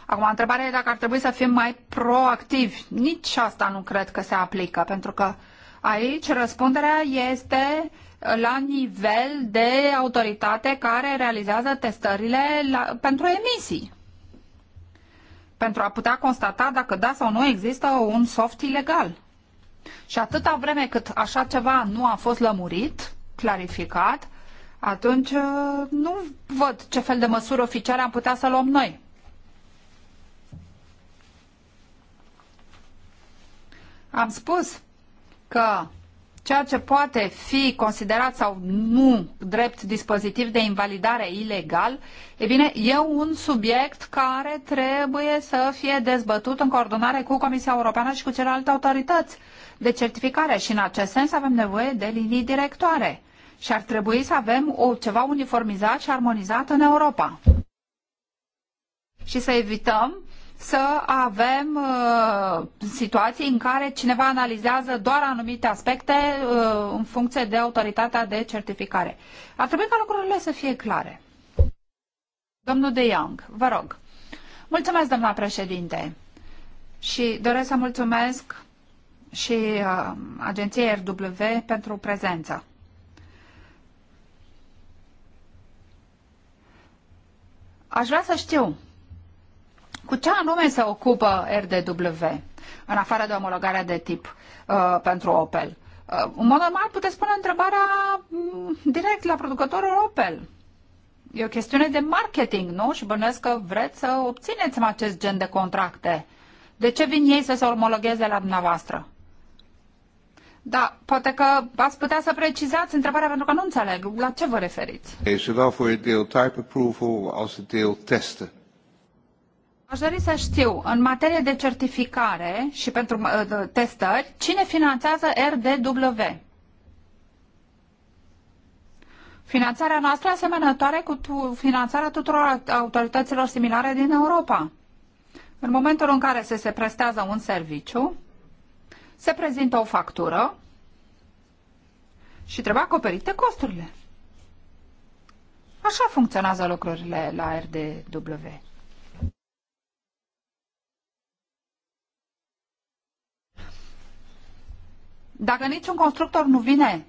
Acum, întrebarea e dacă ar trebui să fim mai proactivi. Nici asta nu cred că se aplică, pentru că aici răspunderea este la nivel de autoritate care realizează testările la, pentru emisii. Pentru a putea constata dacă da sau nu există un soft ilegal. Și atâta vreme cât așa ceva nu a fost lămurit, clarificat, atunci uh, nu văd ce fel de măsuri oficiale am putea să luăm noi. Am spus că ceea ce poate fi considerat sau nu drept dispozitiv de invalidare ilegal, e bine, e un subiect care trebuie să fie dezbătut în coordonare cu Comisia Europeană și cu celelalte autorități de certificare și în acest sens avem nevoie de linii directoare și ar trebui să avem o, ceva uniformizat și armonizat în Europa. Și să evităm să avem uh, situații în care cineva analizează doar anumite aspecte uh, în funcție de autoritatea de certificare. Ar trebui ca lucrurile să fie clare. Domnul De Young, vă rog. Mulțumesc, doamna președinte. Și doresc să mulțumesc și uh, agenției RW pentru prezență. Aș vrea să știu cu ce anume se ocupă RDW, în afară de omologarea de tip uh, pentru Opel? Uh, în mod normal puteți pune întrebarea mm, direct la producătorul Opel. E o chestiune de marketing, nu? Și bănuiesc că vreți să obțineți acest gen de contracte. De ce vin ei să se omologheze la dumneavoastră? Da, poate că ați putea să precizați întrebarea pentru că nu înțeleg. La ce vă referiți? Okay, so het type approval als het deel Aș dori să știu, în materie de certificare și pentru testări, cine finanțează RDW? Finanțarea noastră asemănătoare cu tu, finanțarea tuturor autorităților similare din Europa. În momentul în care se, se prestează un serviciu, se prezintă o factură și trebuie acoperite costurile. Așa funcționează lucrurile la RDW. Dacă niciun constructor nu vine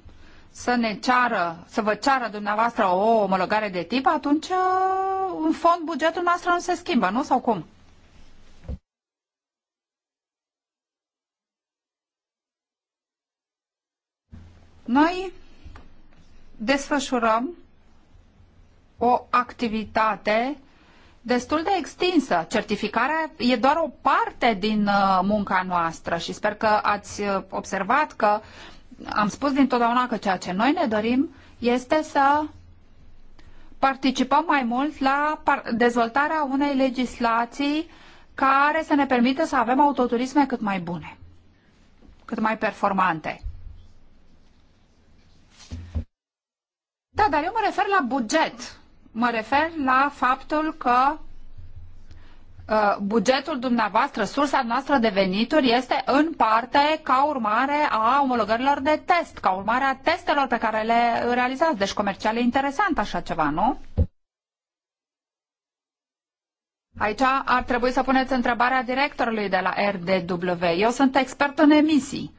să ne ceară, să vă ceară dumneavoastră o omologare de tip, atunci uh, în fond bugetul nostru nu se schimbă, nu? Sau cum? Noi desfășurăm o activitate destul de extinsă. Certificarea e doar o parte din uh, munca noastră și sper că ați uh, observat că am spus dintotdeauna că ceea ce noi ne dorim este să participăm mai mult la dezvoltarea unei legislații care să ne permită să avem autoturisme cât mai bune, cât mai performante. Da, dar eu mă refer la buget Mă refer la faptul că uh, bugetul dumneavoastră, sursa noastră de venituri este în parte ca urmare a omologărilor de test, ca urmare a testelor pe care le realizați. Deci comercial e interesant așa ceva, nu? Aici ar trebui să puneți întrebarea directorului de la RDW. Eu sunt expert în emisii.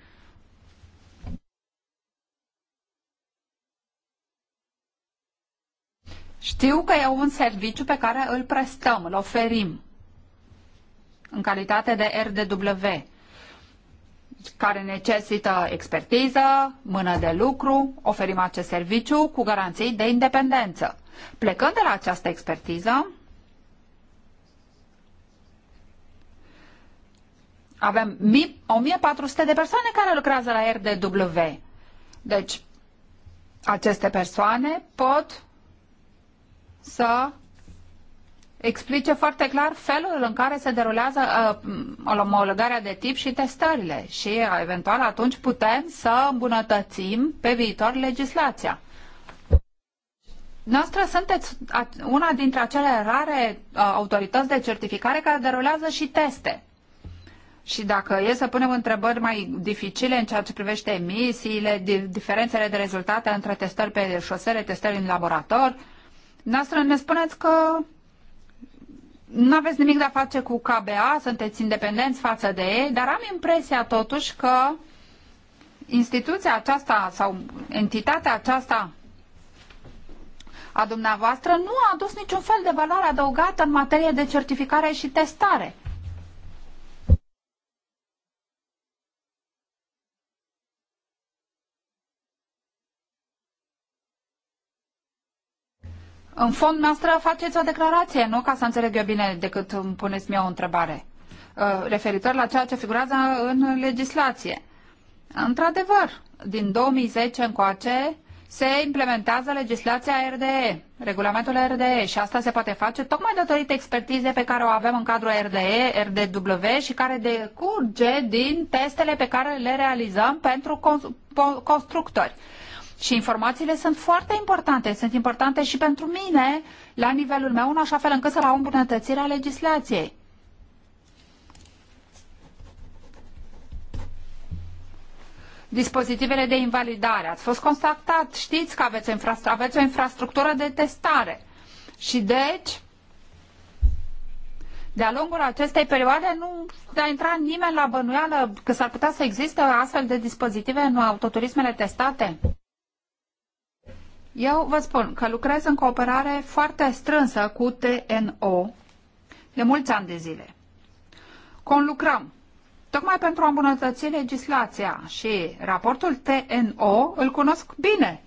Știu că e un serviciu pe care îl prestăm, îl oferim în calitate de RDW, care necesită expertiză, mână de lucru, oferim acest serviciu cu garanții de independență. Plecând de la această expertiză, avem 1400 de persoane care lucrează la RDW. Deci, aceste persoane pot să explice foarte clar felul în care se derulează uh, omologarea de tip și testările și uh, eventual atunci putem să îmbunătățim pe viitor legislația. Noastră sunteți una dintre acele rare uh, autorități de certificare care derulează și teste. Și dacă e să punem întrebări mai dificile în ceea ce privește emisiile, diferențele de rezultate între testări pe șosele, testări în laborator, uh, Noastră ne spuneți că nu aveți nimic de a face cu KBA, sunteți independenți față de ei, dar am impresia totuși că instituția aceasta sau entitatea aceasta a dumneavoastră nu a adus niciun fel de valoare adăugată în materie de certificare și testare. În fond, noastră faceți o declarație, nu? Ca să înțeleg eu bine decât îmi puneți mie o întrebare uh, referitor la ceea ce figurează în legislație. Într-adevăr, din 2010 încoace se implementează legislația RDE, regulamentul RDE și asta se poate face tocmai datorită expertizei pe care o avem în cadrul RDE, RDW și care decurge din testele pe care le realizăm pentru constructori. Și informațiile sunt foarte importante, sunt importante și pentru mine, la nivelul meu, în așa fel încât să la o îmbunătățire a legislației. Dispozitivele de invalidare. Ați fost constatat, știți că aveți, infra aveți o infrastructură de testare. Și deci, de-a lungul acestei perioade nu a intrat nimeni la bănuială că s-ar putea să existe astfel de dispozitive în autoturismele testate? Eu vă spun că lucrez în cooperare foarte strânsă cu TNO de mulți ani de zile. Conlucrăm tocmai pentru a îmbunătăți legislația și raportul TNO îl cunosc bine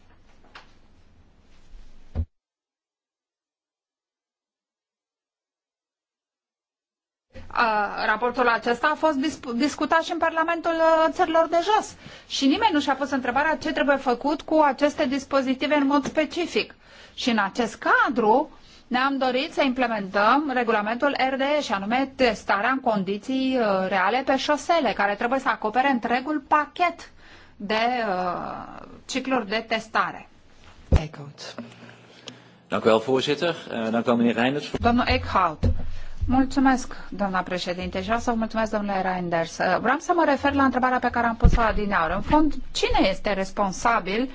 raportul acesta a fost discutat și în Parlamentul uh, țărilor de jos. Și nimeni nu și-a pus întrebarea ce trebuie făcut cu aceste dispozitive în mod specific. Și în acest cadru ne-am dorit să implementăm regulamentul RDE și anume testarea în condiții uh, reale pe șosele, care trebuie să acopere întregul pachet de uh, cicluri de testare. Eckhout. Dank u wel, voorzitter. Uh, dank u wel, meneer Reinders. Domnul Eckhout. Mulțumesc, doamna președinte, și vreau să vă mulțumesc, domnule Reinders. Uh, vreau să mă refer la întrebarea pe care am pus-o adineaur. În fond, cine este responsabil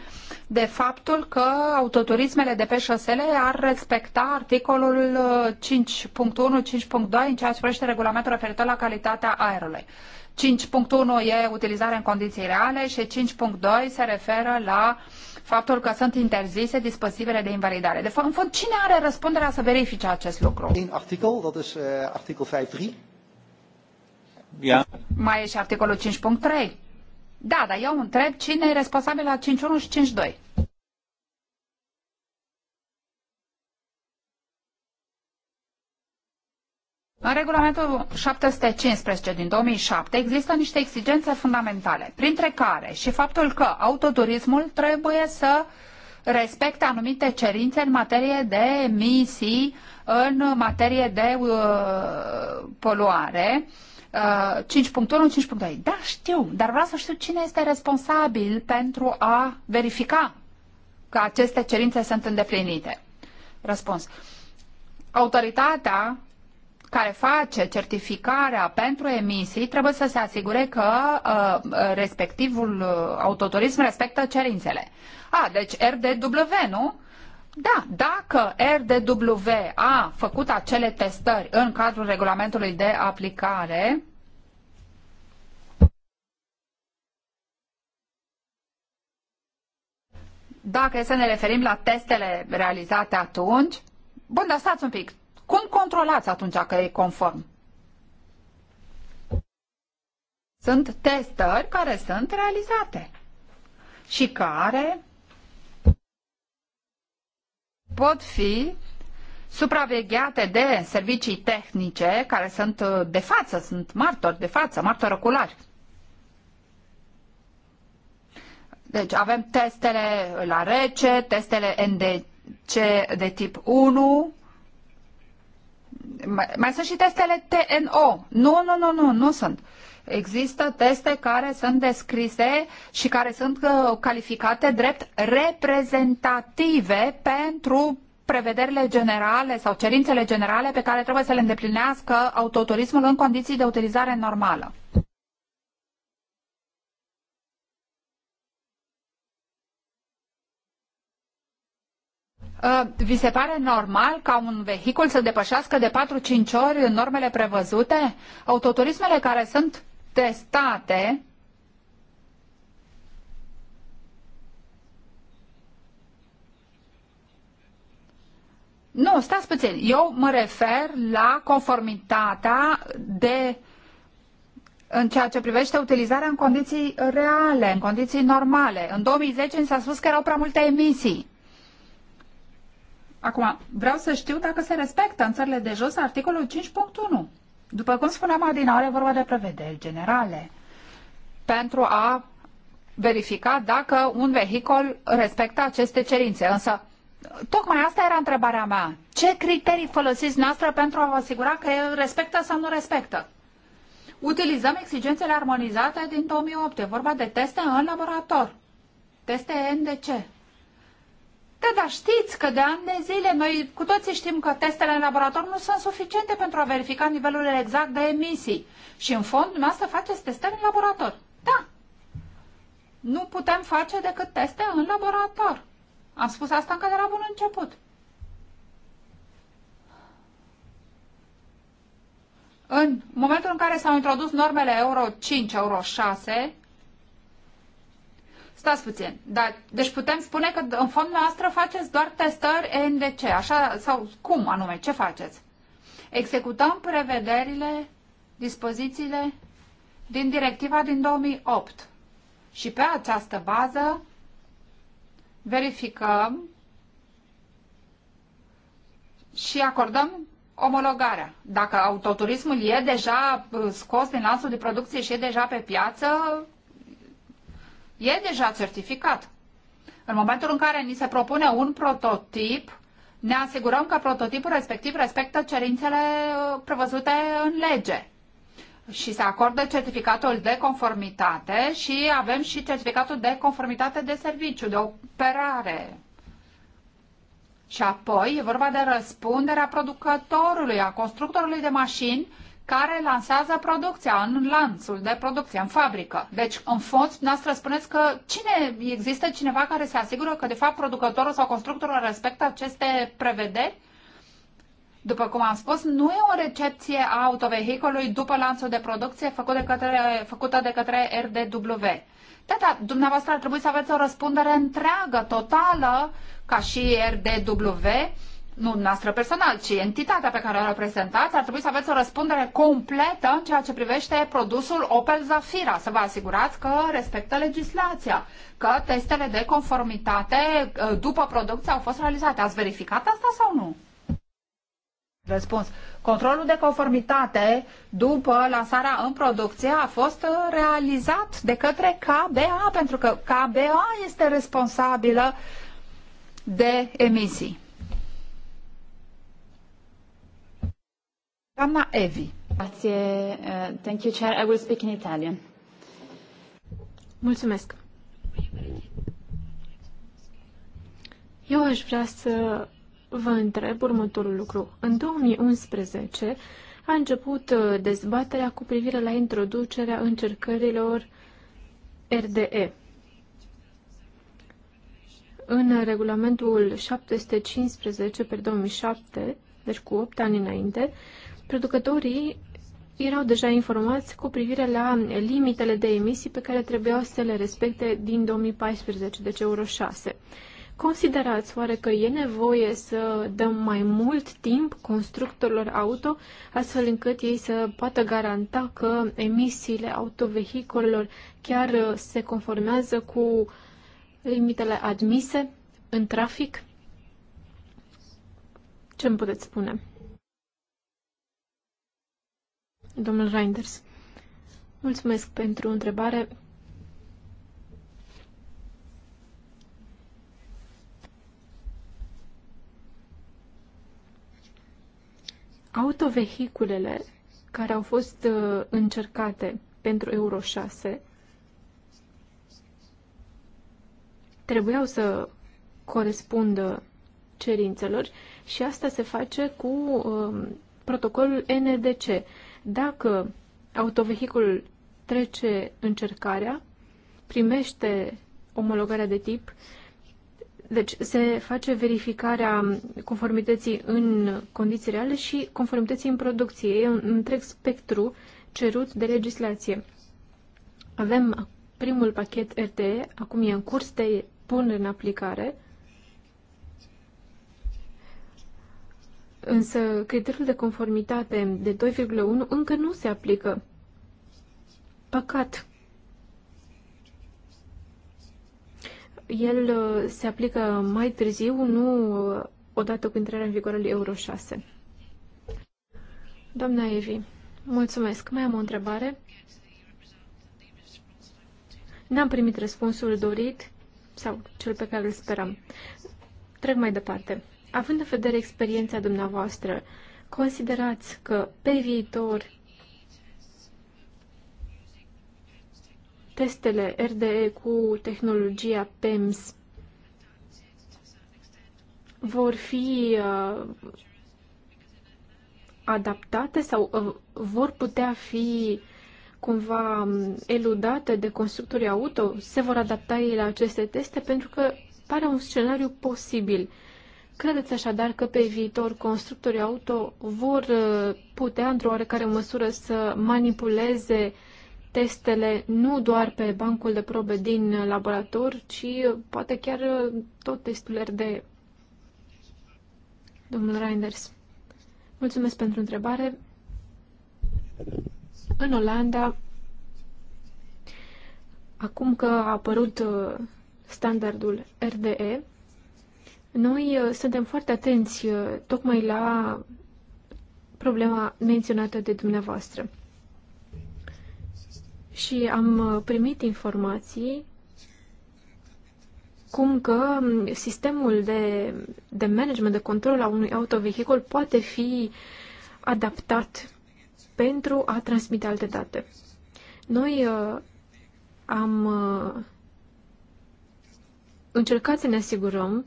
de faptul că autoturismele de pe șosele ar respecta articolul 5.1, uh, 5.2 în ceea ce privește regulamentul referitor la calitatea aerului? 5.1 e utilizarea în condiții reale și 5.2 se referă la uh, faptul că sunt interzise dispozitivele de invalidare. De fapt, în fond, cine are răspunderea să verifice acest lucru? Un articol, dat is uh, eh, articol 5.3. Yeah. Mai e și articolul 5.3. Da, dar eu întreb cine e responsabil la 5.1 și 5.2. În regulamentul 715 din 2007 există niște exigențe fundamentale, printre care și faptul că autoturismul trebuie să respecte anumite cerințe în materie de emisii, în materie de uh, poluare, uh, 5.1, 5.2. Da, știu, dar vreau să știu cine este responsabil pentru a verifica că aceste cerințe sunt îndeplinite. Răspuns. Autoritatea care face certificarea pentru emisii trebuie să se asigure că uh, respectivul uh, autoturism respectă cerințele. A, deci RDW, nu? Da, dacă RDW a făcut acele testări în cadrul regulamentului de aplicare, dacă e să ne referim la testele realizate atunci, bun, dar stați un pic, cum controlați atunci că e conform? Sunt testări care sunt realizate și care pot fi supravegheate de servicii tehnice care sunt uh, de față, sunt martori de față, martori oculari. Deci avem testele la rece, testele NDC de tip 1, mai, mai sunt și testele TNO. Nu, nu, nu, nu, nu sunt. Există teste care sunt descrise și care sunt uh, calificate drept reprezentative pentru prevederile generale sau cerințele generale pe care trebuie să le îndeplinească autoturismul în condiții de utilizare normală. Uh, vi se pare normal ca un vehicul să depășească de 4-5 ori normele prevăzute? Autoturismele care sunt testate Nu, stați puțin. Eu mă refer la conformitatea de în ceea ce privește utilizarea în condiții reale, în condiții normale. În 2010 s-a spus că erau prea multe emisii. Acum, vreau să știu dacă se respectă în țările de jos articolul 5.1. După cum spuneam adinare vorba de prevederi generale pentru a verifica dacă un vehicul respectă aceste cerințe. Însă, tocmai asta era întrebarea mea. Ce criterii folosiți noastră pentru a vă asigura că el respectă sau nu respectă? Utilizăm exigențele armonizate din 2008. E vorba de teste în laborator. Teste NDC. Da, dar știți că de ani de zile noi cu toții știm că testele în laborator nu sunt suficiente pentru a verifica nivelul exact de emisii. Și în fond, dumneavoastră faceți testări în laborator. Da. Nu putem face decât teste în laborator. Am spus asta încă de la bun început. În momentul în care s-au introdus normele Euro 5, Euro 6, Stați puțin. Da, deci putem spune că în fond noastră faceți doar testări NDC, așa sau cum anume, ce faceți? Executăm prevederile, dispozițiile din directiva din 2008 și pe această bază verificăm și acordăm omologarea. Dacă autoturismul e deja scos din lansul de producție și e deja pe piață, e deja certificat. În momentul în care ni se propune un prototip, ne asigurăm că prototipul respectiv respectă cerințele uh, prevăzute în lege și se acordă certificatul de conformitate și avem și certificatul de conformitate de serviciu, de operare. Și apoi e vorba de răspunderea producătorului, a constructorului de mașini care lansează producția în lanțul de producție, în fabrică. Deci, în fond, noastră spuneți că cine există cineva care se asigură că, de fapt, producătorul sau constructorul respectă aceste prevederi? După cum am spus, nu e o recepție a autovehicului după lanțul de producție făcut de către, făcută de către RDW. Da, da, dumneavoastră ar trebui să aveți o răspundere întreagă, totală, ca și RDW, nu noastră personal, ci entitatea pe care o reprezentați, ar trebui să aveți o răspundere completă în ceea ce privește produsul Opel Zafira, să vă asigurați că respectă legislația, că testele de conformitate uh, după producție au fost realizate. Ați verificat asta sau nu? Răspuns. Controlul de conformitate după lansarea în producție a fost uh, realizat de către KBA, pentru că KBA este responsabilă de emisii. Doamna Evi. Grazie, eh, thank you, Chair. I will speak in Italian. Mulțumesc. Eu aș vrea să vă întreb următorul lucru. În 2011 a început eh, dezbaterea cu privire la introducerea încercărilor RDE. În regulamentul 715 pe 2007, deci cu 8 ani înainte, producătorii erau deja informați cu privire la limitele de emisii pe care trebuiau să le respecte din 2014, deci Euro 6. Considerați oare că e nevoie să dăm mai mult timp constructorilor auto, astfel încât ei să poată garanta că emisiile autovehicolelor chiar uh, se conformează cu limitele admise în trafic? Ce îmi puteți spune? Domnul Reinders, mulțumesc pentru întrebare. Autovehiculele care au fost uh, încercate pentru Euro 6 trebuiau să corespundă cerințelor și asta se face cu uh, protocolul NDC. Dacă autovehiculul trece încercarea, primește omologarea de tip, deci se face verificarea conformității în condiții reale și conformității în producție. E un întreg spectru cerut de legislație. Avem primul pachet RTE, acum e în curs de punere în aplicare însă criteriul de conformitate de 2,1 încă nu se aplică. Păcat. El uh, se aplică mai târziu, nu uh, odată cu intrarea în vigoare lui Euro 6. Doamna Evi, mulțumesc. Mai am o întrebare. N-am primit răspunsul dorit sau cel pe care îl speram. Trec mai departe având în vedere experiența dumneavoastră, considerați că pe viitor testele RDE cu tehnologia PEMS vor fi uh, adaptate sau uh, vor putea fi cumva um, eludate de constructorii auto? Se vor adapta ei la aceste teste? Pentru că pare un scenariu posibil. Uh, Credeți așadar că pe viitor constructorii auto vor uh, putea într-o oarecare măsură să manipuleze testele nu doar pe bancul de probe din laborator, ci uh, poate chiar uh, tot testul RD. Domnul Reinders, mulțumesc pentru întrebare. În Olanda, acum că a apărut standardul RDE, noi uh, suntem foarte atenți uh, tocmai la problema menționată de dumneavoastră. Și am uh, primit informații cum că um, sistemul de, de management, de control a unui autovehicul poate fi adaptat pentru a transmite alte date. Noi uh, am uh, încercat să ne asigurăm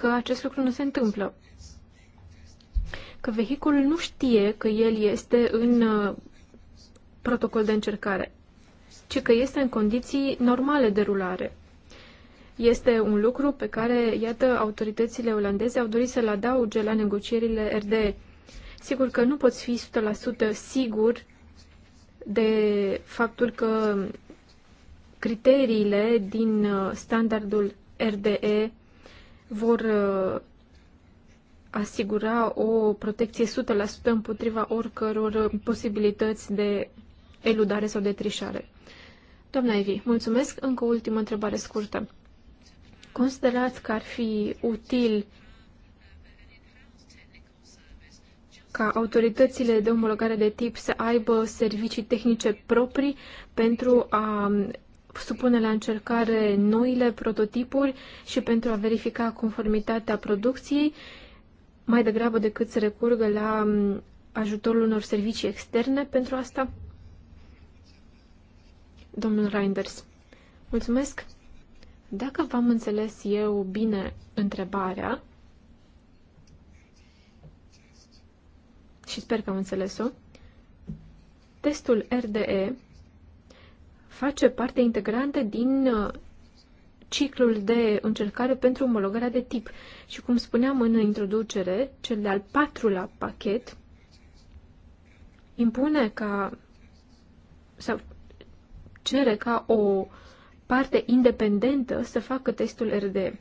că acest lucru nu se întâmplă. Că vehiculul nu știe că el este în uh, protocol de încercare, ci că este în condiții normale de rulare. Este un lucru pe care, iată, autoritățile olandeze au dorit să-l adauge la negocierile RDE. Sigur că nu poți fi 100% sigur de faptul că criteriile din uh, standardul RDE vor uh, asigura o protecție 100% împotriva oricăror uh, posibilități de eludare sau de trișare. Doamna Evi, mulțumesc. Încă o ultimă întrebare scurtă. Considerați că ar fi util ca autoritățile de omologare de tip să aibă servicii tehnice proprii pentru a supune la încercare noile prototipuri și pentru a verifica conformitatea producției, mai degrabă decât să recurgă la ajutorul unor servicii externe pentru asta? Domnul Reinders, mulțumesc. Dacă v-am înțeles eu bine întrebarea, și sper că am înțeles-o, testul RDE face parte integrantă din uh, ciclul de încercare pentru omologarea de tip. Și cum spuneam în introducere, cel de-al patrulea pachet impune ca sau cere ca o parte independentă să facă testul RD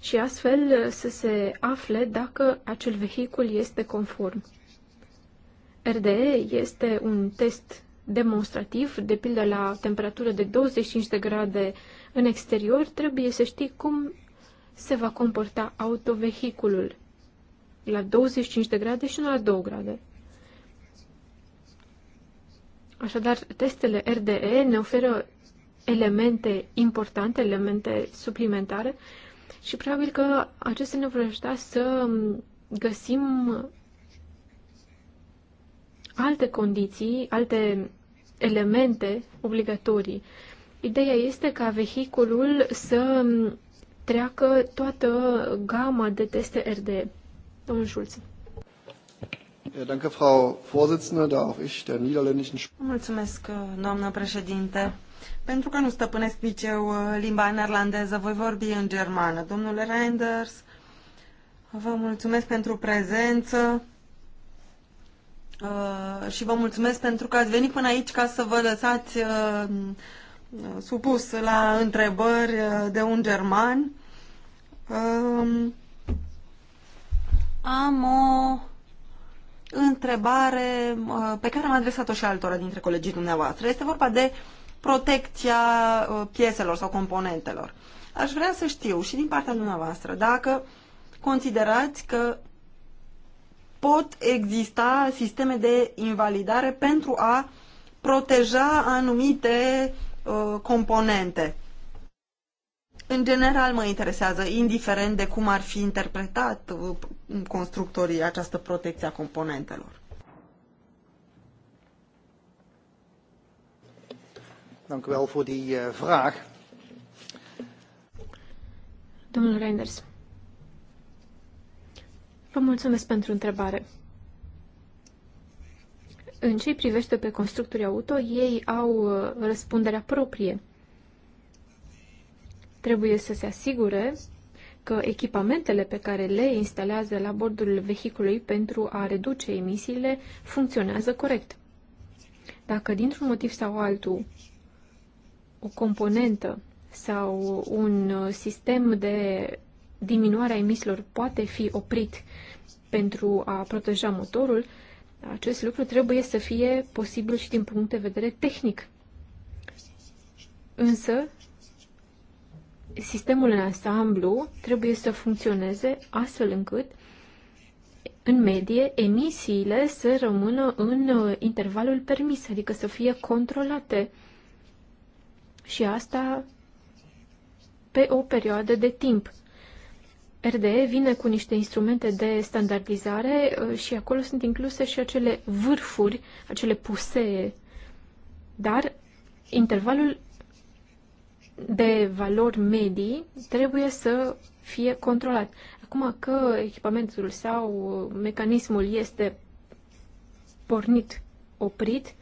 Și astfel să se afle dacă acel vehicul este conform. RDE este un test demonstrativ, de pildă la temperatură de 25 de grade în exterior, trebuie să știi cum se va comporta autovehiculul la 25 de grade și nu la 2 grade. Așadar, testele RDE ne oferă elemente importante, elemente suplimentare și probabil că acestea ne vor ajuta să găsim alte condiții, alte elemente obligatorii. Ideea este ca vehiculul să treacă toată gama de teste R&D. Domnul Schulze. Danke, Frau Vorsitzende, da auch ich der niederländischen... Mulțumesc, doamnă președinte. Pentru că nu stăpânesc nici eu uh, limba neerlandeză, voi vorbi în germană. Domnule Reinders, vă mulțumesc pentru prezență. Uh, și vă mulțumesc pentru că ați venit până aici ca să vă lăsați uh, uh supus la întrebări uh, de un german. Um, am o întrebare pe care am adresat-o și altora dintre colegii dumneavoastră. Este vorba de protecția pieselor sau componentelor. Aș vrea să știu și din partea dumneavoastră dacă considerați că pot exista sisteme de invalidare pentru a proteja anumite uh, componente. În general mă interesează, indiferent de cum ar fi interpretat uh, constructorii această protecție a componentelor. Dank u wel voor die uh, vraag. Domnul Reinders. Vă mulțumesc pentru întrebare. În ce privește pe constructorii auto, ei au uh, răspunderea proprie. Trebuie să se asigure că echipamentele pe care le instalează la bordul vehiculului pentru a reduce emisiile funcționează corect. Dacă dintr-un motiv sau altul o componentă sau un uh, sistem de diminuarea emisiilor poate fi oprit pentru a proteja motorul, acest lucru trebuie să fie posibil și din punct de vedere tehnic. Însă, sistemul în ansamblu trebuie să funcționeze astfel încât, în medie, emisiile să rămână în uh, intervalul permis, adică să fie controlate. Și asta pe o perioadă de timp. RDE vine cu niște instrumente de standardizare uh, și acolo sunt incluse și acele vârfuri, acele pusee. Dar intervalul de valori medii trebuie să fie controlat. Acum că echipamentul sau mecanismul este pornit, oprit,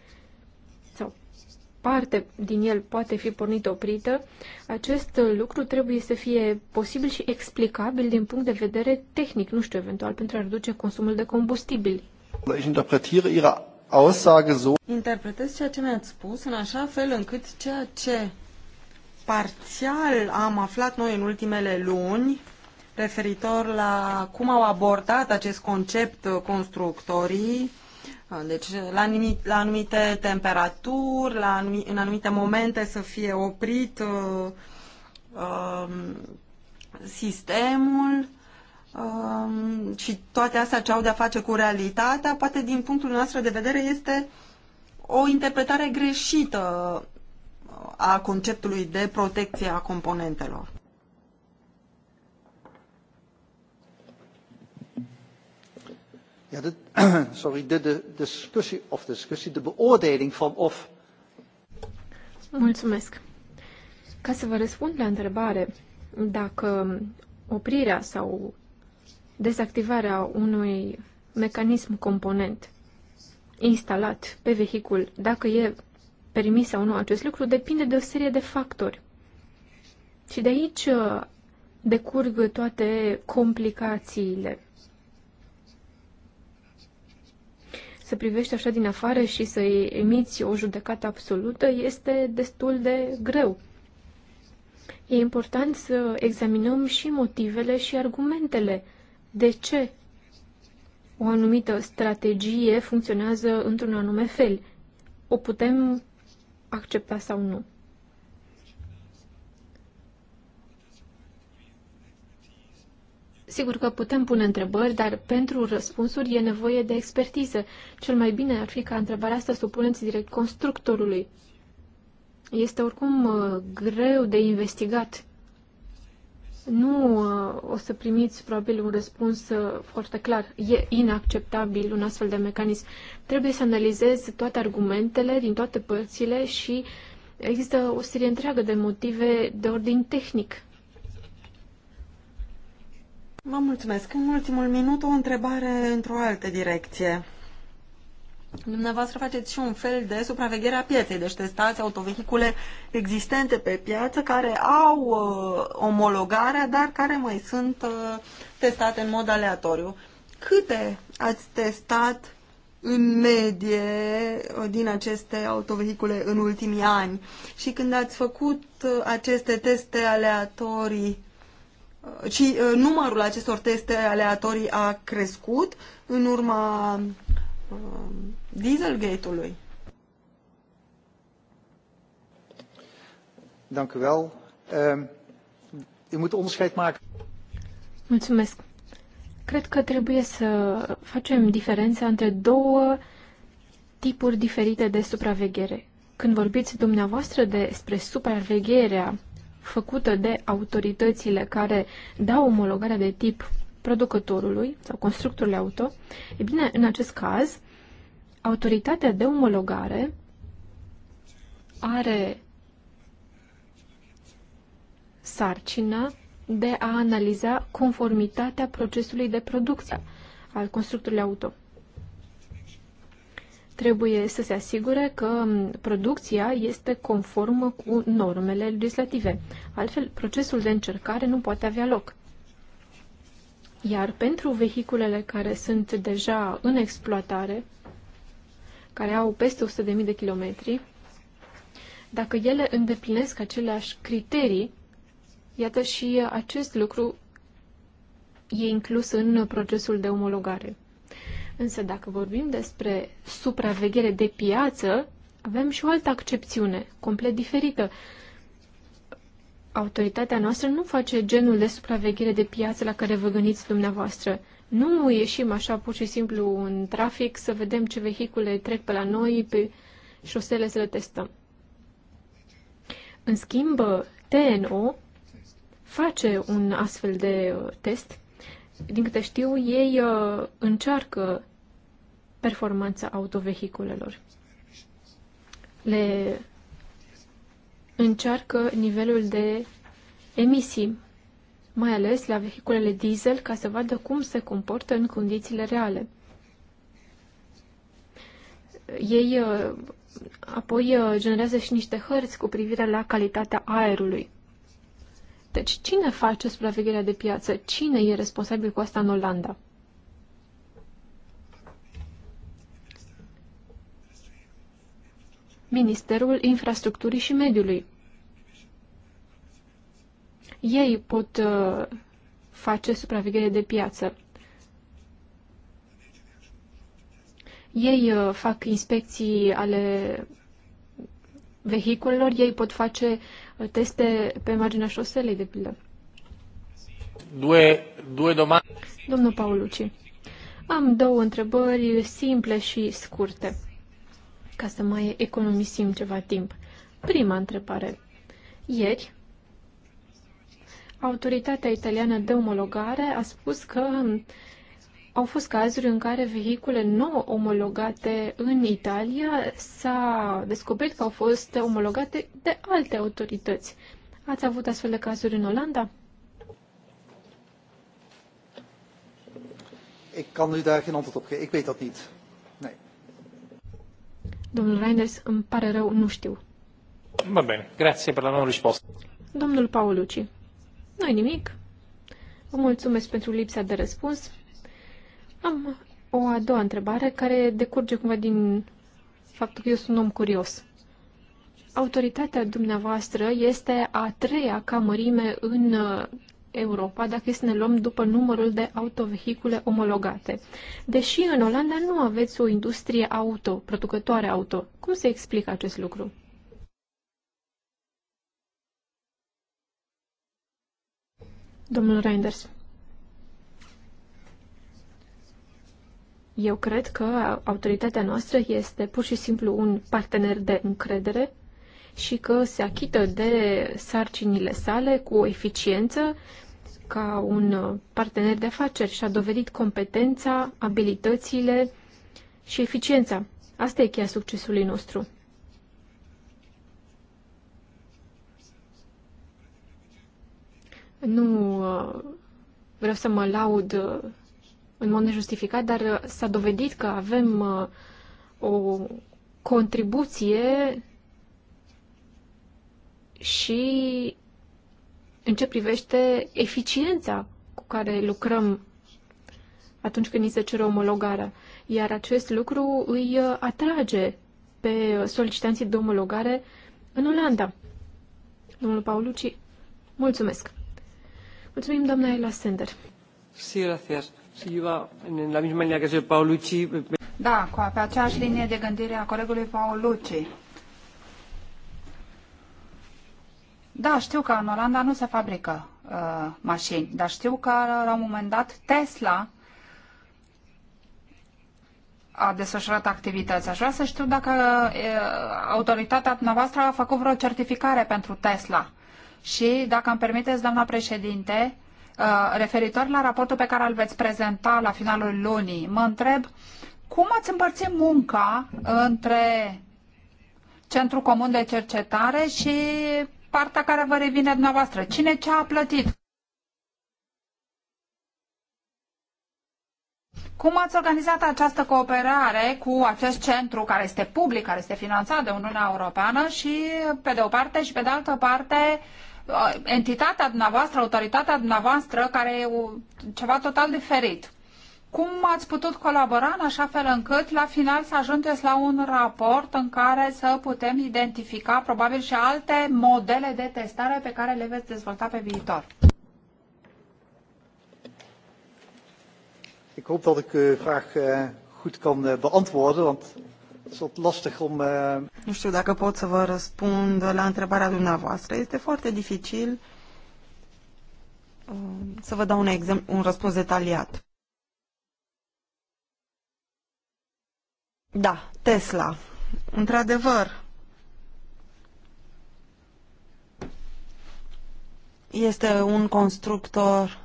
parte din el poate fi pornită oprită, acest lucru trebuie să fie posibil și explicabil din punct de vedere tehnic, nu știu, eventual pentru a reduce consumul de combustibili. Interpretez ceea ce mi-ați spus în așa fel încât ceea ce parțial am aflat noi în ultimele luni referitor la cum au abordat acest concept constructorii Ah, deci, la, la anumite temperaturi, la anumite, în anumite momente să fie oprit uh, uh, sistemul uh, și toate astea ce au de-a face cu realitatea, poate din punctul nostru de vedere este o interpretare greșită a conceptului de protecție a componentelor. ja, de, *clears throat* sorry, de, de discussie, of discussie, de beoordeling van of. Mulțumesc. Ca să vă răspund la întrebare, dacă oprirea sau dezactivarea unui mecanism component instalat pe vehicul, dacă e permis sau nu acest lucru, depinde de o serie de factori. Și de aici uh, decurg toate complicațiile să privești așa din afară și să emiți o judecată absolută este destul de greu. E important să examinăm și motivele și argumentele. De ce o anumită strategie funcționează într-un anume fel? O putem accepta sau nu? Sigur că putem pune întrebări, dar pentru răspunsuri e nevoie de expertiză. Cel mai bine ar fi ca întrebarea asta să o puneți direct constructorului. Este oricum uh, greu de investigat. Nu uh, o să primiți probabil un răspuns uh, foarte clar. E inacceptabil un astfel de mecanism. Trebuie să analizezi toate argumentele din toate părțile și există o serie întreagă de motive de ordin tehnic Vă mulțumesc. În ultimul minut o întrebare într-o altă direcție. Dumneavoastră faceți și un fel de supraveghere a pieței, deci testați autovehicule existente pe piață care au uh, omologarea, dar care mai sunt uh, testate în mod aleatoriu. Câte ați testat în medie uh, din aceste autovehicule în ultimii ani? Și când ați făcut uh, aceste teste aleatorii, și uh, numărul acestor teste aleatorii a crescut în urma uh, Dieselgate-ului. Dank u wel. Ehm, u moet onderscheid maken. Mulțumesc. Cred că trebuie să facem diferența între două tipuri diferite de supraveghere. Când vorbiți dumneavoastră despre supravegherea făcută de autoritățile care dau omologarea de tip producătorului sau constructorului auto, e bine, în acest caz, autoritatea de omologare are sarcina de a analiza conformitatea procesului de producție al constructorului auto trebuie să se asigure că producția este conformă cu normele legislative. Altfel, procesul de încercare nu poate avea loc. Iar pentru vehiculele care sunt deja în exploatare, care au peste 100.000 de kilometri, dacă ele îndeplinesc aceleași criterii, iată și acest lucru e inclus în procesul de omologare. Însă dacă vorbim despre supraveghere de piață, avem și o altă accepțiune, complet diferită. Autoritatea noastră nu face genul de supraveghere de piață la care vă gândiți dumneavoastră. Nu ieșim așa pur și simplu în trafic să vedem ce vehicule trec pe la noi, pe șosele să le testăm. În schimb, TNO face un astfel de uh, test din câte știu, ei uh, încearcă performanța autovehiculelor. Le încearcă nivelul de emisii, mai ales la vehiculele diesel, ca să vadă cum se comportă în condițiile reale. Ei uh, apoi uh, generează și niște hărți cu privire la calitatea aerului. Deci, cine face supravegherea de piață? Cine e responsabil cu asta în Olanda? Ministerul Infrastructurii și Mediului. Ei pot uh, face supraveghere de piață. Ei uh, fac inspecții ale vehiculelor, ei pot face teste pe marginea șoselei, de pildă. Due, due domani. Domnul Paulucci, am două întrebări simple și scurte, ca să mai economisim ceva timp. Prima întrebare. Ieri, autoritatea italiană de omologare a spus că au fost cazuri în care vehicule nou omologate în Italia s-a descoperit că au fost omologate de alte autorități. Ați avut astfel de cazuri în Olanda? Ik kan u daar geen antwoord op geven. Ik weet dat niet. Nee. Domnul Reinders, îmi pare rău, nu știu. Va bene, grazie per la non risposta. Domnul Paolucci, nu nimic. Vă mulțumesc pentru lipsa de răspuns. Am o a doua întrebare care decurge cumva din faptul că eu sunt un om curios. Autoritatea dumneavoastră este a treia ca mărime în uh, Europa, dacă este să ne luăm după numărul de autovehicule omologate. Deși în Olanda nu aveți o industrie auto, producătoare auto, cum se explică acest lucru? Domnul Reinders. Eu cred că autoritatea noastră este pur și simplu un partener de încredere și că se achită de sarcinile sale cu eficiență ca un partener de afaceri și a dovedit competența, abilitățile și eficiența. Asta e cheia succesului nostru. Nu uh, vreau să mă laud uh, în mod nejustificat, dar uh, s-a dovedit că avem uh, o contribuție și în ce privește eficiența cu care lucrăm atunci când ni se cere omologarea. Iar acest lucru îi uh, atrage pe solicitanții de omologare în Olanda. Domnul Paulucci, mulțumesc. Mulțumim, doamna Ela Sender. Sí, gracias. Da, cu, pe aceeași linie de gândire a colegului Paolucci. Da, știu că în Olanda nu se fabrică uh, mașini, dar știu că la un moment dat Tesla a desfășurat activități. Aș vrea să știu dacă uh, autoritatea noastră a făcut vreo certificare pentru Tesla. Și, dacă îmi permiteți, doamna președinte, Uh, referitor la raportul pe care îl veți prezenta la finalul lunii, mă întreb cum ați împărțit munca între Centrul Comun de Cercetare și partea care vă revine dumneavoastră. Cine ce a plătit? Cum ați organizat această cooperare cu acest centru care este public, care este finanțat de Uniunea Europeană și pe de o parte și pe de altă parte entitatea dumneavoastră, autoritatea dumneavoastră, care e o, ceva total diferit. Cum ați putut colabora în așa fel încât la final să ajungeți la un raport în care să putem identifica probabil și alte modele de testare pe care le veți dezvolta pe viitor? Ik hoop dat ik uw eh, vraag eh, goed kan eh, beantwoorden, want Eh, nu știu dacă pot să vă răspund la întrebarea dumneavoastră. Este foarte dificil uh, să vă dau un, exemplu, un răspuns detaliat. Da, Tesla. Într-adevăr, este un constructor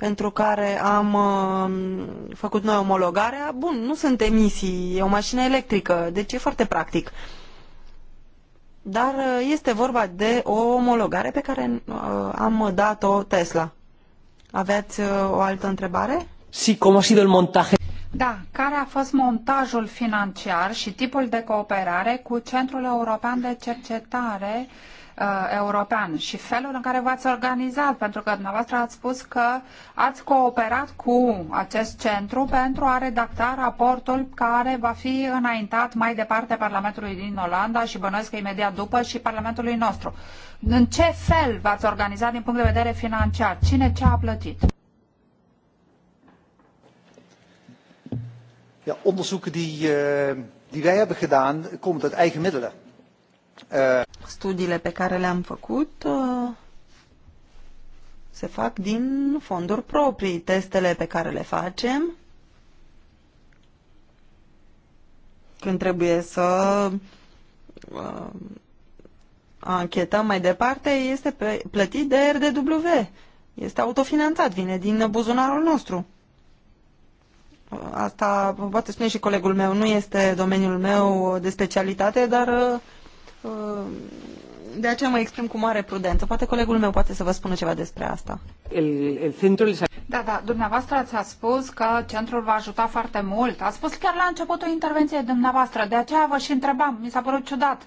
pentru care am uh, făcut noi omologarea, bun, nu sunt emisii, e o mașină electrică, deci e foarte practic. Dar uh, este vorba de o omologare pe care uh, am dat-o Tesla. Aveați uh, o altă întrebare? Si, cum a sido el montaje? Da, care a fost montajul financiar și tipul de cooperare cu Centrul European de Cercetare uh, Uh, european și felul în care v-ați organizat, pentru că dumneavoastră ați spus că ați cooperat cu acest centru pentru a redacta raportul care va fi înaintat mai departe Parlamentului din Olanda și bănuiesc că imediat după și Parlamentului nostru. În ce fel v-ați organizat din punct de vedere financiar? Cine ce a plătit? Ja, onderzoeken die, uh, die wij hebben gedaan, komt uit eigen middelen. Studiile pe care le-am făcut uh, se fac din fonduri proprii. Testele pe care le facem când trebuie să uh, anchetăm mai departe, este plătit de RDW. Este autofinanțat, vine din buzunarul nostru. Asta poate spune și colegul meu, nu este domeniul meu de specialitate, dar uh, Uh, de aceea mă exprim cu mare prudență. Poate colegul meu poate să vă spună ceva despre asta. El, el centrul Da, da, dumneavoastră ați spus că centrul va ajuta foarte mult. A spus chiar la începutul intervenției dumneavoastră. De aceea vă și întrebam, mi s-a părut ciudat.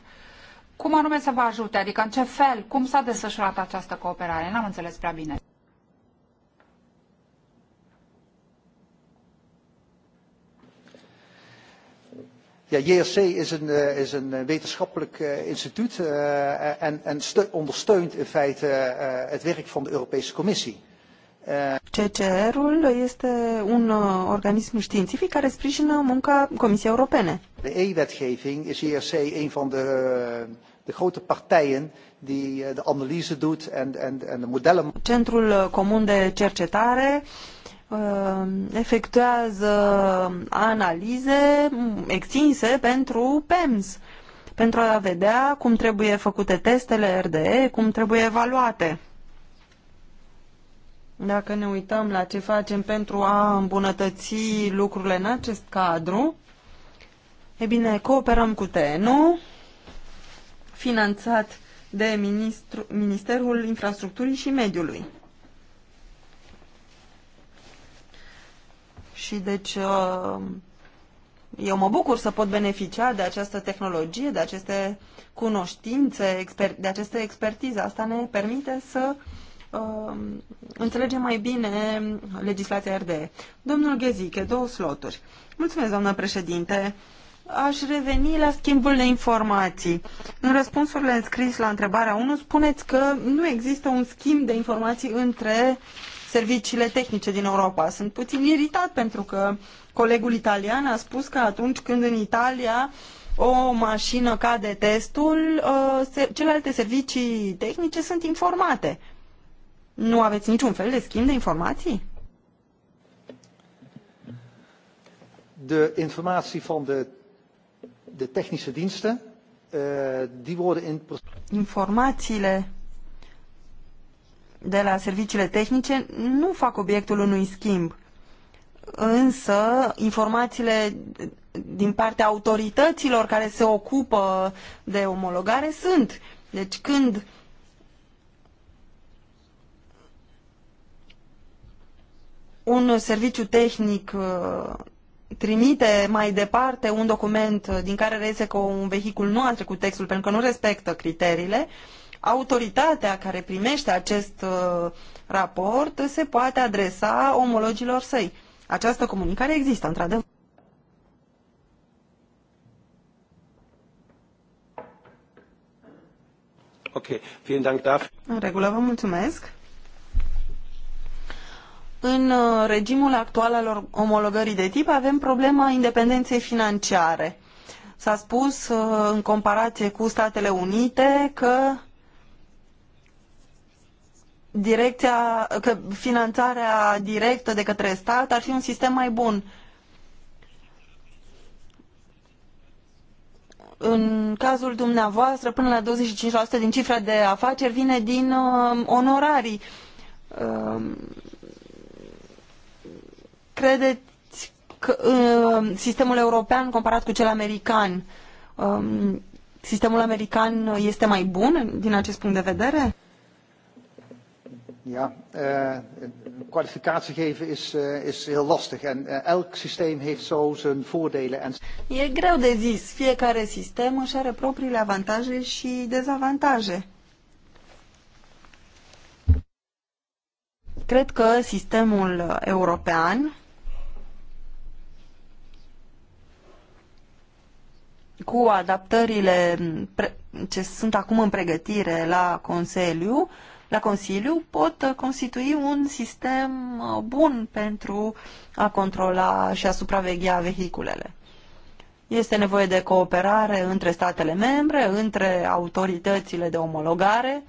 Cum anume să vă ajute? Adică în ce fel? Cum s-a desfășurat această cooperare? N-am înțeles prea bine. Ja, JRC is een, uh, is een eh, wetenschappelijk uh, instituut uh, en, en ondersteunt in feite uh, het werk van de Europese Commissie. CCR-ul este un organism științific care sprijină munca Comisiei Europene. De E-wetgeving is JRC een van de, de grote partijen die de analyse doet en, en, en de modellen. Centrul Comun de Cercetare uh, Uh, efectuează analize extinse pentru PEMS, pentru a vedea cum trebuie făcute testele RDE, cum trebuie evaluate. Dacă ne uităm la ce facem pentru a îmbunătăți lucrurile în acest cadru, e bine, cooperăm cu TNU, finanțat de Ministerul Infrastructurii și Mediului. Și deci uh, eu mă bucur să pot beneficia de această tehnologie, de aceste cunoștințe, de aceste expertiză. Asta ne permite să uh, înțelegem mai bine legislația RDE. Domnul Ghezike, două sloturi. Mulțumesc, doamnă președinte. Aș reveni la schimbul de informații. În răspunsurile înscris la întrebarea 1 spuneți că nu există un schimb de informații între serviciile tehnice din Europa. Sunt puțin iritat pentru că colegul italian a spus că atunci când în Italia o mașină cade testul, uh, celelalte servicii tehnice sunt informate. Nu aveți niciun fel de schimb de informații? De informații van de, de tehnice dienste, uh, eh, die worden in... Informațiile de la serviciile tehnice nu fac obiectul unui schimb. Însă, informațiile din partea autorităților care se ocupă de omologare sunt. Deci când un serviciu tehnic uh, trimite mai departe un document din care reiese că un vehicul nu a trecut textul pentru că nu respectă criteriile, uh, autoritatea care primește acest uh, raport se poate adresa omologilor săi. Această comunicare există, într-adevăr. Ok, vielen Dank dafür. În regulă, vă mulțumesc. În uh, regimul actual al omologării de tip avem problema independenței financiare. S-a spus, uh, în comparație cu Statele Unite, că direcția, că finanțarea directă de către stat ar fi un sistem mai bun. În cazul dumneavoastră, până la 25% din cifra de afaceri vine din uh, onorarii. Uh, credeți că uh, sistemul european comparat cu cel american, uh, sistemul american este mai bun din acest punct de vedere? Ja, uh, kwalificatie geven is, uh, is heel lastig en uh, elk systeem heeft zo zijn voordelen. En... E greu de zis, fiecare sistem își are propriile avantaje și dezavantaje. Cred că sistemul european cu adaptările ce sunt acum în pregătire la Consiliu uh, la Consiliu pot uh, constitui un sistem uh, bun pentru a controla și a supraveghea vehiculele. Este nevoie de cooperare între statele membre, între autoritățile de omologare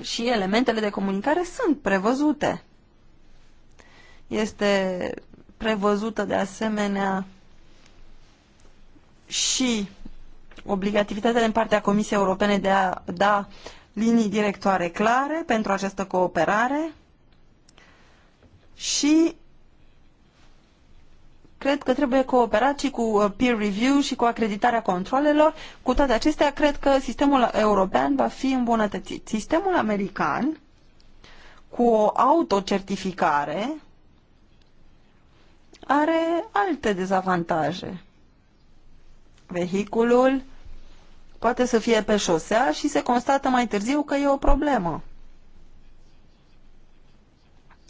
și elementele de comunicare sunt prevăzute. Este prevăzută de asemenea și obligativitatea din partea Comisiei Europene de a da linii directoare clare pentru această cooperare și cred că trebuie cooperat și cu uh, peer review și cu acreditarea controlelor. Cu toate acestea, cred că sistemul european va fi îmbunătățit. Sistemul american, cu o autocertificare, are alte dezavantaje. Vehiculul poate să fie pe șosea și se constată mai târziu că e o problemă.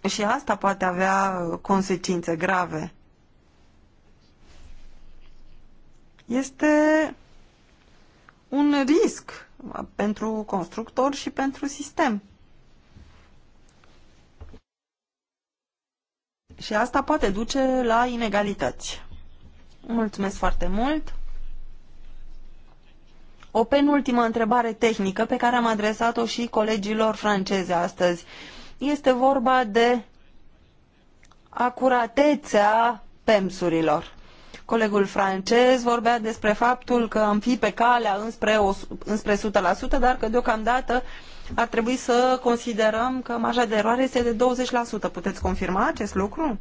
Și asta poate avea consecințe grave. Este un risc pentru constructor și pentru sistem. Și asta poate duce la inegalități. Mulțumesc foarte mult! O penultimă întrebare tehnică pe care am adresat-o și colegilor franceze astăzi. Este vorba de acuratețea pemsurilor. Colegul francez vorbea despre faptul că am fi pe calea înspre, o, înspre 100%, dar că deocamdată ar trebui să considerăm că marja de eroare este de 20%. Puteți confirma acest lucru?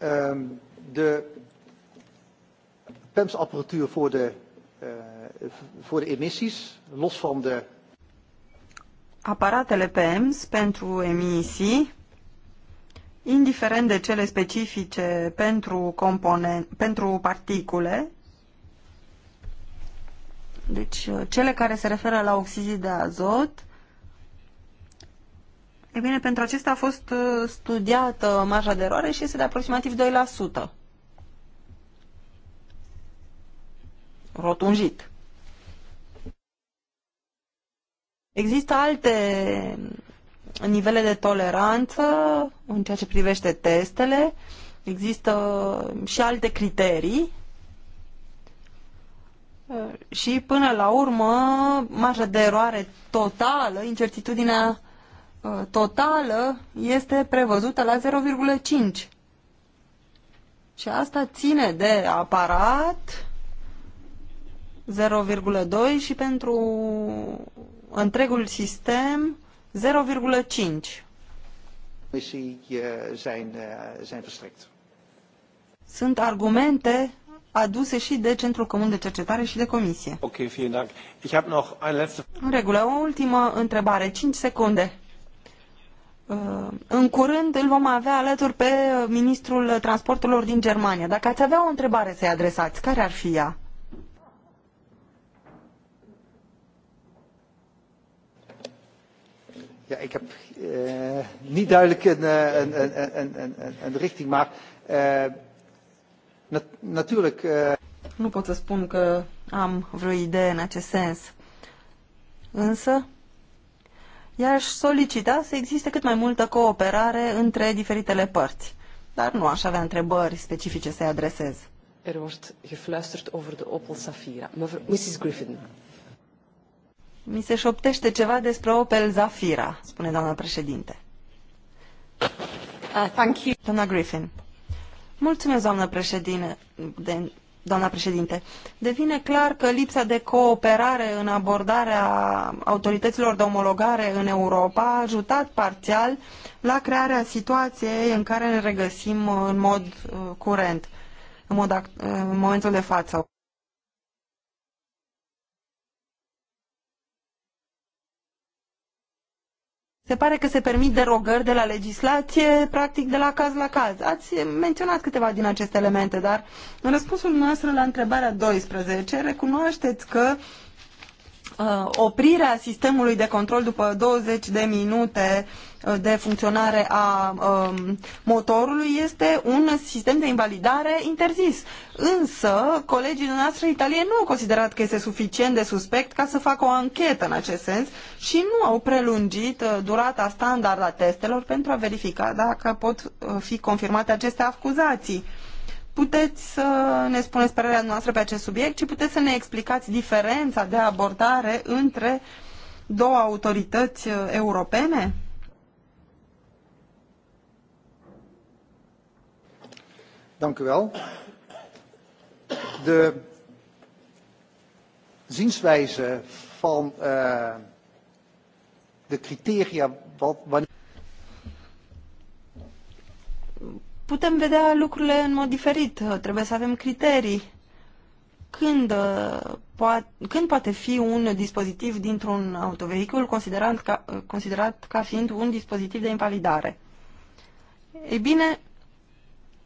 Um, the PEMS-apparatuur voor de, uh, voor de emissies, los van de... Aparatele PEMS pentru emisii, indiferent de cele specifice pentru, componen pentru particule, deci eh, cele care se referă la oxizii de azot, e bine, pentru acesta a fost eh, studiată marja de eroare și este de aproximativ 2%. rotunjit. Există alte nivele de toleranță în ceea ce privește testele, există și alte criterii și până la urmă marja de eroare totală, incertitudinea ă, totală este prevăzută la 0,5. Și asta ține de aparat, 0,2 și pentru întregul sistem 0,5. Uh, uh, Sunt argumente aduse și de Centrul Comun de Cercetare și de Comisie. Ok, vielen Dank. Ich habe noch eine letzte... În regulă, o ultimă întrebare, 5 secunde. Uh, în curând îl vom avea alături pe ministrul transporturilor din Germania. Dacă ați avea o întrebare să-i adresați, care ar fi ea? ja, ik heb uh, niet duidelijk eh, een, een, een, een, een, een richting, maar uh, nat natuurlijk. Uh... Nu pot să spun că am vreo idee în acest sens. Însă, i-aș solicita să existe cât mai multă cooperare între diferitele părți. Dar nu aș avea întrebări specifice să-i adresez. Er wordt gefluisterd over de Opel Safira. Mrs. Griffin. Mi se șoptește ceva despre Opel Zafira, spune doamna președinte. Uh, thank you. Doamna Griffin. Mulțumesc, doamna președinte. De, doamna președinte. Devine clar că lipsa de cooperare în abordarea autorităților de omologare în Europa a ajutat parțial la crearea situației în care ne regăsim în mod uh, curent, în, mod, în momentul de față. se pare că se permit derogări de la legislație, practic de la caz la caz. Ați menționat câteva din aceste elemente, dar în răspunsul noastră la întrebarea 12 recunoașteți că uh, Uh, oprirea sistemului de control după 20 de minute uh, de funcționare a um, motorului este un sistem de invalidare interzis. Însă, colegii noastre italieni nu au considerat că este suficient de suspect ca să facă o anchetă în acest sens și nu au prelungit uh, durata standard a testelor pentru a verifica dacă pot fi confirmate aceste acuzații puteți să ne spuneți părerea noastră pe acest subiect, ci puteți să ne explicați diferența de abordare între două autorități uh, europene? Dank u wel. De zienswijze van uh, de criteria wat wanneer putem vedea lucrurile în mod diferit. Trebuie să avem criterii. Când, uh, poate, când poate fi un dispozitiv dintr-un autovehicul considerat ca, uh, considerat ca fiind un dispozitiv de invalidare? Ei bine,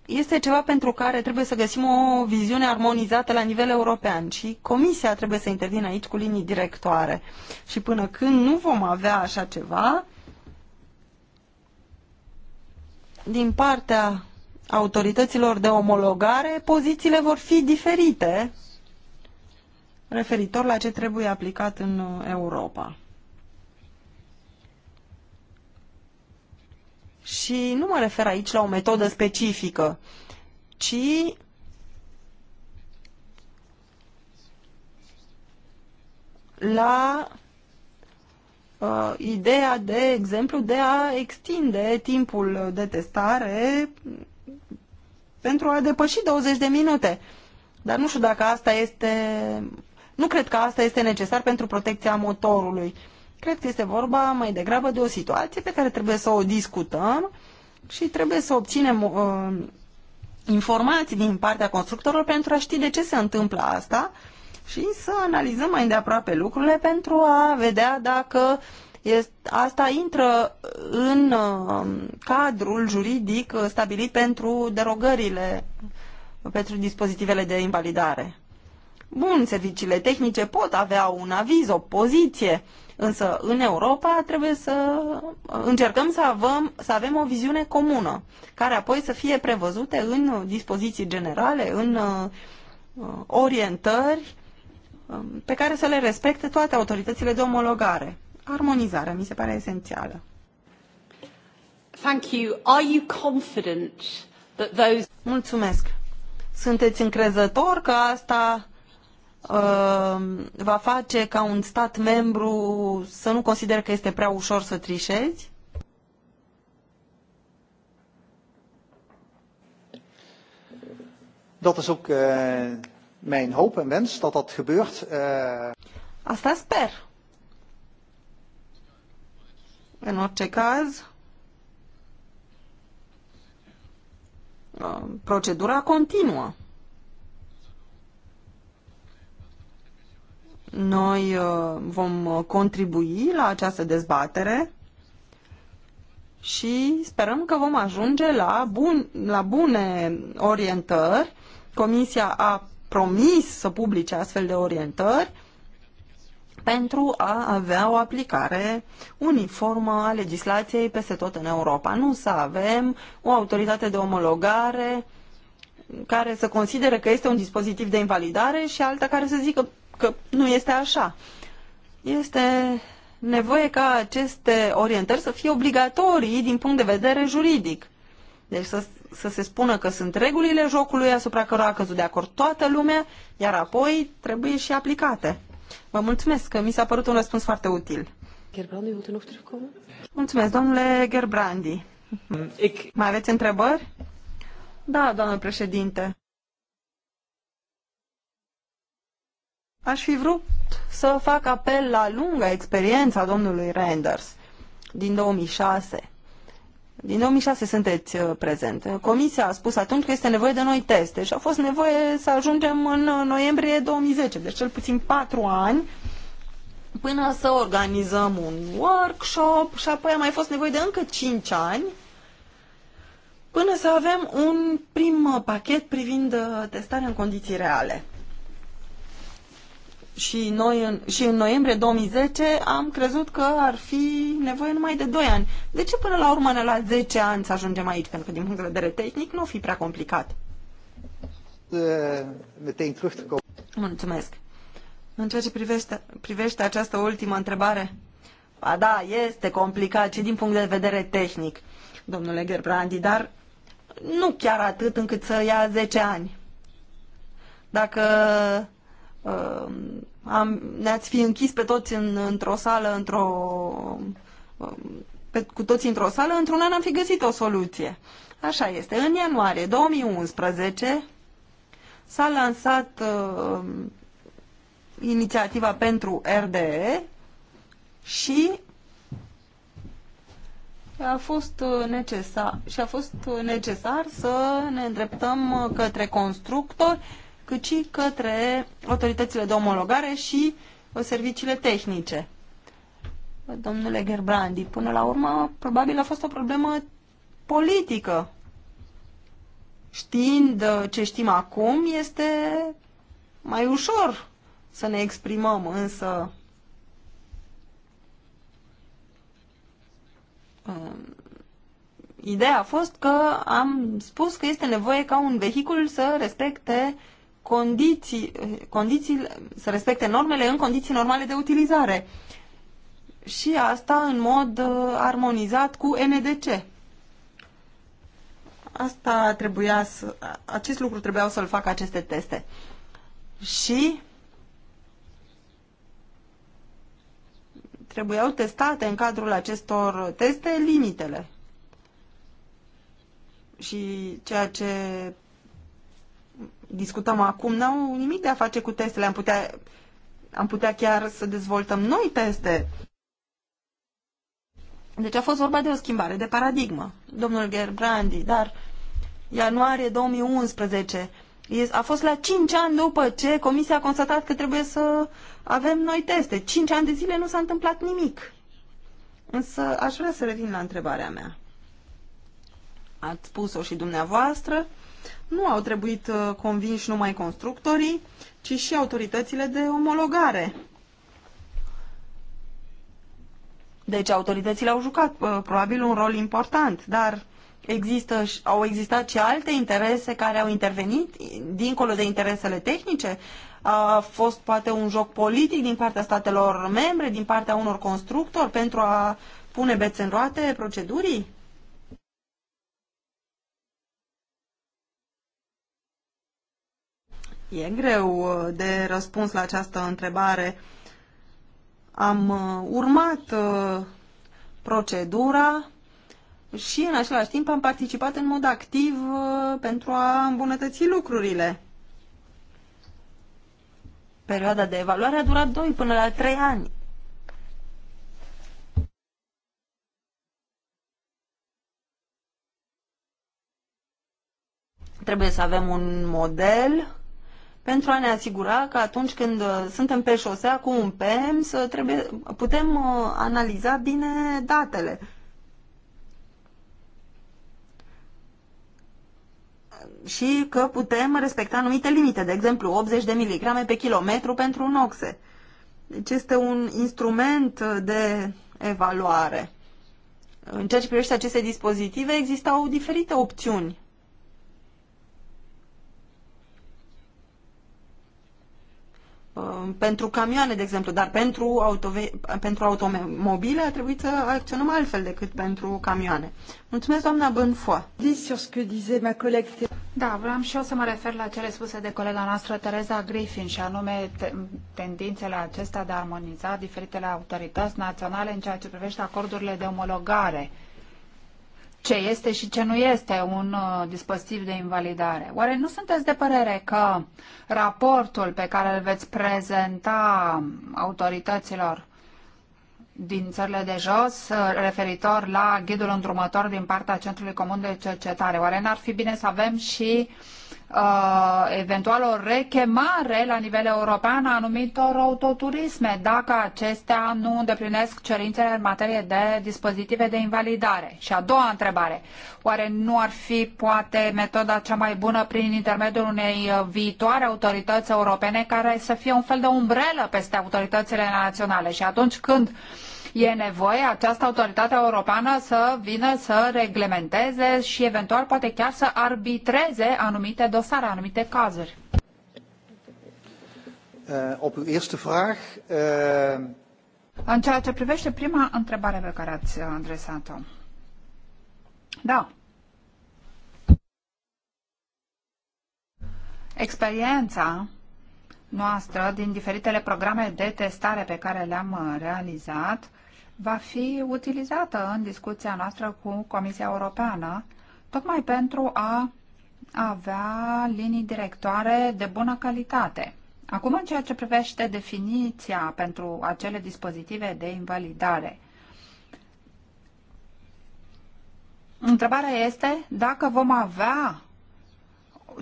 este ceva pentru care trebuie să găsim o viziune armonizată la nivel european și Comisia trebuie să intervină aici cu linii directoare. Și până când nu vom avea așa ceva, din partea autorităților de omologare, pozițiile vor fi diferite referitor la ce trebuie aplicat în Europa. Și nu mă refer aici la o metodă specifică, ci la uh, ideea, de exemplu, de a extinde timpul de testare pentru a depăși 20 de minute. Dar nu știu dacă asta este... Nu cred că asta este necesar pentru protecția motorului. Cred că este vorba mai degrabă de o situație pe care trebuie să o discutăm și trebuie să obținem uh, informații din partea constructorilor pentru a ști de ce se întâmplă asta și să analizăm mai de aproape lucrurile pentru a vedea dacă este, asta intră în um, cadrul juridic uh, stabilit pentru derogările, pentru dispozitivele de invalidare. Bun, serviciile tehnice pot avea un aviz, o poziție, însă în Europa trebuie să uh, încercăm să avem, să avem o viziune comună, care apoi să fie prevăzute în dispoziții generale, în uh, orientări um, pe care să le respecte toate autoritățile de omologare armonizarea mi se pare esențială. Thank you. Are you confident that those... Mulțumesc. Sunteți încrezător că asta uh, va face ca un stat membru să nu consideră că este prea ușor să trișezi? Dat is ook uh, mijn hoop en wens dat dat gebeurt. Uh... Asta sper. În orice caz, uh, procedura continuă. Noi uh, vom contribui la această dezbatere și sperăm că vom ajunge la, bun, la bune orientări. Comisia a promis să publice astfel de orientări pentru a avea o aplicare uniformă a legislației peste tot în Europa. Nu să avem o autoritate de omologare care să considere că este un dispozitiv de invalidare și alta care să zică că nu este așa. Este nevoie ca aceste orientări să fie obligatorii din punct de vedere juridic. Deci să, să se spună că sunt regulile jocului asupra cărora a căzut de acord toată lumea, iar apoi trebuie și aplicate. Vă mulțumesc că mi s-a părut un răspuns foarte util. Gerbrandi, wilt u nog Mulțumesc, domnule Gerbrandi. Mm, ik... Mai aveți întrebări? Da, doamnă președinte. Aș fi vrut să fac apel la lunga experiență a domnului Renders din 2006 din 2006 sunteți uh, prezent. Comisia a spus atunci că este nevoie de noi teste și a fost nevoie să ajungem în uh, noiembrie 2010, deci cel puțin patru ani, până să organizăm un workshop și apoi a mai fost nevoie de încă cinci ani până să avem un prim uh, pachet privind testarea în condiții reale și, noi în, și în noiembrie 2010 am crezut că ar fi nevoie numai de 2 ani. De ce până la urmă, la 10 ani, să ajungem aici? Pentru că, din punct de vedere tehnic, nu o fi prea complicat. Mulțumesc. În ceea ce privește, privește această ultimă întrebare, a, da, este complicat și din punct de vedere tehnic, domnule Gerbrandi, dar nu chiar atât încât să ia 10 ani. Dacă uh, am, ne-ați fi închis pe toți în, într-o sală, într-o, uh, pe, cu toți într-o sală, într-un an am fi găsit o soluție. Așa este. În ianuarie 2011 s-a lansat uh, inițiativa pentru RDE și a fost uh, necesar și a fost uh, necesar să ne îndreptăm către constructori uh, cât și către autoritățile de omologare și uh, serviciile tehnice. Domnule Gerbrandi, până la urmă, probabil a fost o problemă politică. Știind uh, ce știm acum, este mai ușor să ne exprimăm, însă uh, ideea a fost că am spus că este nevoie ca un vehicul să respecte condiții, condiții, să respecte normele în condiții normale de utilizare. Și asta în mod uh, armonizat cu NDC. Asta trebuia să, acest lucru trebuiau să-l facă aceste teste. Și trebuiau testate în cadrul acestor teste limitele. Și ceea ce discutăm acum n-au nimic de a face cu testele. Am putea, am putea chiar să dezvoltăm noi teste. Deci a fost vorba de o schimbare de paradigmă, domnul Gerbrandi, dar ianuarie 2011 a fost la 5 ani după ce Comisia a constatat că trebuie să avem noi teste. 5 ani de zile nu s-a întâmplat nimic. Însă aș vrea să revin la întrebarea mea. Ați spus-o și dumneavoastră nu au trebuit uh, convinși numai constructorii, ci și autoritățile de omologare. Deci autoritățile au jucat uh, probabil un rol important, dar există, au existat și alte interese care au intervenit, dincolo de interesele tehnice. A fost poate un joc politic din partea statelor membre, din partea unor constructori pentru a pune bețe în roate procedurii? E greu uh, de răspuns la această întrebare. Am uh, urmat uh, procedura și în același timp am participat în mod activ pentru a îmbunătăți lucrurile. Perioada de evaluare a durat 2 până la 3 ani. Trebuie să avem un model pentru a ne asigura că atunci când uh, suntem pe șosea cu un să trebuie, putem uh, analiza bine datele. Și că putem respecta anumite limite, de exemplu 80 de miligrame pe kilometru pentru un oxe. Deci este un instrument uh, de evaluare. În ceea ce privește aceste dispozitive, existau diferite opțiuni Um, pentru camioane, de exemplu, dar pentru, autove- pentru automobile a trebuit să acționăm altfel decât pentru camioane. Mulțumesc, doamna Bânfoa. Da, vreau și eu să mă refer la cele spuse de colega noastră, Tereza Griffin, și anume tendințele acestea de a armoniza diferitele autorități naționale în ceea ce privește acordurile de omologare. Uh, ce este și ce nu este un uh, dispozitiv de invalidare. Oare nu sunteți de părere că raportul pe care îl veți prezenta autorităților din țările de jos uh, referitor la ghidul îndrumător din partea Centrului Comun de Cercetare. Oare n-ar fi bine să avem și uh, Uh, eventual o rechemare la nivel european a anumitor autoturisme dacă acestea nu îndeplinesc cerințele în materie de dispozitive de invalidare. Și a doua întrebare, oare nu ar fi poate metoda cea mai bună prin intermediul unei uh, viitoare autorități europene care să fie un fel de umbrelă peste autoritățile naționale și atunci când uh, e nevoie această autoritate europeană să vină să reglementeze și eventual poate chiar să arbitreze anumite dosare, anumite cazuri. Uh, op uw eerste vraag, uh... În ceea ce privește prima întrebare pe care ați adresat-o. Da. Experiența noastră din diferitele programe de testare pe care le-am eh, realizat va fi utilizată în discuția noastră cu Comisia Europeană, tocmai pentru a avea linii directoare de bună calitate. Acum, în ceea ce privește definiția pentru acele dispozitive de invalidare, întrebarea este dacă vom avea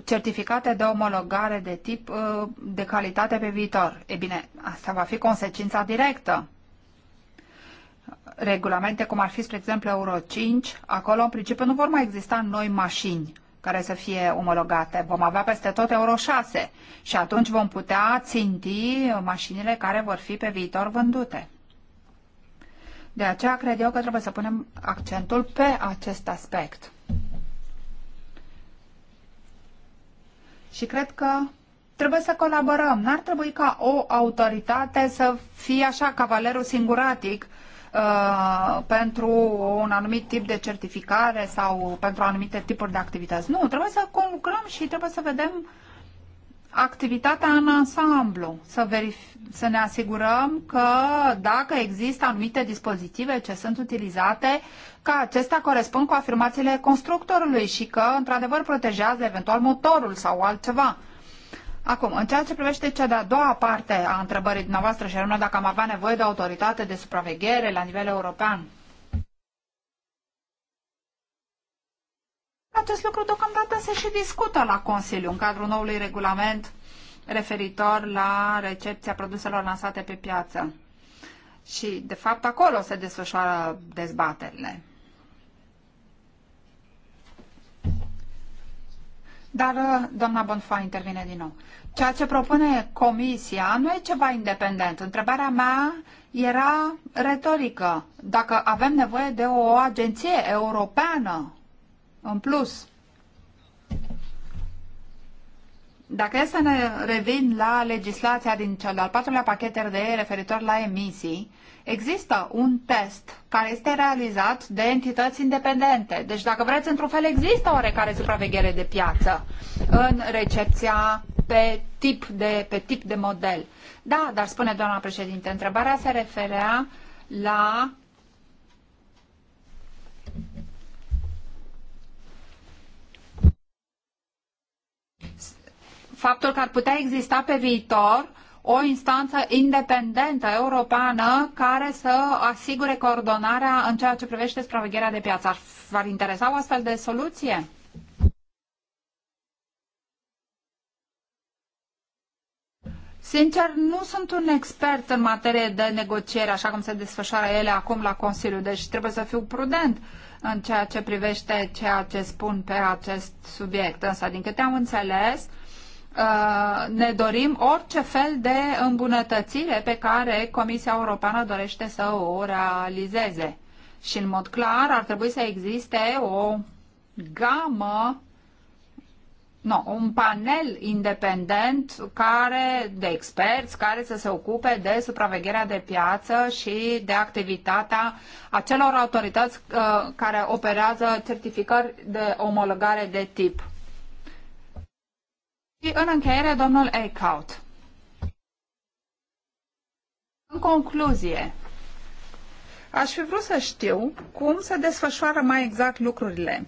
certificate de omologare de tip uh, de calitate pe viitor. E bine, asta va fi consecința directă regulamente, cum ar fi, spre exemplu, Euro 5, acolo, în principiu, nu vor mai exista noi mașini care să fie omologate. Vom avea peste tot Euro 6 și atunci vom putea ținti mașinile care vor fi pe viitor vândute. De aceea cred eu că trebuie să punem accentul pe acest aspect. Și cred că trebuie să colaborăm. N-ar trebui ca o autoritate să fie așa cavalerul singuratic uh, pentru un anumit tip de certificare sau pentru anumite tipuri de activități. Nu, trebuie să conlucrăm și trebuie să vedem activitatea în ansamblu, să, verif- să ne asigurăm că dacă există anumite dispozitive ce sunt utilizate, că acestea corespund cu afirmațiile constructorului și că, într-adevăr, protejează eventual motorul sau altceva. Acum, în ceea ce privește cea de-a doua parte a întrebării dumneavoastră și anume dacă am avea nevoie de autoritate de supraveghere la nivel european, acest lucru deocamdată se și discută la Consiliu în cadrul noului regulament referitor la recepția produselor lansate pe piață. Și, de fapt, acolo se desfășoară dezbaterile. Dar uh, doamna Bonfa intervine din nou. Ceea ce propune comisia nu e ceva independent. Întrebarea mea era retorică. Dacă avem nevoie de o agenție europeană în plus, dacă e să ne revin la legislația din cel de-al patrulea pachet RDE referitor la emisii, Există un test care este realizat de entități independente. Deci, dacă vreți, într-un fel există oarecare supraveghere de piață în recepția pe tip de, pe tip de model. Da, dar spune doamna președinte, întrebarea se referea la faptul că ar putea exista pe viitor o instanță independentă europeană care să asigure coordonarea în ceea ce privește supravegherea de piață. Ar, ar interesa o astfel de soluție? Sincer, nu sunt un expert în materie de negociere, așa cum se desfășoară ele acum la Consiliu, deci trebuie să fiu prudent în ceea ce privește ceea ce spun pe acest subiect. Însă, din câte am înțeles, uh, Uh, ne dorim orice fel de îmbunătățire pe care Comisia Europeană dorește să o realizeze. Și în mod clar ar trebui să existe o gamă, nu, un panel independent care, de experți care să se ocupe de supravegherea de piață și de activitatea acelor autorități uh, care operează certificări de omologare de tip. Și în încheiere, domnul Eichhout. În concluzie, aș fi vrut să știu cum se desfășoară mai exact lucrurile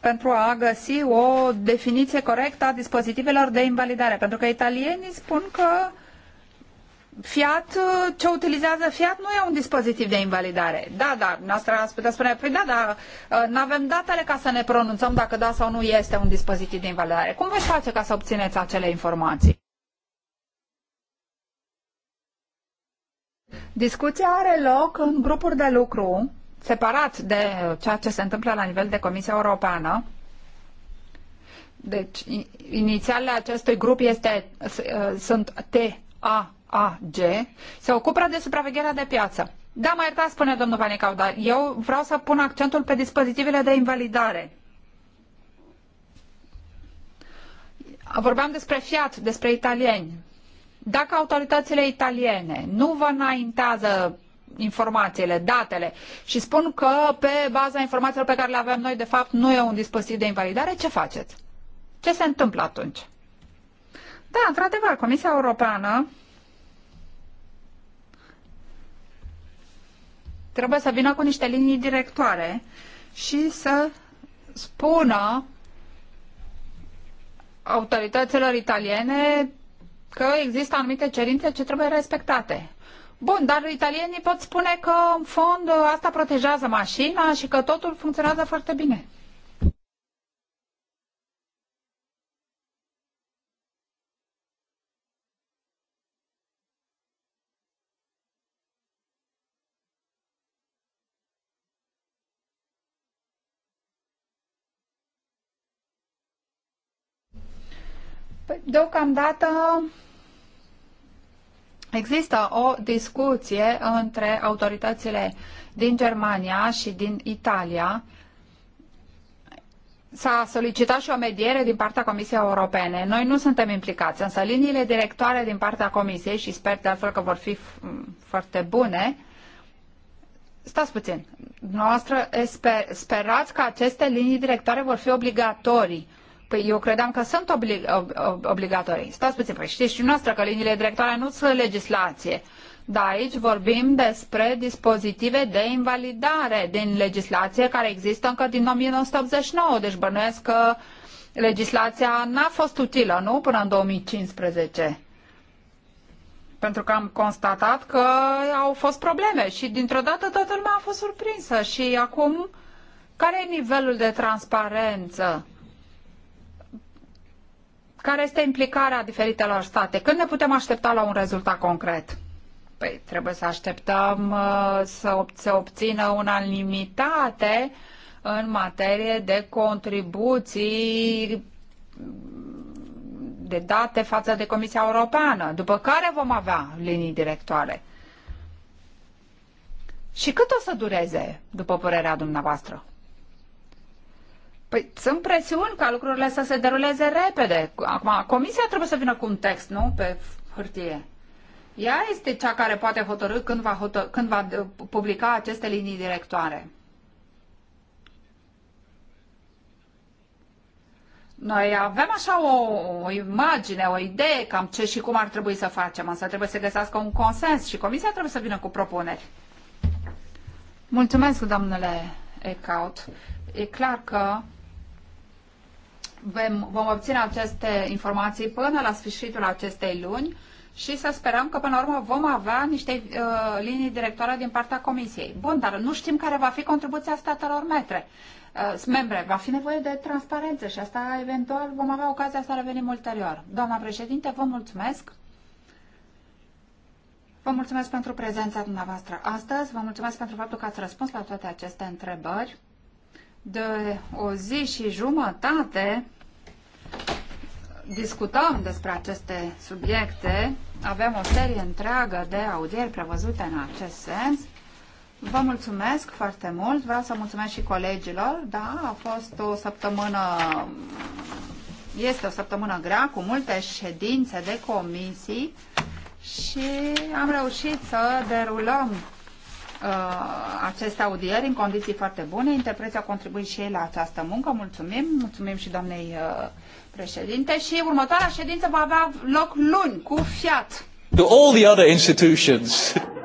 pentru a găsi o definiție corectă a dispozitivelor de invalidare, pentru că italienii spun că Fiat, uh, ce utilizează Fiat nu e un dispozitiv de invalidare. Da, da, noastră ați putea spune, păi da, dar uh, nu avem datele ca să ne pronunțăm dacă da sau nu este un dispozitiv de invalidare. Cum veți face ca să obțineți acele informații? Discuția are loc în grupuri de lucru, separat de ceea ce se întâmplă la nivel de Comisia Europeană. Deci, inițialele acestui grup este, uh, sunt TA. AG se ocupă de supravegherea de piață. Da, mă iertați, spune domnul Vanicau, dar eu vreau să pun accentul pe dispozitivele de invalidare. Vorbeam despre Fiat, despre italieni. Dacă autoritățile italiene nu vă înaintează informațiile, datele și spun că pe baza informațiilor pe care le avem noi, de fapt, nu e un dispozitiv de invalidare, ce faceți? Ce se întâmplă atunci? Da, într-adevăr, Comisia Europeană Trebuie să vină cu niște linii directoare și să spună autorităților italiene că există anumite cerințe ce trebuie respectate. Bun, dar italienii pot spune că, în fond, asta protejează mașina și că totul funcționează foarte bine. Deocamdată există o discuție între autoritățile din Germania și din Italia. S-a solicitat și o mediere din partea Comisiei Europene. Noi nu suntem implicați, însă liniile directoare din partea Comisiei, și sper de altfel că vor fi foarte bune, Stați puțin. Noastră sper, sperați că aceste linii directoare vor fi obligatorii Păi eu credeam că sunt obli ob, obligatorii. Stați puțin, păi știți și noastră că liniile directoare nu sunt legislație. Dar aici vorbim despre dispozitive de invalidare din legislație care există încă din 1989. Deci bănuiesc că legislația n-a fost utilă, nu? Până în 2015 pentru că am constatat că au fost probleme și dintr-o dată toată lumea a fost surprinsă și acum care e nivelul de transparență? Care este implicarea diferitelor state? Când ne putem aștepta la un rezultat concret? Păi trebuie să așteptăm uh, să se obțină unanimitate în materie de contribuții de date față de Comisia Europeană, după care vom avea linii directoare. Și cât o să dureze, după părerea dumneavoastră? Păi sunt presiuni ca lucrurile să se deruleze repede. Acum, comisia trebuie să vină cu un text, nu? Pe hârtie. Ea este cea care poate hotărâ când va, hotăr- când va uh, publica aceste linii directoare. Noi avem așa o, o imagine, o idee cam ce și cum ar trebui să facem, însă trebuie să găsească un consens și comisia trebuie să vină cu propuneri. Mulțumesc, domnule Ecaut. E clar că vom, vom obține aceste informații până la sfârșitul acestei luni și să sperăm că până la urmă vom avea niște uh, linii directoare din partea Comisiei. Bun, dar nu știm care va fi contribuția statelor metre. Uh, membre, va fi nevoie de transparență și asta eventual vom avea ocazia să revenim ulterior. Doamna președinte, vă mulțumesc. Vă mulțumesc pentru prezența dumneavoastră astăzi, vă mulțumesc pentru faptul că ați răspuns la toate aceste întrebări de o zi și jumătate discutăm despre aceste subiecte. Avem o serie întreagă de audieri prevăzute în acest sens. Vă mulțumesc foarte mult, vreau să mulțumesc și colegilor, da, a fost o săptămână, este o săptămână grea, cu multe ședințe de comisii și am reușit să derulăm Uh, aceste audieri în condiții foarte bune. Interpreții au contribuit și ei la această muncă. Mulțumim, mulțumim și doamnei uh, președinte. Și următoarea ședință va avea loc luni cu fiat. To all the other institutions. *laughs*